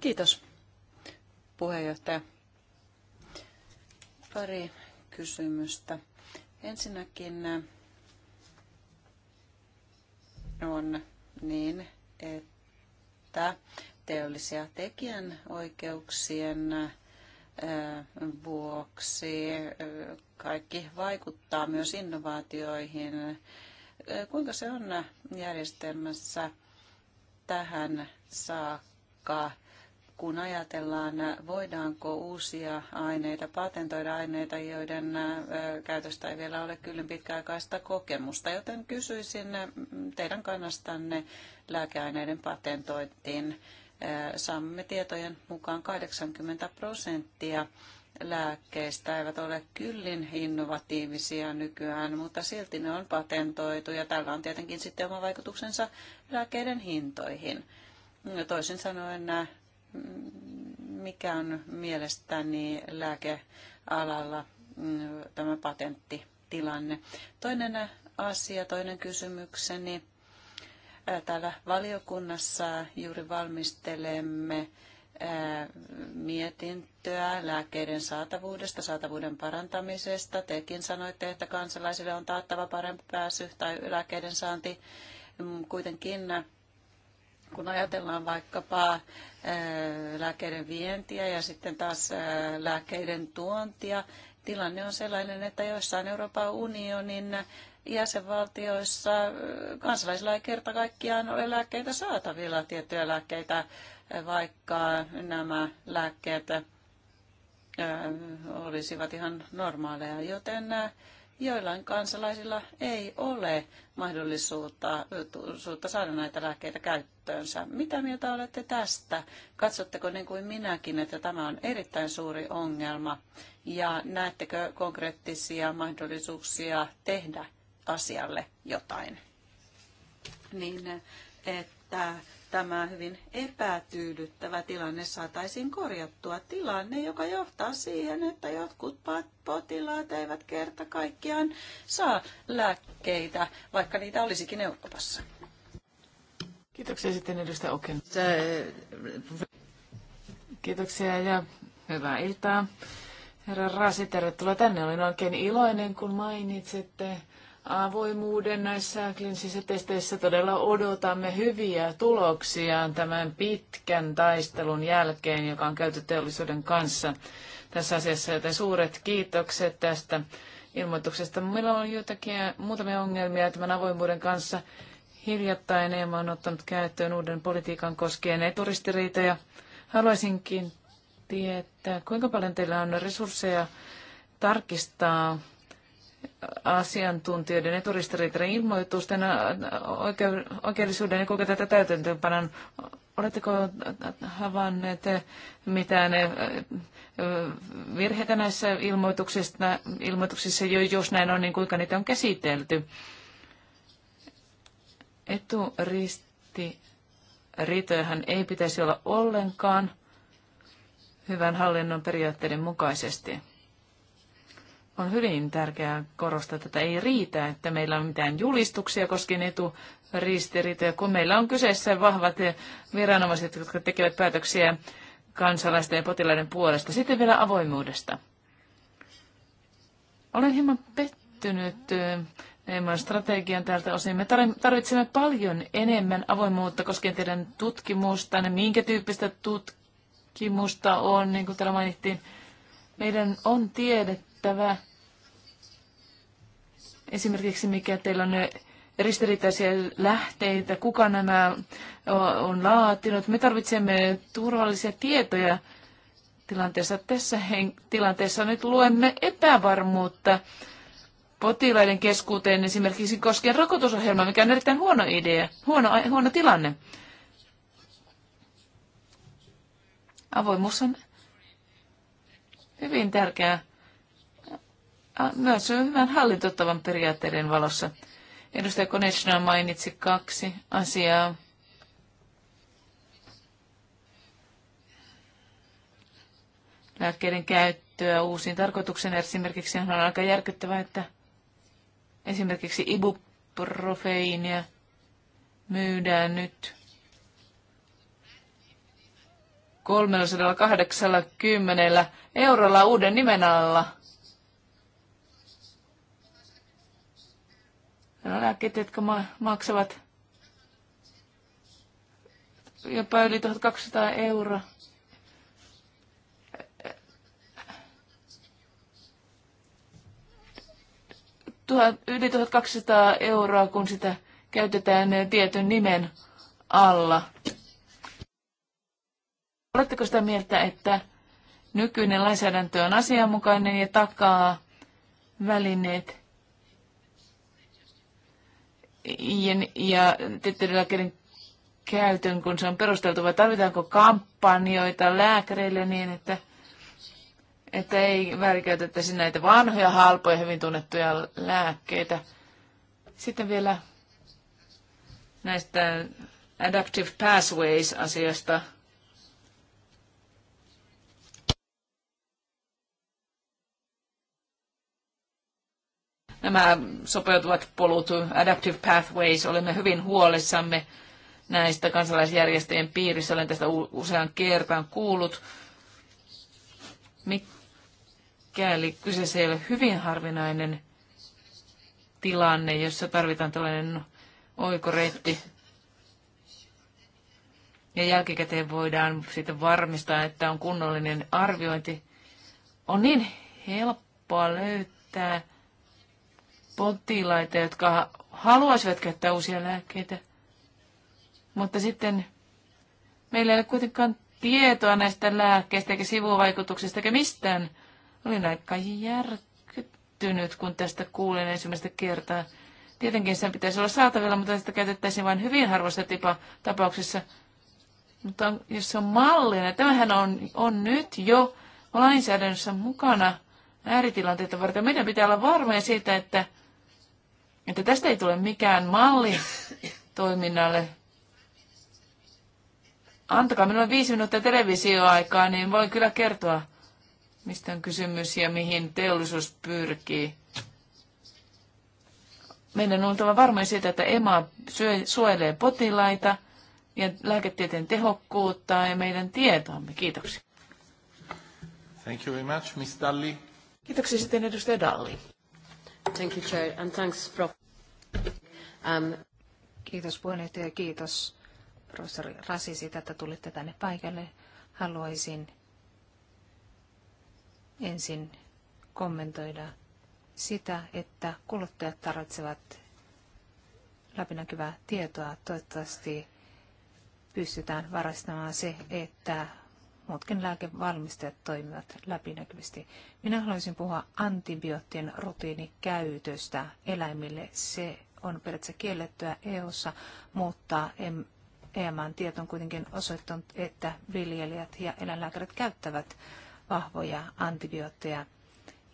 Kiitos, puheenjohtaja. Pari kysymystä. Ensinnäkin eh, on niin, että teollisia tekijän oikeuksien vuoksi. Kaikki vaikuttaa myös innovaatioihin. Kuinka se on järjestelmässä tähän saakka? kun ajatellaan, voidaanko uusia aineita, patentoida aineita, joiden käytöstä ei vielä ole kyllin pitkäaikaista kokemusta. Joten kysyisin teidän kannastanne lääkeaineiden patentointiin Saamme tietojen mukaan 80 prosenttia lääkkeistä eivät ole kyllin innovatiivisia nykyään, mutta silti ne on patentoitu ja tällä on tietenkin sitten oma vaikutuksensa lääkkeiden hintoihin. Toisin sanoen mikä on mielestäni lääkealalla mm, tämä patenttitilanne. Toinen asia, toinen kysymykseni täällä valiokunnassa juuri valmistelemme mietintöä lääkkeiden saatavuudesta, saatavuuden parantamisesta. Tekin sanoitte, että kansalaisille on taattava parempi pääsy tai lääkkeiden saanti. Mm, kuitenkin kun ajatellaan vaikkapa lääkkeiden vientiä ja sitten taas lääkkeiden tuontia, tilanne on sellainen, että joissain Euroopan unionin jäsenvaltioissa kansalaisilla ei kerta kaikkiaan ole lääkkeitä saatavilla, tiettyjä lääkkeitä, vaikka nämä lääkkeet olisivat ihan normaaleja, joten joillain kansalaisilla ei ole mahdollisuutta saada näitä lääkkeitä käyttöönsä. Mitä mieltä olette tästä? Katsotteko niin kuin minäkin, että tämä on erittäin suuri ongelma ja näettekö konkreettisia mahdollisuuksia tehdä asialle jotain. Niin, että tämä hyvin epätyydyttävä tilanne saataisiin korjattua. Tilanne, joka johtaa siihen, että jotkut potilaat eivät kerta kaikkiaan saa lääkkeitä, vaikka niitä olisikin Euroopassa. Kiitoksia sitten edustaja Oken. Äh, Kiitoksia ja hyvää iltaa. Herra Rasi, tervetuloa tänne. Olin oikein iloinen, kun mainitsitte avoimuuden näissä kliinisissä testeissä todella odotamme hyviä tuloksia tämän pitkän taistelun jälkeen, joka on käyty teollisuuden kanssa tässä asiassa, joten suuret kiitokset tästä ilmoituksesta. Meillä on jotakin muutamia ongelmia tämän avoimuuden kanssa. Hiljattain EMA on ottanut käyttöön uuden politiikan koskien eturistiriitoja. Haluaisinkin tietää, kuinka paljon teillä on resursseja tarkistaa asiantuntijoiden ja turistiriitojen ilmoitusten oikeellisuuden ja kuinka tätä täytäntöönpanon. Oletteko havainneet mitään virheitä näissä ilmoituksissa, ilmoituksissa, jos näin on, niin kuinka niitä on käsitelty? Eturistiriitojahan ei pitäisi olla ollenkaan hyvän hallinnon periaatteiden mukaisesti on hyvin tärkeää korostaa, että ei riitä, että meillä on mitään julistuksia koskien eturistiriitoja, kun meillä on kyseessä vahvat viranomaiset, jotka tekevät päätöksiä kansalaisten ja potilaiden puolesta. Sitten vielä avoimuudesta. Olen hieman pettynyt Neiman eh, strategian tältä osin. Me tarvitsemme paljon enemmän avoimuutta koskien teidän tutkimusta, minkä tyyppistä tutkimusta on, niin kuin täällä mainittiin. Meidän on tiedetty, ymmärrettävä. Esimerkiksi mikä teillä on ristiriitaisia lähteitä, kuka nämä on laatinut. Me tarvitsemme turvallisia tietoja tilanteessa. Tässä tilanteessa nyt luemme epävarmuutta potilaiden keskuuteen esimerkiksi koskien rokotusohjelmaa, mikä on erittäin huono idea, huono, huono tilanne. Avoimuus on hyvin tärkeää myös no, hyvän hallintotavan periaatteiden valossa. Edustaja Konechna mainitsi kaksi asiaa. Lääkkeiden käyttöä uusiin tarkoituksiin esimerkiksi on aika järkyttävää, että esimerkiksi ibuprofeiinia myydään nyt 380 eurolla uuden nimen alla. Meillä on lääkkeitä, jotka maksavat jopa yli 1200 euroa. yli 1200 euroa, kun sitä käytetään tietyn nimen alla. Oletteko sitä mieltä, että nykyinen lainsäädäntö on asianmukainen ja takaa välineet ja tyttölääkkeiden käytön, kun se on perusteltu, vai tarvitaanko kampanjoita lääkäreille niin, että, että ei väärinkäytettäisi näitä vanhoja, halpoja, hyvin tunnettuja lääkkeitä. Sitten vielä näistä adaptive pathways-asiasta – nämä sopeutuvat polut, adaptive pathways, olemme hyvin huolissamme näistä kansalaisjärjestöjen piirissä. Olen tästä usean kertaan kuullut. Mikäli kyseessä ei ole hyvin harvinainen tilanne, jossa tarvitaan tällainen oikoreitti, ja jälkikäteen voidaan sitten varmistaa, että on kunnollinen arviointi. On niin helppoa löytää potilaita, jotka haluaisivat käyttää uusia lääkkeitä, mutta sitten meillä ei ole kuitenkaan tietoa näistä lääkkeistä eikä sivuvaikutuksista eikä mistään. Olin aika järkyttynyt, kun tästä kuulin ensimmäistä kertaa. Tietenkin sen pitäisi olla saatavilla, mutta sitä käytettäisiin vain hyvin harvoissa tipa- tapauksissa. Mutta on, jos se on mallina, tämähän on, on nyt jo lainsäädännössä mukana ääritilanteita varten. Meidän pitää olla varmoja siitä, että että tästä ei tule mikään malli toiminnalle. Antakaa minulle viisi minuuttia televisioaikaa, niin voin kyllä kertoa, mistä on kysymys ja mihin teollisuus pyrkii. Meidän on oltava varmoja siitä, että EMA suojelee potilaita ja lääketieteen tehokkuutta ja meidän tietoamme. Kiitoksia. Thank you very much, Miss Dalli. Kiitoksia sitten edustaja Dalli. Thank you, Chair, and thanks, Prof. Um... Kiitos puheenjohtaja ja kiitos professori Rasi siitä, että tulitte tänne paikalle. Haluaisin ensin kommentoida sitä, että kuluttajat tarvitsevat läpinäkyvää tietoa. Toivottavasti pystytään varastamaan se, että muutkin lääkevalmistajat toimivat läpinäkyvästi. Minä haluaisin puhua antibioottien rutiinikäytöstä eläimille. Se on periaatteessa kiellettyä EU-ssa, mutta EMAn e tieto on kuitenkin osoittanut, että viljelijät ja eläinlääkärit käyttävät vahvoja antibiootteja.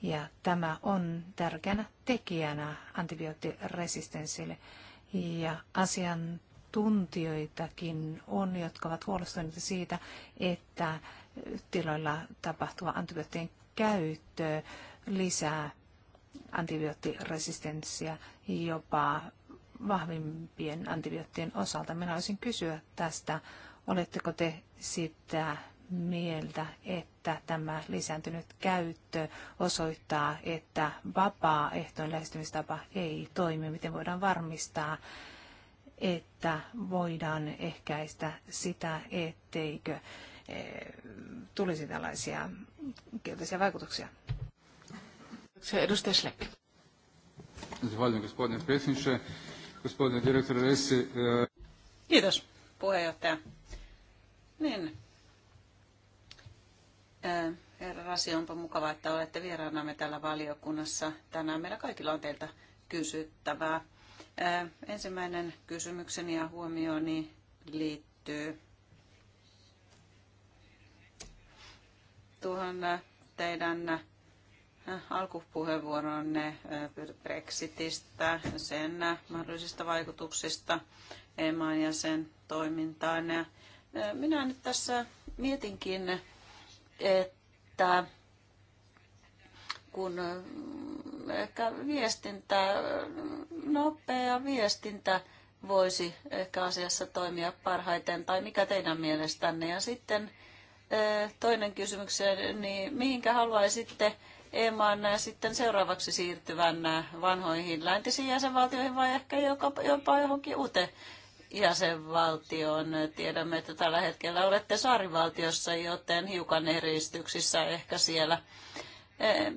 Ja tämä on tärkeänä tekijänä antibioottiresistenssille. Ja asian asiantuntijoitakin on, jotka ovat huolestuneita siitä, että tiloilla tapahtuva antibioottien käyttö lisää antibioottiresistenssiä jopa vahvimpien antibioottien osalta. Minä olisin kysyä tästä, oletteko te sitä mieltä, että tämä lisääntynyt käyttö osoittaa, että vapaaehtoinen lähestymistapa ei toimi? Miten voidaan varmistaa, että voidaan ehkäistä sitä, etteikö eh, tulisi tällaisia kielteisiä vaikutuksia. Edustaja Schleck. Eh, Kiitos puheenjohtaja. Niin. Eh, herra Rasi, onpa mukava, että olette vieraanamme täällä valiokunnassa. Tänään meillä kaikilla on teiltä kysyttävää. Ensimmäinen kysymykseni ja huomioni liittyy tuohon teidän alkupuheenvuoronne Brexitistä, sen mahdollisista vaikutuksista EMAan ja sen toimintaan. minä nyt tässä mietinkin, että kun ehkä viestintä, nopea viestintä voisi ehkä asiassa toimia parhaiten, tai mikä teidän mielestänne? Ja sitten toinen kysymys, niin mihinkä haluaisitte EMAan sitten seuraavaksi siirtyvän vanhoihin läntisiin jäsenvaltioihin vai ehkä jopa jopa johonkin uuteen jäsenvaltioon? Tiedämme, että tällä hetkellä olette saarivaltiossa, joten hiukan eristyksissä ehkä siellä Eh,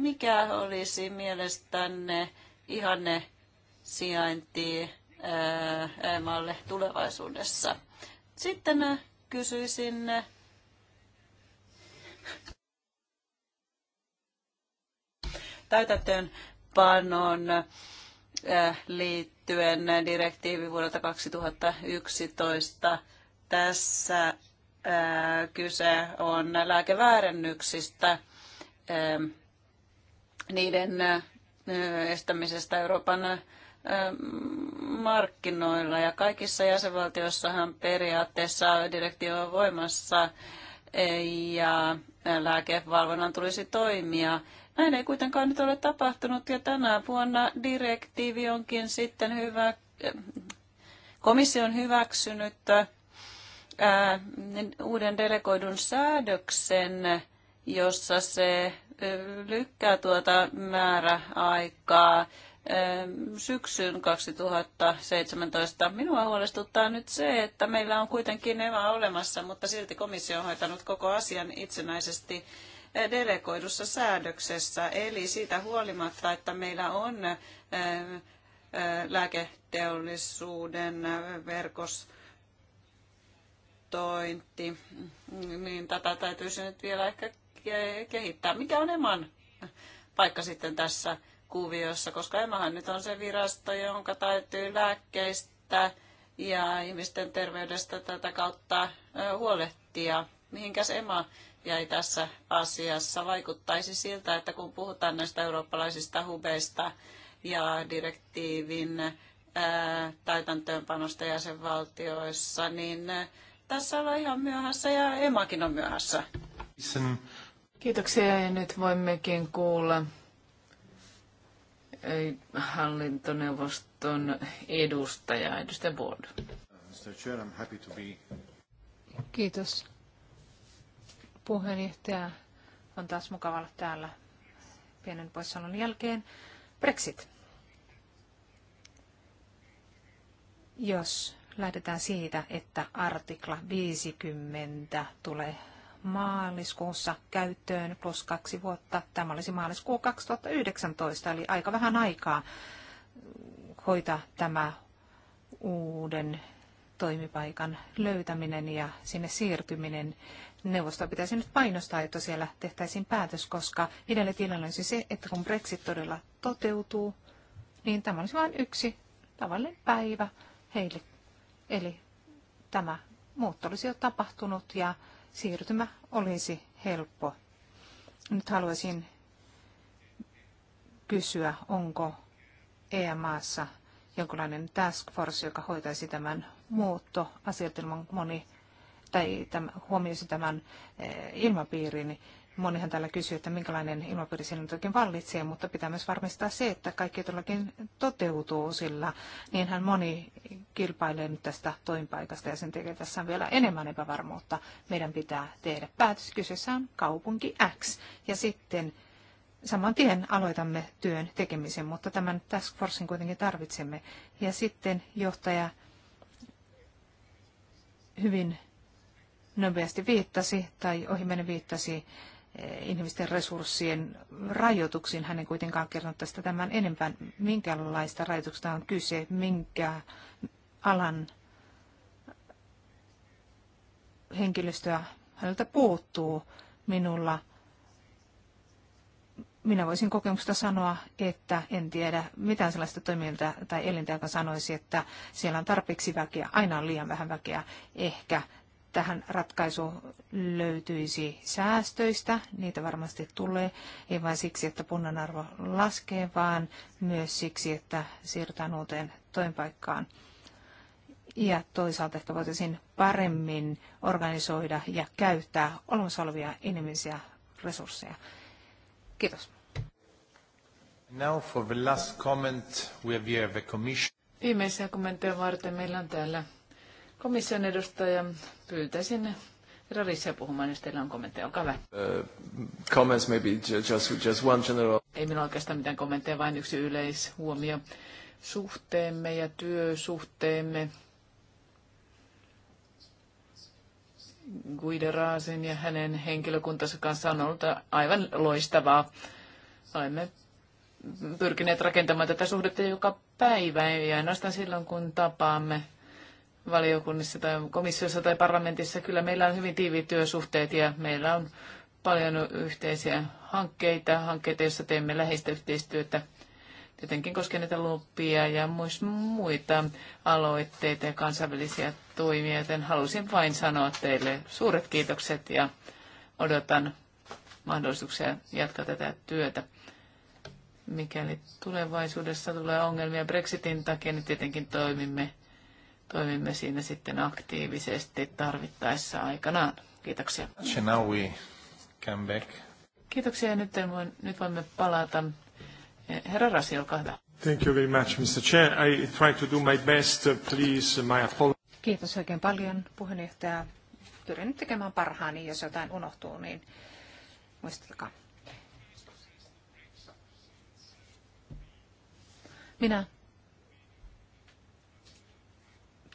mikä olisi mielestänne ihanne sijainti eh, maalle tulevaisuudessa? Sitten eh, kysyisin täytäntöön panon liittyen direktiivi vuodelta 2011. Tässä kyse on lääkeväärennyksistä. Ähm, niiden äh, estämisestä Euroopan äh, markkinoilla ja kaikissa jäsenvaltioissahan periaatteessa direktiivi on voimassa ja äh, lääkevalvonnan tulisi toimia. Näin ei kuitenkaan nyt ole tapahtunut ja tänä vuonna direktiivi onkin sitten hyvä, komissio on hyväksynyt uuden delegoidun säädöksen jossa se lykkää tuota määräaikaa syksyn 2017. Minua huolestuttaa nyt se, että meillä on kuitenkin EVA olemassa, mutta silti komissio on hoitanut koko asian itsenäisesti delegoidussa säädöksessä. Eli siitä huolimatta, että meillä on lääketeollisuuden verkostointi, niin tätä täytyisi nyt vielä ehkä kehittää. Mikä on Eman paikka sitten tässä kuviossa, koska Emahan nyt on se virasto, jonka täytyy lääkkeistä ja ihmisten terveydestä tätä kautta huolehtia. Mihinkäs Ema jäi tässä asiassa? Vaikuttaisi siltä, että kun puhutaan näistä eurooppalaisista hubeista ja direktiivin täytäntöönpanosta jäsenvaltioissa, niin tässä ollaan ihan myöhässä ja Emakin on myöhässä. Sen Kiitoksia ja nyt voimmekin kuulla eh, hallintoneuvoston edustaja, edustaja Board. Kiitos. Puheenjohtaja on taas mukava olla täällä pienen poissaolon jälkeen. Brexit. Jos lähdetään siitä, että artikla 50 tulee maaliskuussa käyttöön plus kaksi vuotta. Tämä olisi maaliskuu 2019, eli aika vähän aikaa hoita tämä uuden toimipaikan löytäminen ja sinne siirtyminen. Neuvosto pitäisi nyt painostaa, että siellä tehtäisiin päätös, koska idealle tilanne olisi se, että kun Brexit todella toteutuu, niin tämä olisi vain yksi tavallinen päivä heille. Eli tämä muutto olisi jo tapahtunut ja siirtymä olisi helppo. Nyt haluaisin kysyä, onko EMAssa jonkinlainen task force, joka hoitaisi tämän muuttoasiat ilman moni, tai tämän, huomioisi tämän eh, ilmapiirin Monihan täällä kysyy, että minkälainen ilmapiiri siinä toki vallitsee, mutta pitää myös varmistaa se, että kaikki todellakin toteutuu sillä. Niinhän moni kilpailee nyt tästä toimipaikasta ja sen takia tässä on vielä enemmän epävarmuutta. Meidän pitää tehdä päätös. Kyseessä on kaupunki X ja sitten saman tien aloitamme työn tekemisen, mutta tämän task forcein kuitenkin tarvitsemme. Ja sitten johtaja hyvin nopeasti viittasi tai ohimenen viittasi inhimillisten resurssien rajoituksiin. Hän ei kuitenkaan kertonut tästä tämän enempää, minkälaista rajoituksista on kyse, minkä alan henkilöstöä häneltä puuttuu. Minulla minä voisin kokemusta sanoa, että en tiedä mitään sellaista toimilta tai elintä, joka sanoisi, että siellä on tarpeeksi väkeä, aina on liian vähän väkeä. Ehkä tähän ratkaisu löytyisi säästöistä, niitä varmasti tulee, ei vain siksi, että punnan arvo laskee, vaan myös siksi, että siirrytään uuteen toimipaikkaan. Ja toisaalta ehkä voitaisiin paremmin organisoida ja käyttää olemassa olevia inhimillisiä resursseja. Kiitos. Now for the last comment, we have here the commission. Viimeisiä kommentteja varten meillä on täällä komission edustaja. Pyytäisin herra Risse puhumaan, jos teillä on kommentteja. Olkaa hyvä. Uh, comments maybe just, just one general. Ei minulla oikeastaan mitään kommentteja, vain yksi yleishuomio. Suhteemme ja työsuhteemme Guido Raasin ja hänen henkilökuntansa kanssa on ollut aivan loistavaa. Olemme pyrkineet rakentamaan tätä suhdetta joka päivä, ei ainoastaan silloin kun tapaamme valiokunnissa tai komissiossa tai parlamentissa. Kyllä meillä on hyvin tiiviit työsuhteet ja meillä on paljon yhteisiä hankkeita, hankkeita, joissa teemme läheistä yhteistyötä. Tietenkin koskien näitä lupia ja myös muita aloitteita ja kansainvälisiä toimia, joten halusin vain sanoa teille suuret kiitokset ja odotan mahdollisuuksia jatkaa tätä työtä. Mikäli tulevaisuudessa tulee ongelmia Brexitin takia, niin tietenkin toimimme toimimme siinä sitten aktiivisesti tarvittaessa aikanaan. Kiitoksia. Now we come back. Kiitoksia nyt, voin, nyt voimme palata. Herra Rasi, olkaa hyvä. Thank you very much, Mr. Chair. I try to do my best, uh, please, uh, my apologies. Kiitos oikein paljon, puheenjohtaja. Pyrin nyt tekemään parhaani, jos jotain unohtuu, niin muistelkaa. Minä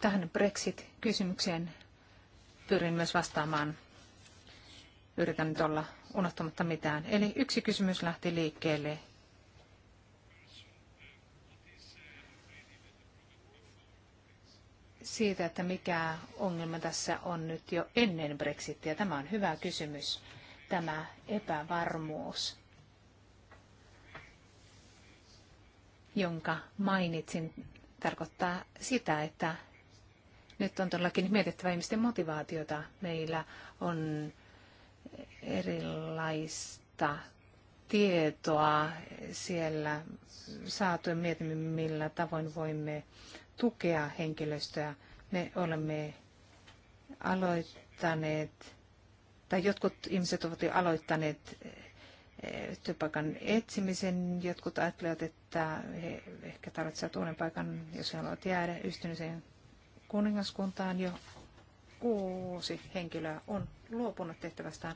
Tähän Brexit-kysymykseen pyrin myös vastaamaan. Yritän nyt olla unohtamatta mitään. Eli yksi kysymys lähti liikkeelle. Siitä, että mikä ongelma tässä on nyt jo ennen Brexitia. Tämä on hyvä kysymys, tämä epävarmuus, jonka mainitsin, tarkoittaa sitä, että nyt on todellakin mietittävä ihmisten motivaatiota. Meillä on erilaista tietoa siellä saatu ja mietimme, millä tavoin voimme tukea henkilöstöä. Me olemme aloittaneet, tai jotkut ihmiset ovat jo aloittaneet eh, työpaikan etsimisen. Jotkut ajattelevat, että he ehkä tarvitsevat uuden paikan, jos he haluavat jäädä yhtyneeseen kuningaskuntaan jo kuusi henkilöä on luopunut tehtävästään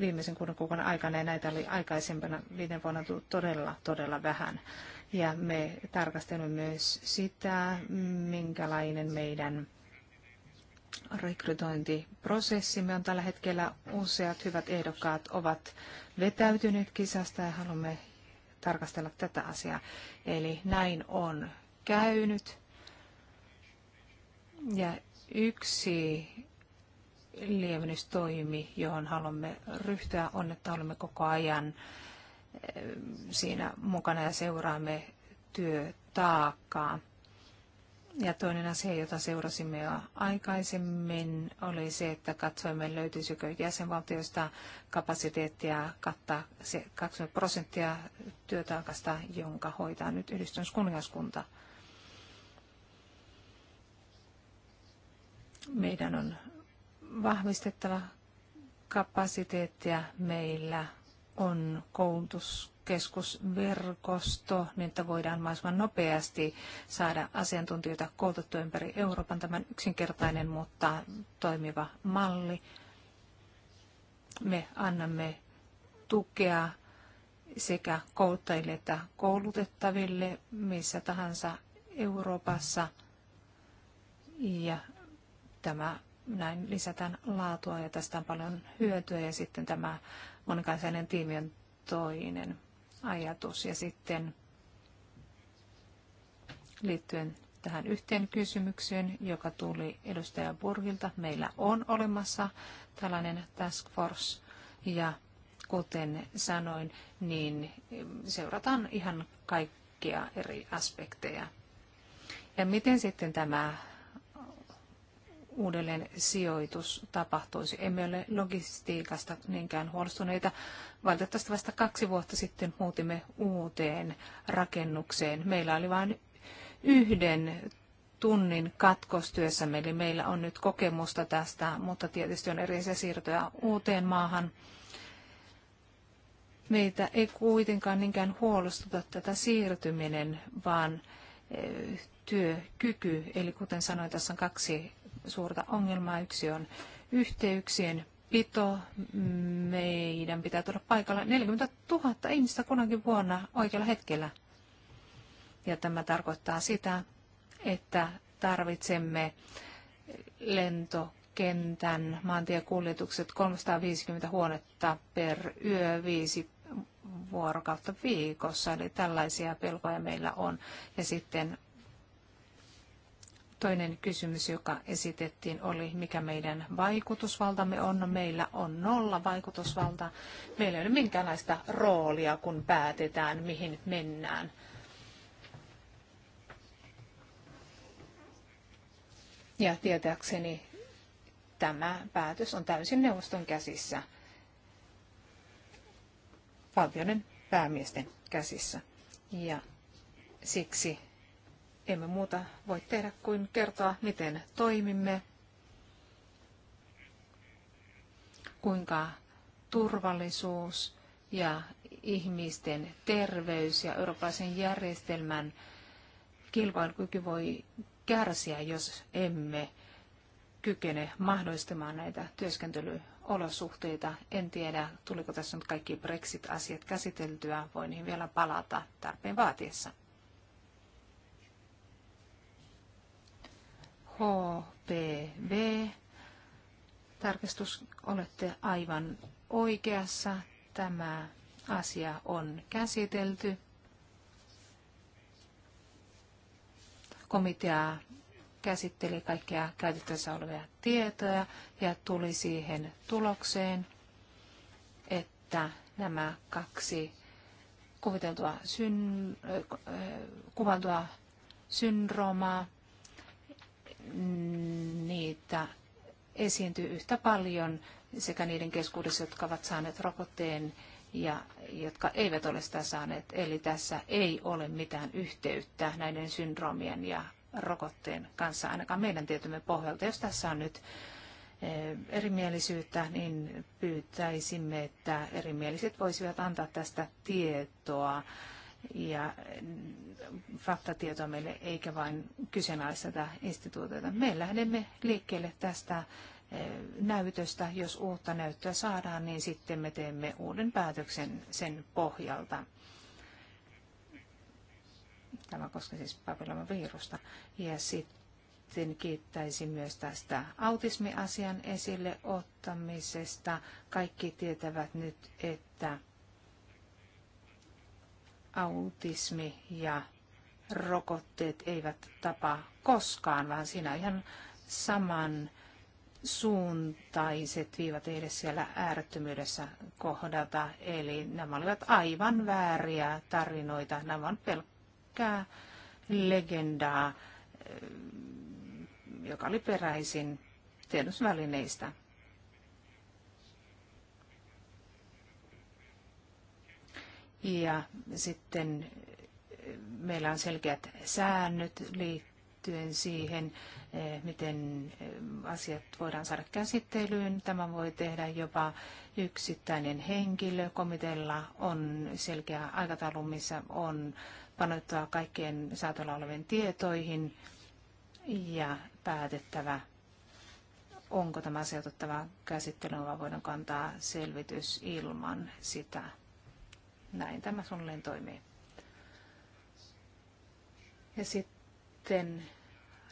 viimeisen kuuden kuukauden aikana, ja näitä oli aikaisempana viiden vuonna todella, todella vähän. Ja me tarkastelemme myös sitä, minkälainen meidän rekrytointiprosessimme on tällä hetkellä. Useat hyvät ehdokkaat ovat vetäytyneet kisasta ja haluamme tarkastella tätä asiaa. Eli näin on käynyt ja yksi lievennystoimi, johon haluamme ryhtyä, on, että olemme koko ajan eh, siinä mukana ja seuraamme työtaakkaa. Ja toinen asia, jota seurasimme jo aikaisemmin, oli se, että katsoimme löytyisikö jäsenvaltioista kapasiteettia kattaa se 20 prosenttia työtaakasta, jonka hoitaa nyt yhdistyskuningaskunta. kuningaskunta. Meidän on vahvistettava kapasiteettia. Meillä on koulutuskeskusverkosto, niin että voidaan mahdollisimman nopeasti saada asiantuntijoita koulutettua ympäri Euroopan. Tämän yksinkertainen, mutta toimiva malli. Me annamme tukea sekä kouluttajille että koulutettaville missä tahansa Euroopassa. Ja Tämä näin lisätään laatua ja tästä on paljon hyötyä ja sitten tämä monikansainen tiimi on toinen ajatus. Ja sitten liittyen tähän yhteen kysymykseen, joka tuli edustaja Burgilta. Meillä on olemassa tällainen task force ja kuten sanoin, niin seurataan ihan kaikkia eri aspekteja. Ja miten sitten tämä uudelleen sijoitus tapahtuisi. Emme ole logistiikasta niinkään huolestuneita. Valitettavasti vasta kaksi vuotta sitten muutimme uuteen rakennukseen. Meillä oli vain yhden tunnin katkostyössämme, eli meillä on nyt kokemusta tästä, mutta tietysti on erillisiä siirtoja uuteen maahan. Meitä ei kuitenkaan niinkään huolestuta tätä siirtyminen, vaan eh, työkyky. Eli kuten sanoin, tässä on kaksi suurta ongelmaa. Yksi on yhteyksien pito. Meidän pitää tulla paikalla 40 000 ihmistä kunakin vuonna oikealla hetkellä. Ja tämä tarkoittaa sitä, että tarvitsemme lentokentän maantiekuljetukset 350 huonetta per yö, viisi vuorokautta viikossa. Eli tällaisia pelkoja meillä on. Ja sitten Toinen kysymys, joka esitettiin, oli mikä meidän vaikutusvaltamme on. Meillä on nolla vaikutusvalta. Meillä ei ole minkäänlaista roolia, kun päätetään, mihin mennään. Ja tietääkseni tämä päätös on täysin neuvoston käsissä, valtioiden päämiesten käsissä. Ja siksi emme muuta voi tehdä kuin kertoa, miten toimimme, kuinka turvallisuus ja ihmisten terveys ja eurooppalaisen järjestelmän kilpailukyky voi kärsiä, jos emme kykene mahdollistamaan näitä työskentelyolosuhteita. En tiedä, tuliko tässä nyt kaikki Brexit-asiat käsiteltyä, voi niihin vielä palata tarpeen vaatiessa. HPV. Tarkistus, olette aivan oikeassa. Tämä asia on käsitelty. Komitea käsitteli kaikkia käytettävissä olevia tietoja ja tuli siihen tulokseen, että nämä kaksi kuviteltua syn, äh, kuvaltua syndroomaa niitä esiintyy yhtä paljon sekä niiden keskuudessa, jotka ovat saaneet rokotteen ja jotka eivät ole sitä saaneet. Eli tässä ei ole mitään yhteyttä näiden syndroomien ja rokotteen kanssa, ainakaan meidän tietymme pohjalta. Jos tässä on nyt eh, erimielisyyttä, niin pyytäisimme, että erimieliset voisivat antaa tästä tietoa ja faktatietoa meille, eikä vain kyseenalaisteta instituutioita. Me lähdemme liikkeelle tästä eh, näytöstä. Jos uutta näyttöä saadaan, niin sitten me teemme uuden päätöksen sen pohjalta. Tämä koskee siis papilloman virusta. Ja sitten kiittäisin myös tästä autismiasian esille ottamisesta. Kaikki tietävät nyt, että autismi ja rokotteet eivät tapa koskaan, vaan siinä on ihan saman suuntaiset viivat edes siellä äärettömyydessä kohdata. Eli nämä olivat aivan vääriä tarinoita. Nämä on pelkkää legendaa, eh, joka oli peräisin tiedusvälineistä. Ja sitten meillä on selkeät säännöt liittyen siihen, eh, miten eh, asiat voidaan saada käsittelyyn. Tämä voi tehdä jopa yksittäinen henkilö. Komitella on selkeä aikataulu, missä on panottua kaikkien saatolla olevien tietoihin ja päätettävä, onko tämä asia otettava käsittelyyn vai voidaan kantaa selvitys ilman sitä. Näin tämä suunnilleen toimii. Ja sitten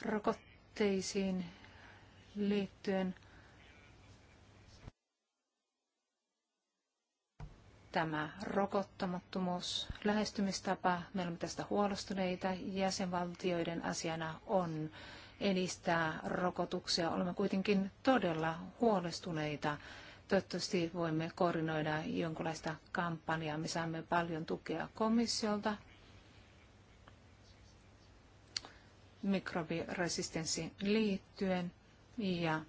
rokotteisiin liittyen tämä rokottamattomuus lähestymistapa. Me olemme tästä huolestuneita. Jäsenvaltioiden asiana on edistää rokotuksia. Olemme kuitenkin todella huolestuneita Toivottavasti voimme koordinoida jonkinlaista kampanjaa. Me saamme paljon tukea komissiolta mikrobiresistenssiin liittyen ja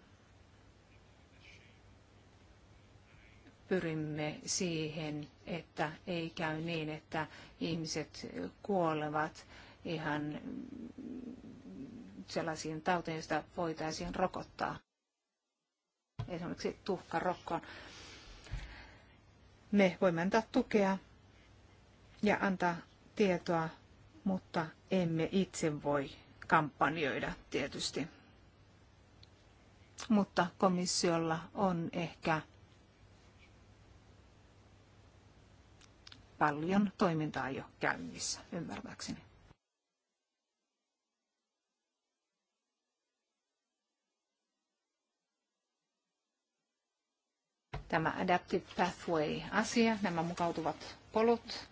pyrimme siihen, että ei käy niin, että ihmiset kuolevat ihan sellaisiin tauteihin, joista voitaisiin rokottaa esimerkiksi tuhkarokkoon. Me voimme antaa tukea ja antaa tietoa, mutta emme itse voi kampanjoida tietysti. Mutta komissiolla on ehkä paljon toimintaa jo käynnissä, ymmärtääkseni. Tämä Adaptive Pathway-asia, nämä mukautuvat polut,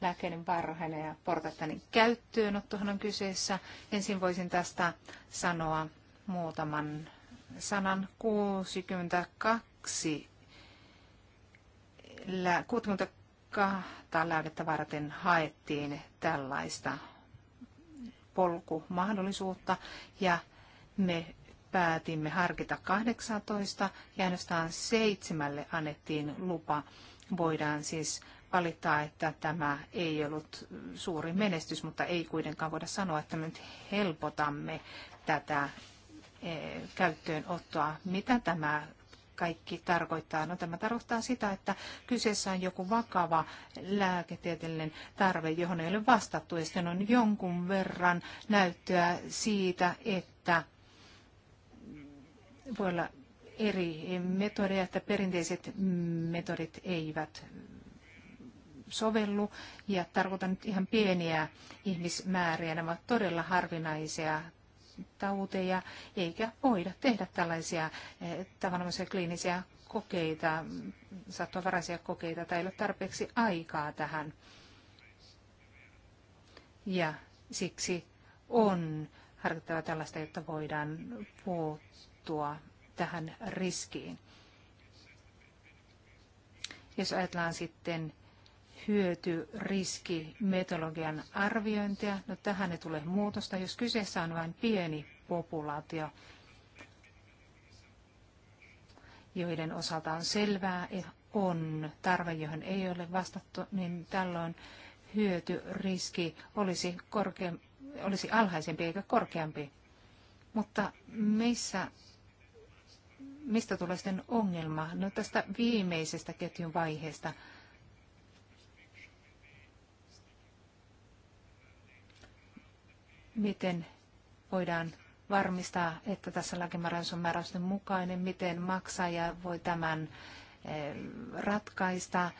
lääkeiden varhainen ja portattainen käyttöönottohan on kyseessä. Ensin voisin tästä sanoa muutaman sanan 62 62 lääkettä varten haettiin tällaista polkumahdollisuutta ja me päätimme harkita 18 ja ainoastaan seitsemälle annettiin lupa. Voidaan siis valittaa, että tämä ei ollut suuri menestys, mutta ei kuitenkaan voida sanoa, että me nyt helpotamme tätä eh, käyttöönottoa. Mitä tämä kaikki tarkoittaa? No tämä tarkoittaa sitä, että kyseessä on joku vakava lääketieteellinen tarve, johon ei ole vastattu. Ja sitten on jonkun verran näyttöä siitä, että voi olla eri metodeja, että perinteiset metodit eivät sovellu. Ja tarkoitan nyt ihan pieniä ihmismääriä. Nämä ovat todella harvinaisia tauteja, eikä voida tehdä tällaisia eh, tavanomaisia kliinisiä kokeita, sattuvaraisia kokeita, tai ei ole tarpeeksi aikaa tähän. Ja siksi on harjoittava tällaista, jotta voidaan puuttua tarttua tähän riskiin. Jos ajatellaan sitten hyöty-riski metodologian arviointia, no tähän ei tule muutosta, jos kyseessä on vain pieni populaatio, joiden osalta on selvää, eh, on tarve, johon ei ole vastattu, niin tällöin hyötyriski olisi, korkeam, olisi alhaisempi eikä korkeampi. Mutta meissä mistä tulee sitten ongelma? No tästä viimeisestä ketjun vaiheesta. Miten voidaan varmistaa, että tässä lakimääräys on määräysten mukainen, miten maksaja voi tämän eh, ratkaista.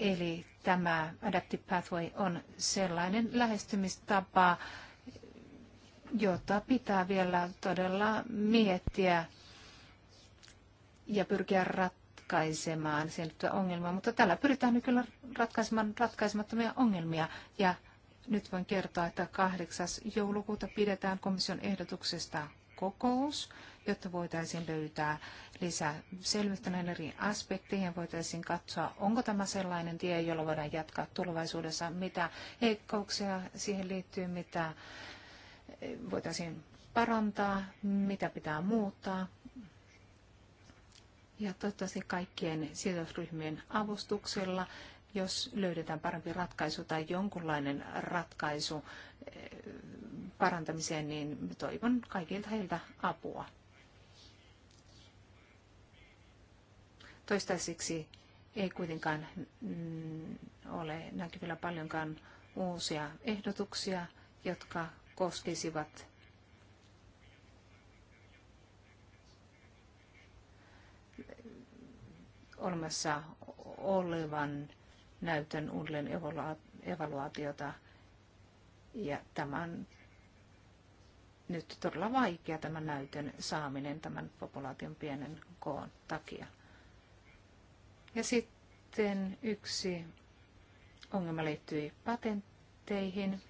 Eli tämä Adaptive Pathway on sellainen lähestymistapa, jota pitää vielä todella miettiä ja pyrkiä ratkaisemaan sieltä ongelmaa. Mutta tällä pyritään nyt kyllä ratkaisemaan ratkaisemattomia ongelmia. Ja nyt voin kertoa, että 8. joulukuuta pidetään komission ehdotuksesta kokous, jotta voitaisiin löytää lisää selvyyttä näihin eri aspekteihin voitaisiin katsoa, onko tämä sellainen tie, jolla voidaan jatkaa tulevaisuudessa, mitä heikkouksia siihen liittyy, mitä voitaisiin parantaa, mitä pitää muuttaa. Ja toivottavasti kaikkien sidosryhmien avustuksella, jos löydetään parempi ratkaisu tai jonkunlainen ratkaisu eh, parantamiseen, niin toivon kaikilta heiltä apua. Toistaiseksi ei kuitenkaan mm, ole näkyvillä paljonkaan uusia ehdotuksia, jotka koskisivat olemassa olevan näytön uudelleen evaluaatiota. Ja tämän nyt todella vaikea tämän näytön saaminen tämän populaation pienen koon takia. Ja sitten yksi ongelma liittyy patentteihin.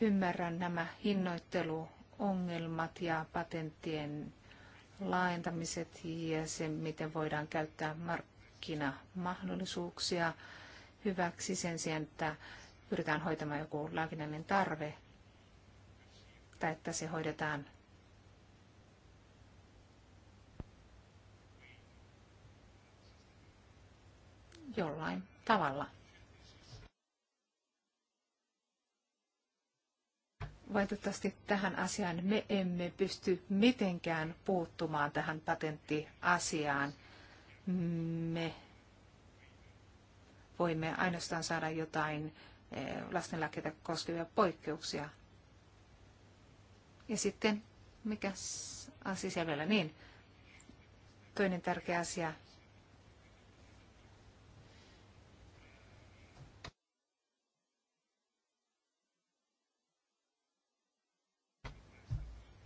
Ymmärrän nämä hinnoitteluongelmat ja patenttien laajentamiset ja se, miten voidaan käyttää markkinamahdollisuuksia hyväksi sen sijaan, että pyritään hoitamaan joku lääkinnällinen tarve tai että se hoidetaan jollain tavalla. Valitettavasti tähän asiaan me emme pysty mitenkään puuttumaan tähän patenttiasiaan. Me voimme ainoastaan saada jotain eh, lastenlääkkeitä koskevia poikkeuksia. Ja sitten, mikä asia vielä, niin toinen tärkeä asia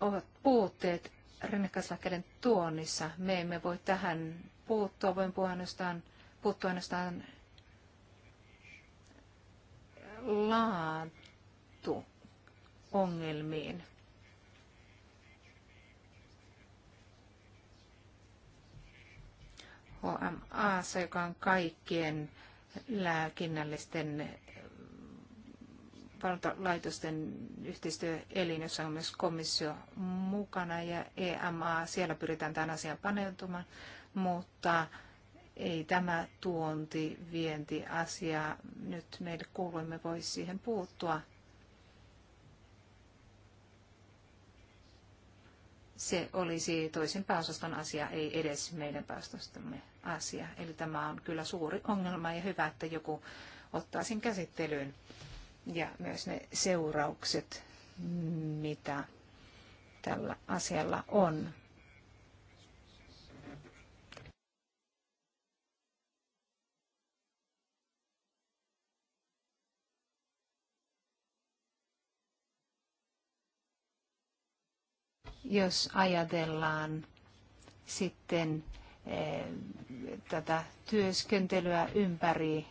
ovat puutteet rinnakkaislääkkeiden tuonnissa. Me emme voi tähän puuttua, voin puhua ainoastaan, puuttua ainoastaan ongelmiin. HMA, joka on kaikkien lääkinnällisten valvontalaitosten yhteistyöelin, jossa on myös komissio mukana ja EMA, siellä pyritään tämän asian paneutumaan, mutta ei tämä tuonti, vienti asia nyt meille kuuluimme voi siihen puuttua. Se olisi toisen pääosaston asia, ei edes meidän pääosastomme asia. Eli tämä on kyllä suuri ongelma ja hyvä, että joku ottaa sen käsittelyyn ja myös ne seuraukset, mitä tällä asialla on. Jos ajatellaan sitten eh, tätä työskentelyä ympäri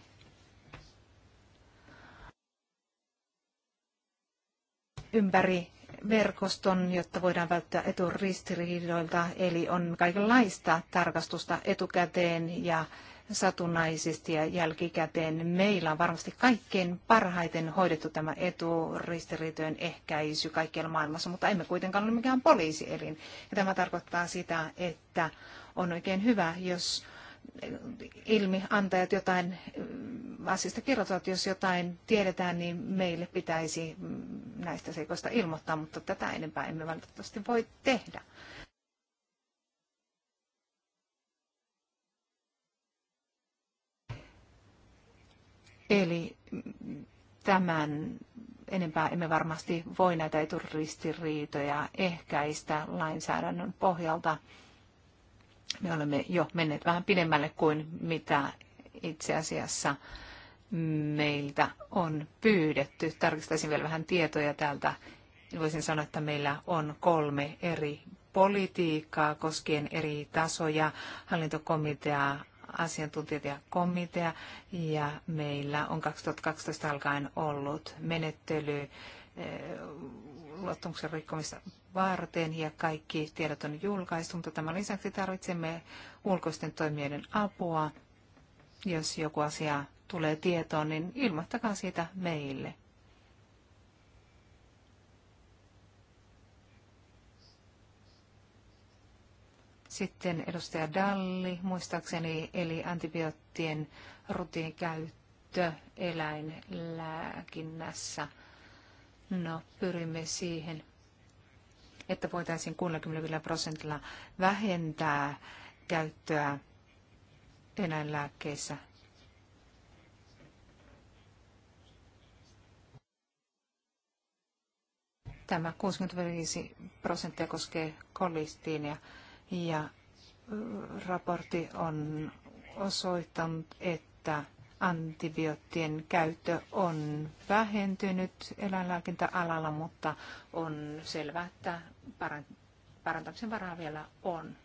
ympäri verkoston, jotta voidaan välttää eturistiriidoilta, eli on kaikenlaista tarkastusta etukäteen ja satunnaisesti ja jälkikäteen. Meillä on varmasti kaikkein parhaiten hoidettu tämä eturistiriitojen ehkäisy kaikkialla maailmassa, mutta emme kuitenkaan ole mikään poliisielin. Ja tämä tarkoittaa sitä, että on oikein hyvä, jos Ilmi antajat jotain äh, asiasta kertovat, jos jotain tiedetään, niin meille pitäisi mm, näistä seikoista ilmoittaa, mutta tätä enempää emme valitettavasti voi tehdä. Eli mm, tämän enempää emme varmasti voi näitä eturistiriitoja ehkäistä lainsäädännön pohjalta me olemme jo menneet vähän pidemmälle kuin mitä itse asiassa meiltä on pyydetty. Tarkistaisin vielä vähän tietoja täältä. Voisin sanoa, että meillä on kolme eri politiikkaa koskien eri tasoja, hallintokomitea, asiantuntijat ja komitea, ja meillä on 2012 alkaen ollut menettely eh, luottamuksen rikkomista varten ja kaikki tiedot on julkaistu, mutta tämän lisäksi tarvitsemme ulkoisten toimijoiden apua. Jos joku asia tulee tietoon, niin ilmoittakaa siitä meille. Sitten edustaja Dalli, muistaakseni, eli antibioottien käyttö eläinlääkinnässä. No, pyrimme siihen että voitaisiin 60 prosentilla vähentää käyttöä eläinlääkkeissä. Tämä 65 prosenttia koskee kolistiinia ja raportti on osoittanut, että antibioottien käyttö on vähentynyt eläinlääkintäalalla, mutta on selvää, että parantamisen varaa vielä on.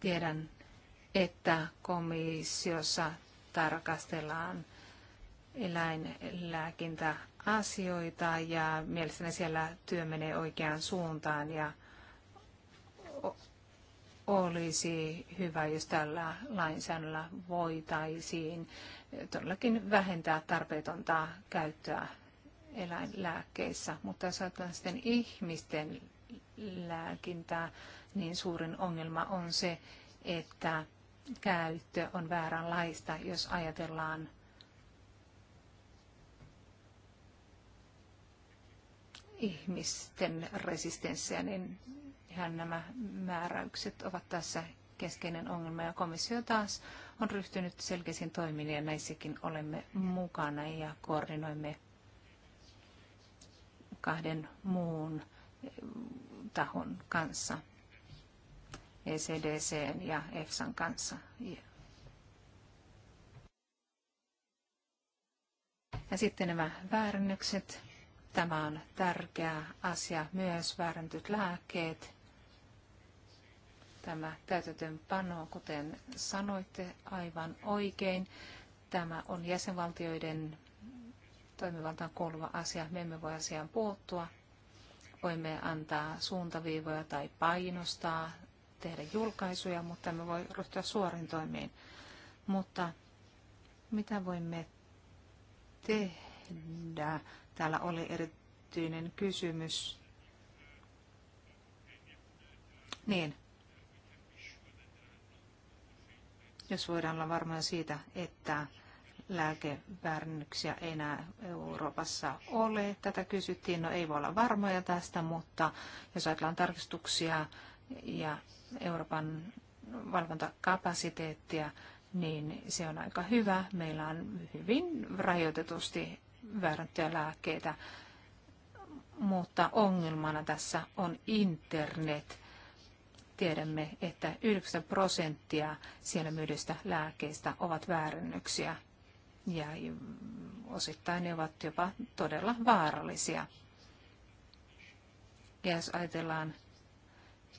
Tiedän, että komissiossa tarkastellaan eläinlääkintäasioita ja mielestäni siellä työ menee oikeaan suuntaan ja olisi hyvä, jos tällä lainsäädännöllä voitaisiin todellakin vähentää tarpeetonta käyttöä eläinlääkkeissä. Mutta jos ajatellaan sitten ihmisten lääkintää, niin suurin ongelma on se, että käyttö on vääränlaista, jos ajatellaan ihmisten resistenssiä, niin ihan nämä määräykset ovat tässä keskeinen ongelma ja komissio taas on ryhtynyt selkeisiin toimiin ja näissäkin olemme mukana ja koordinoimme kahden muun tahon kanssa, ECDCn ja EFSAn kanssa. Ja sitten nämä väärännykset. Tämä on tärkeä asia myös, väärentyt lääkkeet – tämä täytäntöönpano, kuten sanoitte aivan oikein, tämä on jäsenvaltioiden toimivaltaan kuuluva asia. Me emme voi asiaan puuttua. Voimme antaa suuntaviivoja tai painostaa, tehdä julkaisuja, mutta emme voi ryhtyä suorin toimiin. Mutta mitä voimme tehdä? Täällä oli erityinen kysymys. Niin, jos voidaan olla varmoja siitä, että lääkeväärännyksiä ei enää Euroopassa ole. Tätä kysyttiin, no ei voi olla varmoja tästä, mutta jos ajatellaan tarkistuksia ja Euroopan valvontakapasiteettia, niin se on aika hyvä. Meillä on hyvin rajoitetusti vääräntyjä lääkkeitä, mutta ongelmana tässä on internet tiedämme, että 9 prosenttia siellä myydyistä lääkkeistä ovat väärännyksiä. ja osittain ne ovat jopa todella vaarallisia. Ja jos ajatellaan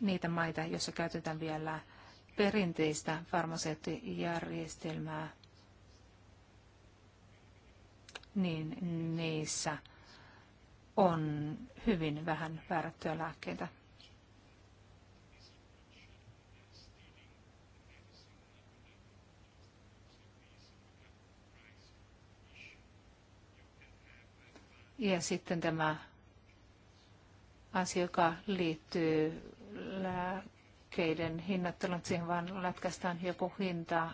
niitä maita, joissa käytetään vielä perinteistä farmaseuttijärjestelmää, niin niissä on hyvin vähän väärättyä lääkkeitä Ja sitten tämä asia, joka liittyy lääkkeiden hinnoitteluun, siihen vaan lätkästään joku hinta.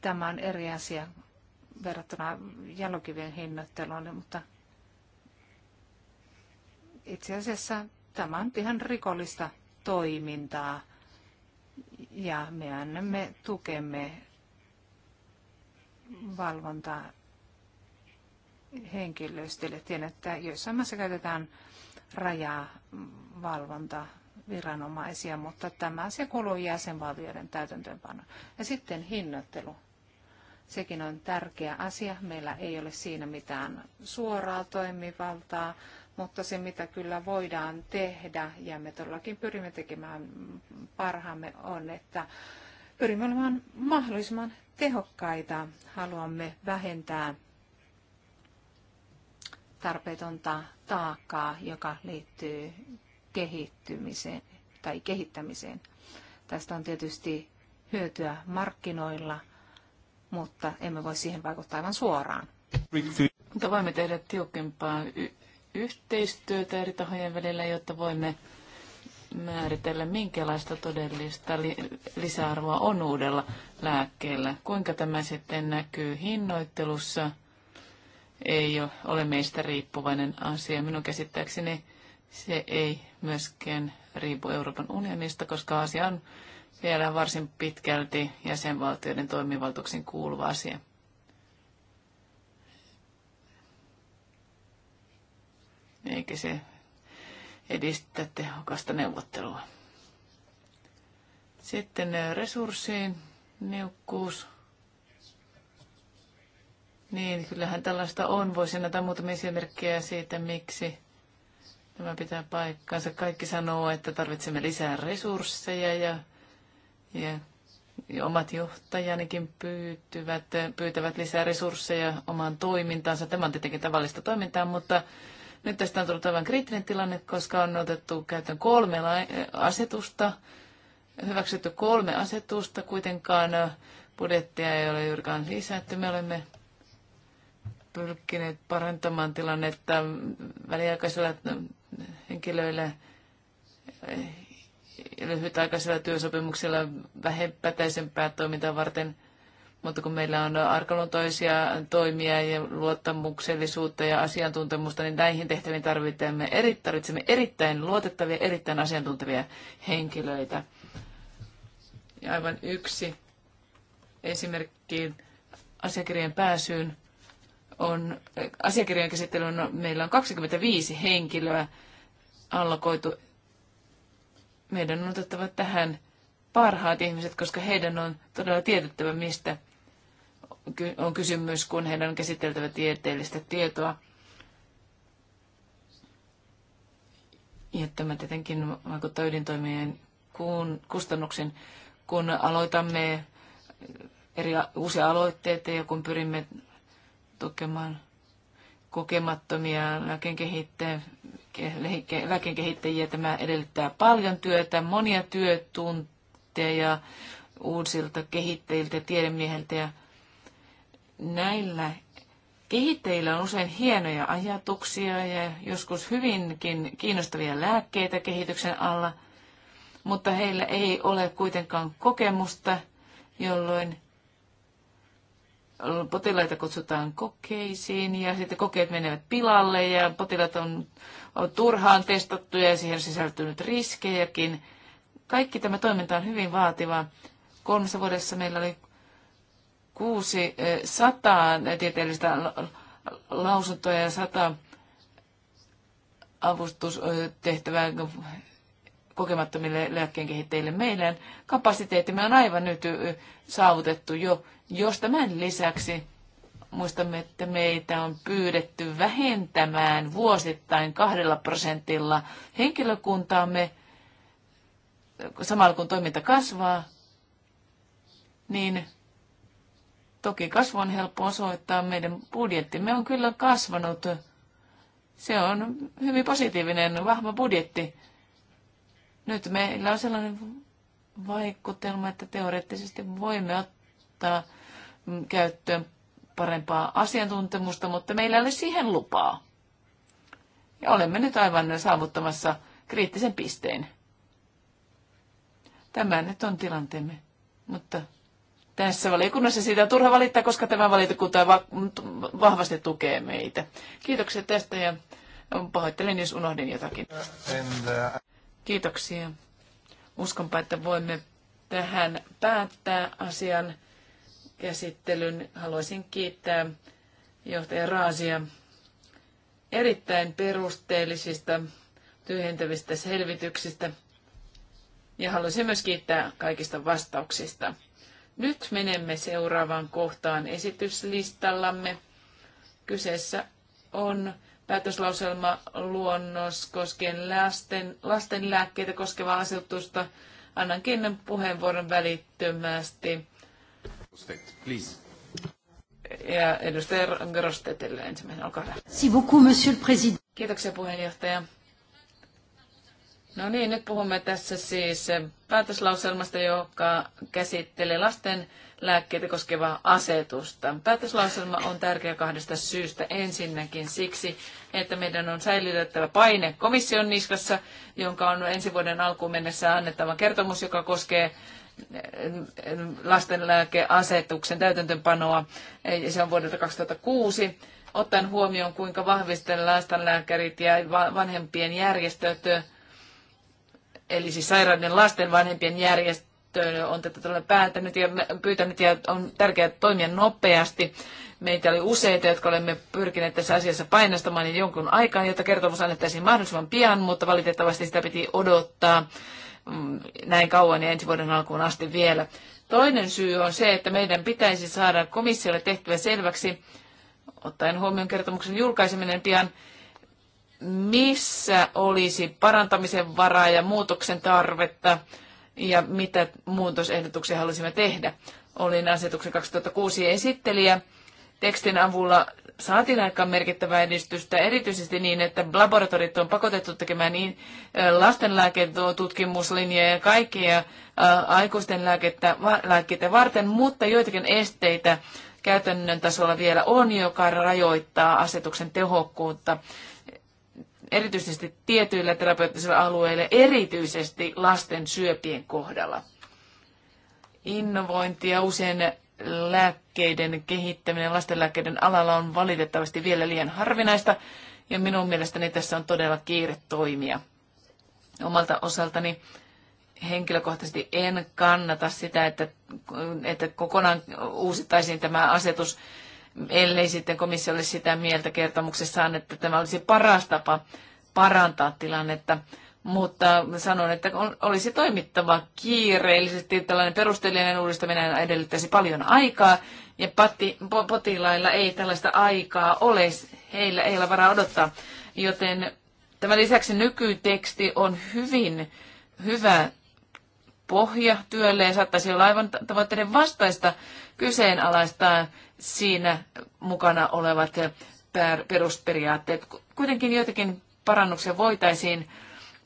Tämä on eri asia verrattuna jalokivien hinnoitteluun, mutta itse asiassa tämä on ihan rikollista toimintaa ja me annamme tukemme valvontaa henkilöstölle. Tiedän, että joissain maissa käytetään rajaa valvonta viranomaisia, mutta tämä asia kuuluu jäsenvaltioiden täytäntöönpanoon. Ja sitten hinnoittelu. Sekin on tärkeä asia. Meillä ei ole siinä mitään suoraa toimivaltaa, mutta se mitä kyllä voidaan tehdä, ja me todellakin pyrimme tekemään parhaamme, on, että pyrimme olemaan mahdollisimman tehokkaita. Haluamme vähentää tarpeetonta taakkaa, joka liittyy kehittymiseen tai kehittämiseen. Tästä on tietysti hyötyä markkinoilla, mutta emme voi siihen vaikuttaa aivan suoraan. Mutta voimme tehdä tiukempaa y- yhteistyötä eri tahojen välillä, jotta voimme määritellä, minkälaista todellista li- lisäarvoa on uudella lääkkeellä. Kuinka tämä sitten näkyy hinnoittelussa – ei ole meistä riippuvainen asia. Minun käsittääkseni se ei myöskään riipu Euroopan unionista, koska asia on vielä varsin pitkälti jäsenvaltioiden toimivaltuuksiin kuuluva asia. Eikä se edistä tehokasta neuvottelua. Sitten resurssiin niukkuus. Niin, kyllähän tällaista on. Voisin näitä muutamia esimerkkejä siitä, miksi tämä pitää paikkaansa. Kaikki sanoo, että tarvitsemme lisää resursseja ja, ja, ja omat johtajanikin pyytyvät, pyytävät lisää resursseja omaan toimintaansa. Tämä on tietenkin tavallista toimintaa, mutta nyt tästä on tullut aivan kriittinen tilanne, koska on otettu käyttöön kolme asetusta, hyväksytty kolme asetusta, kuitenkaan budjettia ei ole juurikaan lisätty. Me olemme pyrkineet parantamaan tilannetta väliaikaisilla henkilöillä eh, lyhytaikaisilla työsopimuksilla vähempätäisempää toimintaa varten, mutta kun meillä on arkaluontoisia toimia ja luottamuksellisuutta ja asiantuntemusta, niin näihin tehtäviin tarvitsemme, eri, tarvitsemme erittäin luotettavia, erittäin asiantuntevia henkilöitä. Ja aivan yksi esimerkki asiakirjan pääsyyn on asiakirjan käsittelyyn meillä on 25 henkilöä allokoitu. Meidän on otettava tähän parhaat ihmiset, koska heidän on todella tietettävä, mistä on kysymys, kun heidän on käsiteltävä tieteellistä tietoa. Ja tämä tietenkin vaikuttaa ydintoimien kustannuksiin, kun aloitamme eri uusia aloitteita ja kun pyrimme tukemaan kokemattomia lääkeenkehittäjiä. Tämä edellyttää paljon työtä, monia työtunteja uusilta kehittäjiltä, tiedemieheltä ja näillä kehittäjillä on usein hienoja ajatuksia ja joskus hyvinkin kiinnostavia lääkkeitä kehityksen alla, mutta heillä ei ole kuitenkaan kokemusta, jolloin potilaita kutsutaan kokeisiin ja sitten kokeet menevät pilalle ja potilaat on, on turhaan testattuja ja siihen sisältynyt riskejäkin. Kaikki tämä toiminta on hyvin vaativa. Kolmessa vuodessa meillä oli 600 tieteellistä lausuntoa ja 100 avustustehtävää kokemattomille kehittäjille. Meidän kapasiteettimme on aivan nyt saavutettu jo jos tämän lisäksi muistamme, että meitä on pyydetty vähentämään vuosittain kahdella prosentilla henkilökuntaamme, samalla kun toiminta kasvaa, niin toki kasvu on helppo osoittaa. Meidän budjettimme on kyllä kasvanut. Se on hyvin positiivinen, vahva budjetti. Nyt meillä on sellainen vaikutelma, että teoreettisesti voimme ottaa käyttöön parempaa asiantuntemusta, mutta meillä ei ole siihen lupaa. Ja olemme nyt aivan saavuttamassa kriittisen pisteen. Tämä nyt on tilanteemme, mutta tässä valiokunnassa siitä on turha valittaa, koska tämä valiokunta vahvasti tukee meitä. Kiitoksia tästä ja pahoittelen, jos unohdin jotakin. Kiitoksia. Uskonpa, että voimme tähän päättää asian käsittelyn. Haluaisin kiittää johtaja Raasia erittäin perusteellisista tyhjentävistä selvityksistä ja haluaisin myös kiittää kaikista vastauksista. Nyt menemme seuraavaan kohtaan esityslistallamme. Kyseessä on päätöslauselma luonnos koskien lasten, lasten lääkkeitä koskevaa asetusta. kiinnon puheenvuoron välittömästi Grostet, please. Ja edustaja Grostetille olkaa hyvä. beaucoup, monsieur le président. Kiitoksia puheenjohtaja. No niin, nyt puhumme tässä siis päätöslauselmasta, joka käsittelee lasten lääkkeitä koskevaa asetusta. Päätöslauselma on tärkeä kahdesta syystä. Ensinnäkin siksi, että meidän on säilytettävä paine komission niskassa, jonka on ensi vuoden alkuun mennessä annettava kertomus, joka koskee lastenlääkeasetuksen täytäntöönpanoa. Se on vuodelta 2006. Ottaen huomioon, kuinka vahvisten lastenlääkärit ja vanhempien järjestöt, eli siis sairaiden lasten vanhempien järjestöt, on tätä todella päätänyt ja pyytänyt ja on tärkeää toimia nopeasti. Meitä oli useita, jotka olemme pyrkineet tässä asiassa painostamaan niin jonkun aikaa, jotta kertomus annettaisiin mahdollisimman pian, mutta valitettavasti sitä piti odottaa Mm, näin kauan ja ensi vuoden alkuun asti vielä. Toinen syy on se, että meidän pitäisi saada komissiolle tehtyä selväksi, ottaen huomioon kertomuksen julkaiseminen pian, missä olisi parantamisen varaa ja muutoksen tarvetta ja mitä muutosehdotuksia haluaisimme tehdä. Olin asetuksen 2006 esittelijä. Tekstin avulla saatiin aika merkittävää edistystä, erityisesti niin, että laboratorit on pakotettu tekemään niin lastenlääketutkimuslinjaa ja kaikkia aikuisten lääkettä, lääkkeitä varten, mutta joitakin esteitä käytännön tasolla vielä on, joka rajoittaa asetuksen tehokkuutta erityisesti tietyillä terapeuttisilla alueilla, erityisesti lasten syöpien kohdalla. Innovointia usein lääkkeiden kehittäminen lastenlääkkeiden alalla on valitettavasti vielä liian harvinaista, ja minun mielestäni tässä on todella kiire toimia. Omalta osaltani henkilökohtaisesti en kannata sitä, että, että kokonaan uusittaisiin tämä asetus, ellei sitten komissio olisi sitä mieltä kertomuksessaan, että tämä olisi paras tapa parantaa tilannetta mutta sanon, että olisi toimittava kiireellisesti. Tällainen perusteellinen uudistaminen edellyttäisi paljon aikaa, ja pati po, potilailla ei tällaista aikaa ole. Heillä ei ole varaa odottaa. Joten tämän lisäksi nykyteksti on hyvin hyvä pohja työlle ja saattaisi olla aivan tavoitteiden vastaista kyseenalaistaa siinä mukana olevat perusperiaatteet. Kuitenkin joitakin parannuksia voitaisiin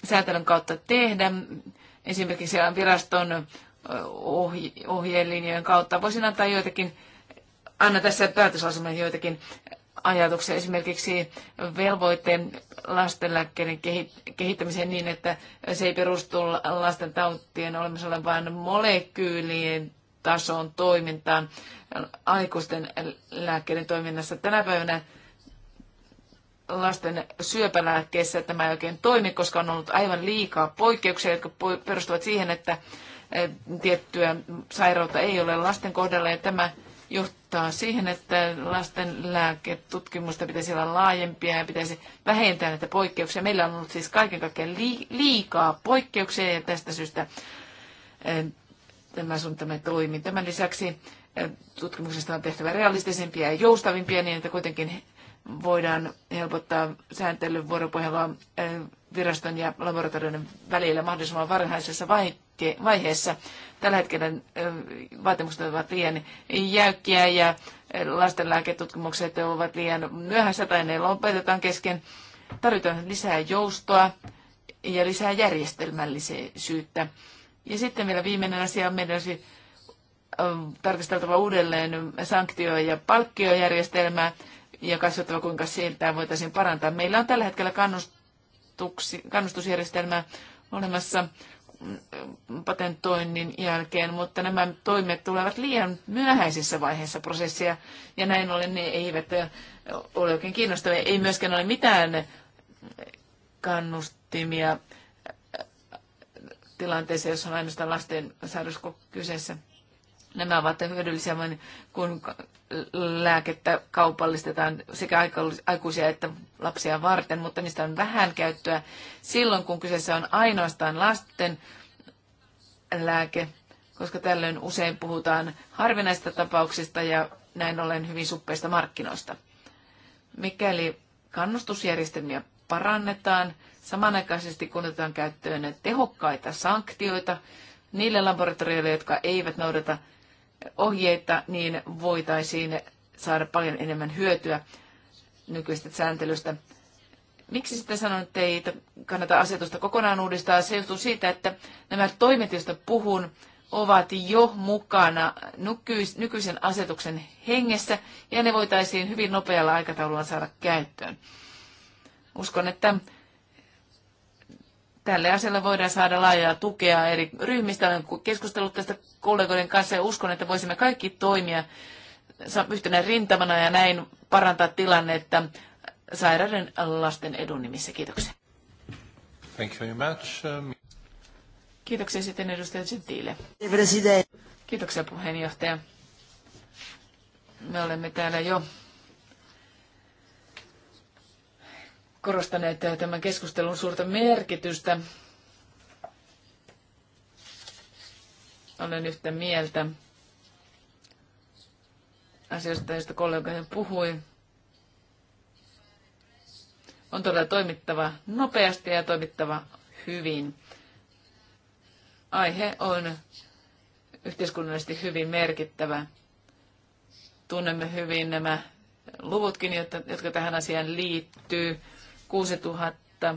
säätelyn kautta tehdä, esimerkiksi viraston ohjelinjojen kautta. Voisin antaa joitakin, anna tässä päätösasemalle joitakin ajatuksia, esimerkiksi velvoitteen lastenlääkkeiden kehittämiseen niin, että se ei perustu lasten tautien olemassa olevaan molekyylien tason toimintaan aikuisten lääkkeiden toiminnassa. Tänä päivänä lasten syöpälääkkeessä tämä ei oikein toimi, koska on ollut aivan liikaa poikkeuksia, jotka perustuvat siihen, että eh, tiettyä sairautta ei ole lasten kohdalla. Ja tämä johtaa siihen, että lasten lääketutkimusta pitäisi olla laajempia ja pitäisi vähentää näitä poikkeuksia. Meillä on ollut siis kaiken kaikkiaan liikaa poikkeuksia ja tästä syystä eh, tämä suuntamme toimii. Tämän lisäksi eh, tutkimuksesta on tehtävä realistisempia ja joustavimpia niin, että kuitenkin voidaan helpottaa sääntelyn vuoropuhelua eh, viraston ja laboratorioiden välillä mahdollisimman varhaisessa vaiheessa. Tällä hetkellä eh, vaatimukset ovat liian jäykkiä ja eh, lastenlääketutkimukset ovat liian myöhässä tai ne lopetetaan kesken. Tarvitaan lisää joustoa ja lisää järjestelmällisyyttä. Ja sitten vielä viimeinen asia on meidän tarkasteltava uudelleen sanktio- ja palkkiojärjestelmää ja katsottava, kuinka sieltä voitaisiin parantaa. Meillä on tällä hetkellä kannustusjärjestelmä olemassa patentoinnin jälkeen, mutta nämä toimet tulevat liian myöhäisessä vaiheessa prosessia, ja näin ollen ne eivät ole oikein kiinnostavia. Ei myöskään ole mitään kannustimia tilanteeseen, jossa on ainoastaan lasten sairausko kyseessä. Nämä ovat hyödyllisiä kun lääkettä kaupallistetaan sekä aikuisia että lapsia varten, mutta niistä on vähän käyttöä silloin, kun kyseessä on ainoastaan lasten lääke, koska tällöin usein puhutaan harvinaista tapauksista ja näin ollen hyvin suppeista markkinoista. Mikäli kannustusjärjestelmiä parannetaan, samanaikaisesti kun otetaan käyttöön tehokkaita sanktioita niille laboratorioille, jotka eivät noudata ohjeita, niin voitaisiin saada paljon enemmän hyötyä nykyistä sääntelystä. Miksi sitten sanon, että ei kannata asetusta kokonaan uudistaa? Se johtuu siitä, että nämä toimet, joista puhun, ovat jo mukana nykyisen asetuksen hengessä ja ne voitaisiin hyvin nopealla aikataululla saada käyttöön. Uskon, että Tälle asialle voidaan saada laajaa tukea eri ryhmistä. Olen keskustellut tästä kollegoiden kanssa ja uskon, että voisimme kaikki toimia yhtenä rintamana ja näin parantaa tilannetta sairauden lasten edun nimissä. Kiitoksia. Thank you very much. Um, Kiitoksia sitten edustaja Gentile. Kiitoksia puheenjohtaja. Me olemme täällä jo korostaneet tämän keskustelun suurta merkitystä. Olen yhtä mieltä asioista, joista kollegani puhui. On todella toimittava nopeasti ja toimittava hyvin. Aihe on yhteiskunnallisesti hyvin merkittävä. Tunnemme hyvin nämä luvutkin, jotka tähän asiaan liittyy. 6000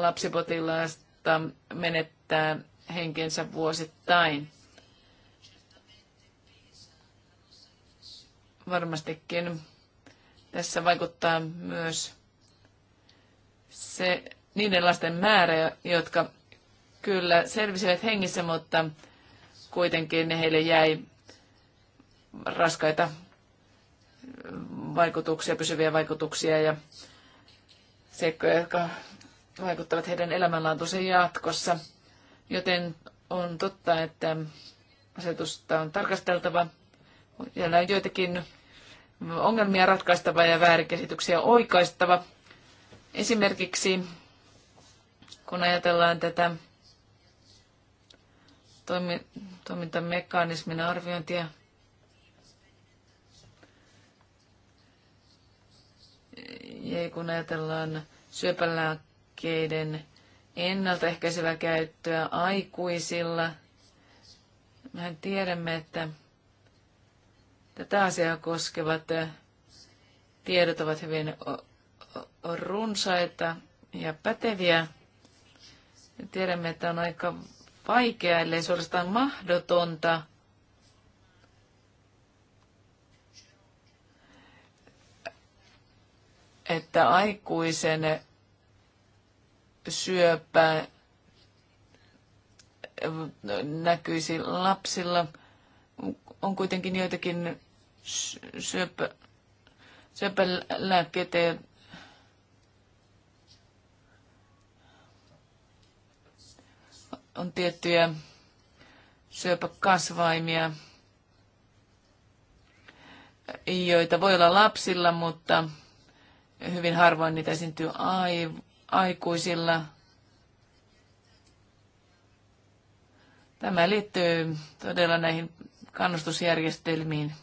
lapsipotilaasta menettää henkensä vuosittain. Varmastikin tässä vaikuttaa myös se niiden lasten määrä, jotka kyllä selvisivät hengissä, mutta kuitenkin heille jäi raskaita vaikutuksia, pysyviä vaikutuksia ja seikkoja, jotka vaikuttavat heidän elämänlaatuisen jatkossa. Joten on totta, että asetusta on tarkasteltava. Siellä on joitakin ongelmia ratkaistava ja väärinkäsityksiä oikaistava. Esimerkiksi kun ajatellaan tätä toimintamekanismin arviointia, ja kun ajatellaan syöpälääkkeiden ennaltaehkäisevää käyttöä aikuisilla, mehän tiedämme, että tätä asiaa koskevat tiedot ovat hyvin runsaita ja päteviä. Tiedämme, että on aika vaikeaa, ellei suorastaan mahdotonta että aikuisen syöpä näkyisi lapsilla. On kuitenkin joitakin syöpä, syöpälääkkeitä, on tiettyjä syöpäkasvaimia, joita voi olla lapsilla, mutta Hyvin harvoin niitä esiintyy aikuisilla. Tämä liittyy todella näihin kannustusjärjestelmiin.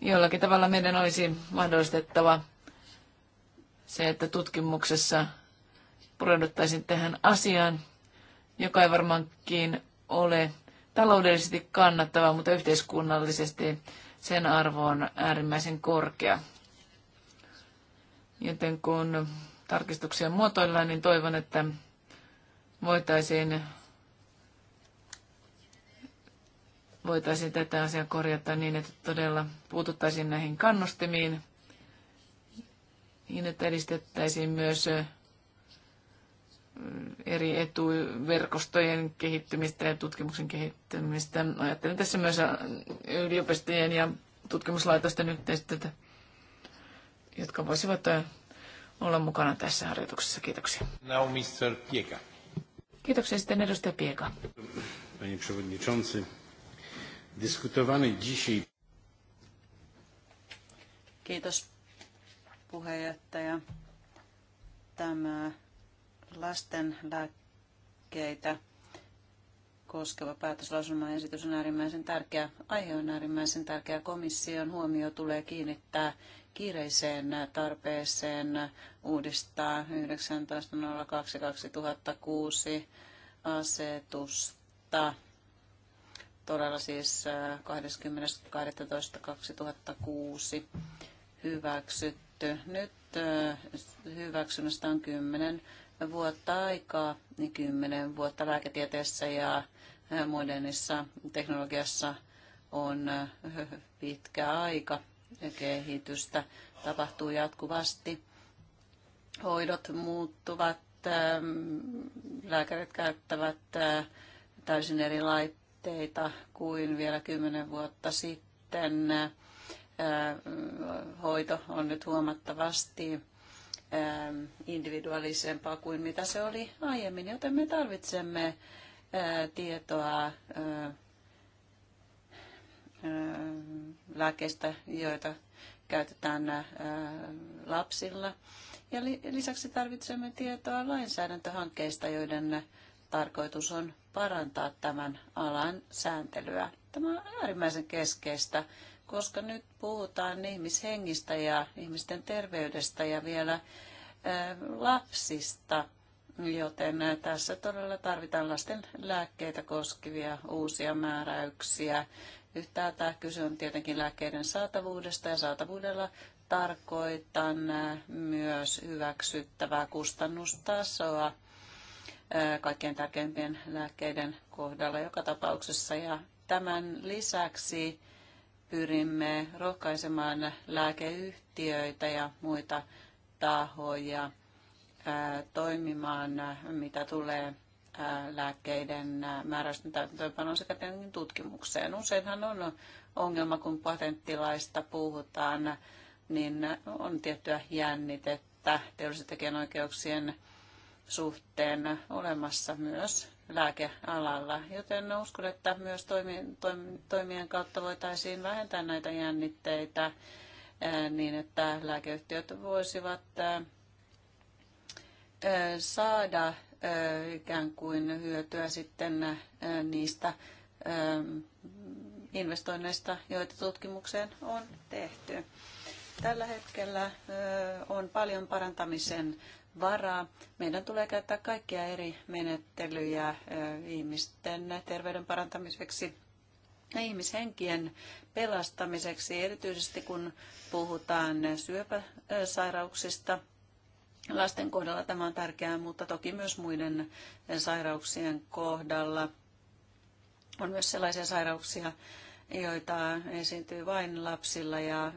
Jollakin tavalla meidän olisi mahdollistettava se, että tutkimuksessa pureuduttaisiin tähän asiaan, joka ei varmaankin ole taloudellisesti kannattava, mutta yhteiskunnallisesti sen arvo on äärimmäisen korkea. Joten kun tarkistuksia muotoillaan, niin toivon, että voitaisiin, voitaisiin tätä asiaa korjata niin, että todella puututtaisiin näihin kannustimiin, niin että edistettäisiin myös eri etuverkostojen kehittymistä ja tutkimuksen kehittymistä. Ajattelen tässä myös yliopistojen ja tutkimuslaitosten yhteistyötä jotka voisivat äh, olla mukana tässä harjoituksessa. Kiitoksia. Now Mr. Pieka. Kiitoksia sitten edustaja Pieka. Panie przewodniczący, dyskutowany dzisiaj... Kiitos puheenjohtaja. Tämä lasten lääkkeitä koskeva esitys on äärimmäisen tärkeä. Aihe on äärimmäisen tärkeä. Komission huomio tulee kiinnittää kiireiseen tarpeeseen uudistaa 19.02.2006 asetusta. Todella siis 20.12.2006 äh, hyväksytty. Nyt äh, hyväksynnästä on 10 vuotta aikaa, niin 10 vuotta lääketieteessä ja äh, modernissa teknologiassa on pitkä aika kehitystä tapahtuu jatkuvasti. Hoidot muuttuvat, ähm, lääkärit käyttävät äh, täysin eri laitteita kuin vielä kymmenen vuotta sitten. Äh, hoito on nyt huomattavasti ähm, individuaalisempaa kuin mitä se oli aiemmin, joten me tarvitsemme äh, tietoa lääkkeistä, joita käytetään äh, lapsilla. Ja lisäksi tarvitsemme tietoa lainsäädäntöhankkeista, joiden tarkoitus on parantaa tämän alan sääntelyä. Tämä on äärimmäisen keskeistä, koska nyt puhutaan ihmishengistä ja ihmisten terveydestä ja vielä äh, lapsista, joten äh, tässä todella tarvitaan lasten lääkkeitä koskevia uusia määräyksiä Yhtäältä kyse on tietenkin lääkkeiden saatavuudesta ja saatavuudella tarkoitan myös hyväksyttävää kustannustasoa kaikkein tärkeimpien lääkkeiden kohdalla joka tapauksessa. Ja tämän lisäksi pyrimme rohkaisemaan lääkeyhtiöitä ja muita tahoja toimimaan, mitä tulee lääkkeiden määräysten täytäntöönpanon sekä tietenkin tutkimukseen. Useinhan on ongelma, kun patenttilaista puhutaan, niin on tiettyä jännitettä teollisen tekijänoikeuksien suhteen olemassa myös lääkealalla. Joten uskon, että myös toimien kautta voitaisiin vähentää näitä jännitteitä niin, että lääkeyhtiöt voisivat saada ikään kuin hyötyä sitten niistä investoinneista, joita tutkimukseen on tehty. Tällä hetkellä on paljon parantamisen varaa. Meidän tulee käyttää kaikkia eri menettelyjä ihmisten terveyden parantamiseksi ja ihmishenkien pelastamiseksi, erityisesti kun puhutaan syöpäsairauksista – Lasten kohdalla tämä on tärkeää, mutta toki myös muiden sairauksien kohdalla. On myös sellaisia sairauksia, joita esiintyy vain lapsilla ja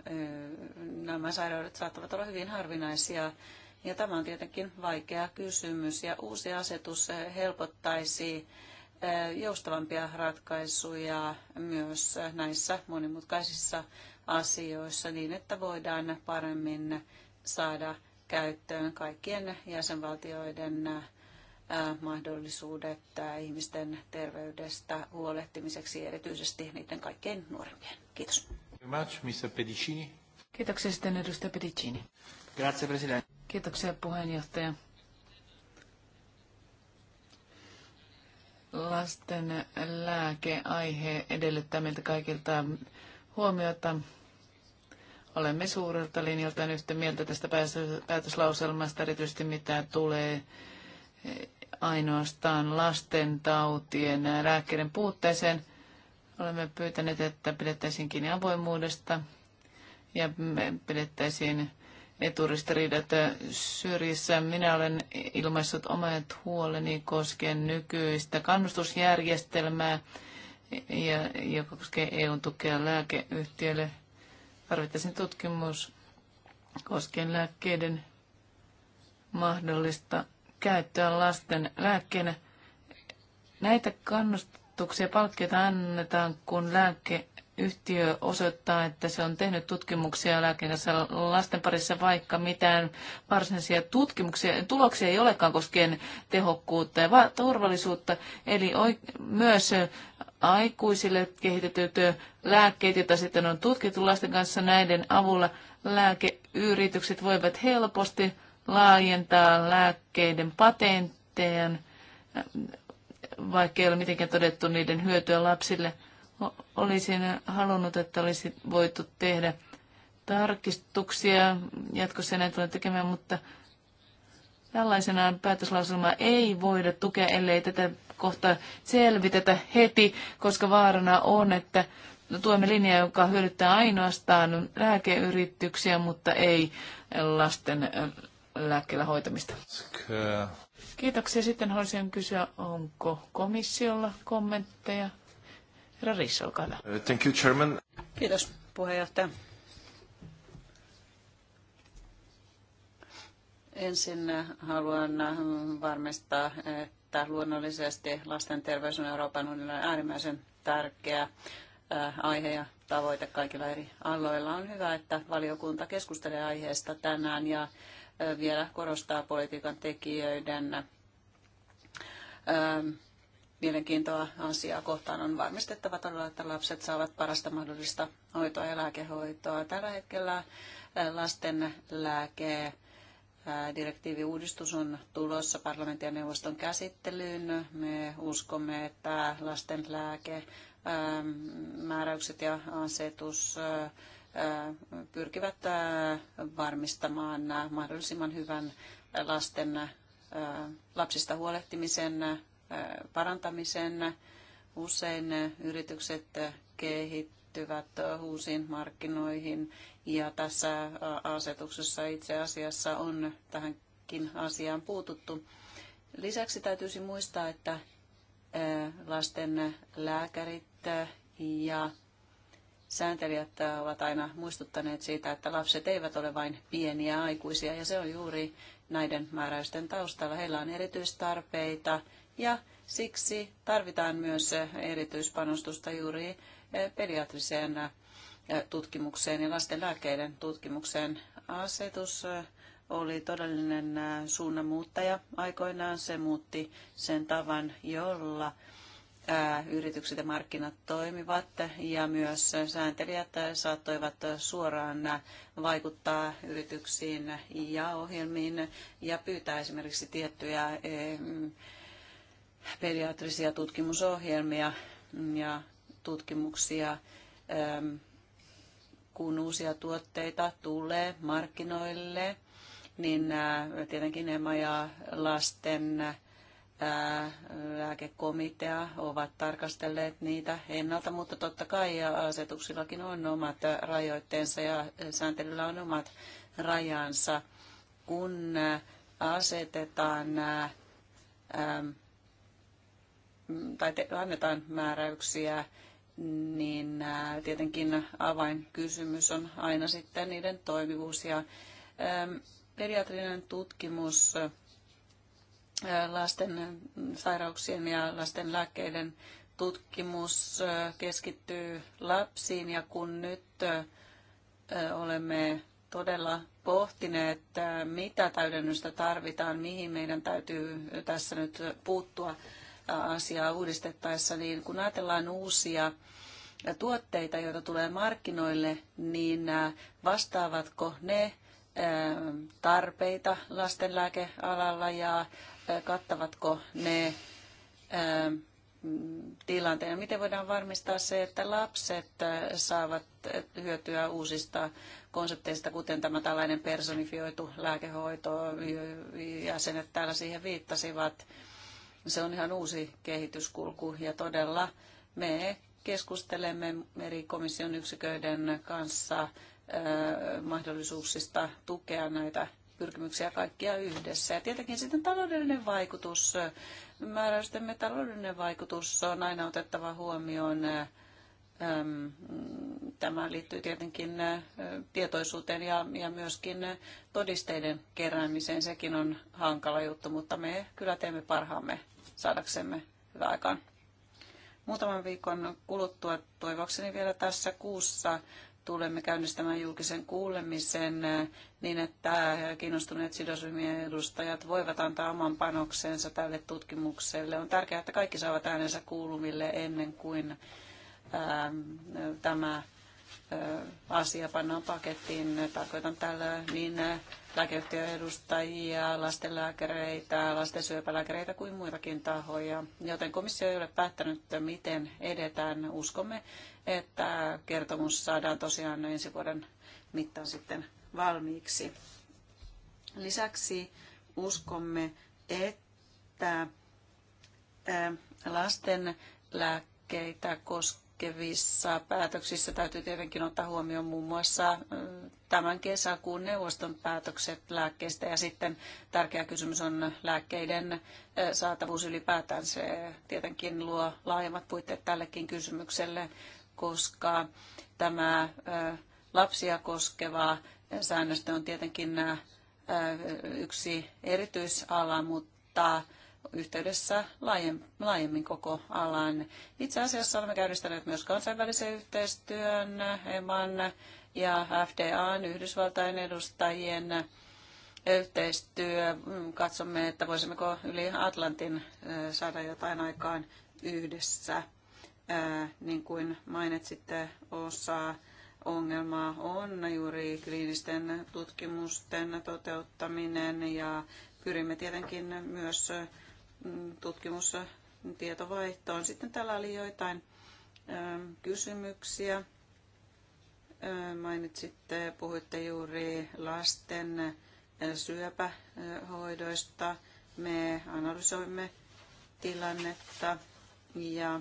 nämä sairaudet saattavat olla hyvin harvinaisia. Ja tämä on tietenkin vaikea kysymys ja uusi asetus helpottaisi joustavampia ratkaisuja myös näissä monimutkaisissa asioissa niin, että voidaan paremmin saada käyttöön kaikkien jäsenvaltioiden mahdollisuudet ihmisten terveydestä huolehtimiseksi, erityisesti niiden kaikkein nuorempien. Kiitos. Kiitoksia sitten edustaja Pedicini. Grazie, Kiitoksia puheenjohtaja. Lasten lääkeaihe edellyttää meiltä kaikilta huomiota. Olemme suurelta linjaltaan yhtä mieltä tästä päätöslauselmasta, erityisesti mitä tulee eh, ainoastaan lasten tautien eh, lääkkeiden puutteeseen. Olemme pyytäneet, että pidettäisiin kiinni avoimuudesta ja pidettäisiin eturistiriidat eh, syrjissä. Minä olen ilmaissut omat huoleni koskien nykyistä kannustusjärjestelmää, ja, joka koskee eu tukea lääkeyhtiöille. Tarvittaisiin tutkimus koskien lääkkeiden mahdollista käyttöä lasten lääkkeenä. Näitä kannustuksia palkkeita annetaan, kun lääkeyhtiö osoittaa, että se on tehnyt tutkimuksia lääkkeen lasten parissa, vaikka mitään varsinaisia tutkimuksia, tuloksia ei olekaan koskien tehokkuutta ja turvallisuutta. Eli myös aikuisille kehitetyt lääkkeet, joita sitten on tutkittu lasten kanssa näiden avulla. Lääkeyritykset voivat helposti laajentaa lääkkeiden patentteja, vaikka ei ole mitenkään todettu niiden hyötyä lapsille. Olisin halunnut, että olisi voitu tehdä tarkistuksia. Jatkossa näin tulee tekemään, mutta Tällaisenaan päätöslauselmaa ei voida tukea, ellei tätä kohtaa selvitetä heti, koska vaarana on, että tuemme linjaa, joka hyödyttää ainoastaan lääkeyrityksiä, mutta ei lasten lääkkeellä hoitamista. Kiitoksia. Sitten haluaisin kysyä, onko komissiolla kommentteja? Herra Riss, olkaa hyvä. Thank you, Chairman. Kiitos, puheenjohtaja. Ensin haluan varmistaa, että luonnollisesti lasten terveys on Euroopan unionille äärimmäisen tärkeä äh, aihe ja tavoite kaikilla eri aloilla. On hyvä, että valiokunta keskustelee aiheesta tänään ja äh, vielä korostaa politiikan tekijöiden ähm, mielenkiintoa asiaa kohtaan on varmistettava todella, että lapset saavat parasta mahdollista hoitoa ja lääkehoitoa. Tällä hetkellä äh, lasten lääke Direktiiviuudistus on tulossa parlamentin ja neuvoston käsittelyyn. Me uskomme, että lasten lääke, ähm, määräykset ja asetus äh, pyrkivät äh, varmistamaan mahdollisimman hyvän lasten äh, lapsista huolehtimisen parantamisen. Usein yritykset kehittävät liittyvät uusiin markkinoihin. Ja tässä asetuksessa itse asiassa on tähänkin asiaan puututtu. Lisäksi täytyisi muistaa, että lasten lääkärit ja sääntelijät ovat aina muistuttaneet siitä, että lapset eivät ole vain pieniä aikuisia ja se on juuri näiden määräysten taustalla. Heillä on erityistarpeita ja siksi tarvitaan myös erityispanostusta juuri pediatriseen äh, tutkimukseen ja lasten lääkkeiden tutkimukseen. Asetus äh, oli todellinen äh, suunnanmuuttaja aikoinaan. Se muutti sen tavan, jolla yritykset ja markkinat toimivat ja myös sääntelijät saattoivat suoraan vaikuttaa yrityksiin ja ohjelmiin ja pyytää esimerkiksi tiettyjä pediatrisia tutkimusohjelmia ja tutkimuksia, ähm, kun uusia tuotteita tulee markkinoille, niin äh, tietenkin EMA ja lasten äh, lääkekomitea ovat tarkastelleet niitä ennalta, mutta totta kai asetuksillakin on omat rajoitteensa ja sääntelyllä on omat rajansa. Kun äh, asetetaan ähm, tai annetaan määräyksiä niin äh, tietenkin avainkysymys on aina sitten niiden toimivuus. Ja ähm, pediatrinen tutkimus äh, lasten sairauksien ja lasten lääkkeiden tutkimus äh, keskittyy lapsiin ja kun nyt olemme todella pohtineet, mitä täydennystä tarvitaan, mihin meidän täytyy tässä nyt puuttua asiaa uudistettaessa, niin kun ajatellaan uusia tuotteita, joita tulee markkinoille, niin vastaavatko ne tarpeita lastenlääkealalla ja kattavatko ne tilanteen. Miten voidaan varmistaa se, että lapset saavat hyötyä uusista konsepteista, kuten tämä tällainen personifioitu lääkehoito, jäsenet täällä siihen viittasivat. Se on ihan uusi kehityskulku ja todella me keskustelemme eri komission yksiköiden kanssa mahdollisuuksista tukea näitä pyrkimyksiä kaikkia yhdessä. Ja tietenkin sitten taloudellinen vaikutus, määräystemme taloudellinen vaikutus on aina otettava huomioon. Tämä liittyy tietenkin tietoisuuteen ja, ja myöskin todisteiden keräämiseen. Sekin on hankala juttu, mutta me kyllä teemme parhaamme saadaksemme hyvää aikaan. Muutaman viikon kuluttua toivokseni vielä tässä kuussa tulemme käynnistämään julkisen kuulemisen eh, niin, että kiinnostuneet sidosryhmien edustajat voivat antaa oman panoksensa tälle tutkimukselle. On tärkeää, että kaikki saavat äänensä kuulumille ennen kuin ää, eh, tämä ää, eh, asia pannaan pakettiin. Tarkoitan tällä niin lääkeyhtiön edustajia, lastenlääkäreitä, lastensyöpälääkäreitä kuin muitakin tahoja. Joten komissio ei ole päättänyt, miten edetään. Uskomme, että kertomus saadaan tosiaan ensi vuoden mittaan sitten valmiiksi. Lisäksi uskomme, että lastenlääkkeitä koskee koskevissa päätöksissä täytyy tietenkin ottaa huomioon muun muassa tämän kesäkuun neuvoston päätökset lääkkeistä ja sitten tärkeä kysymys on lääkkeiden saatavuus ylipäätään. Se tietenkin luo laajemmat puitteet tällekin kysymykselle, koska tämä lapsia koskeva säännöstö on tietenkin yksi erityisala, mutta yhteydessä laajemmin koko alan. Itse asiassa olemme käynnistäneet myös kansainvälisen yhteistyön EMAN ja FDAn Yhdysvaltain edustajien yhteistyö. Katsomme, että voisimmeko yli Atlantin saada jotain aikaan yhdessä. Niin kuin mainitsitte, osa ongelmaa on juuri kliinisten tutkimusten toteuttaminen ja pyrimme tietenkin myös Mm, tutkimustietovaihtoon. Sitten täällä oli joitain ähm, kysymyksiä. Äh, mainitsitte, puhuitte juuri lasten äh, syöpähoidoista. Me analysoimme tilannetta ja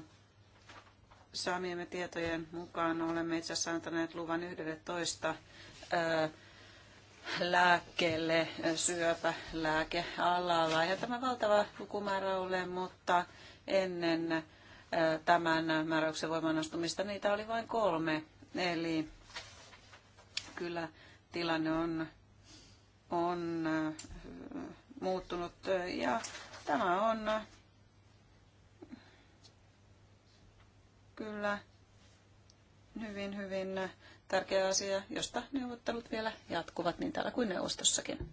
saamiemme tietojen mukaan olemme itse asiassa antaneet luvan 11 lääkkeelle, alalla. Ja tämä valtava lukumäärä ole, mutta ennen tämän määräyksen voimaanastumista niitä oli vain kolme. Eli kyllä tilanne on, on muuttunut ja tämä on kyllä hyvin, hyvin tärkeä asia, josta neuvottelut vielä jatkuvat niin täällä kuin neuvostossakin.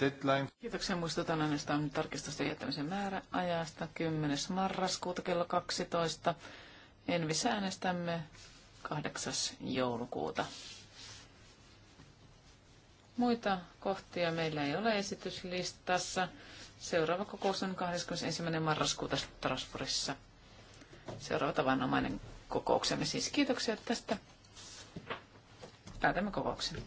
Deadline. Kiitoksia. Muistutan ainoastaan on tarkistusten jättämisen määräajasta 10. marraskuuta kello 12. Envis äänestämme 8. joulukuuta. Muita kohtia meillä ei ole esityslistassa. Seuraava kokous on 21. marraskuuta Strasbourgissa. Seuraava tavanomainen kokouksemme siis. Kiitoksia tästä päätämme kokouksen.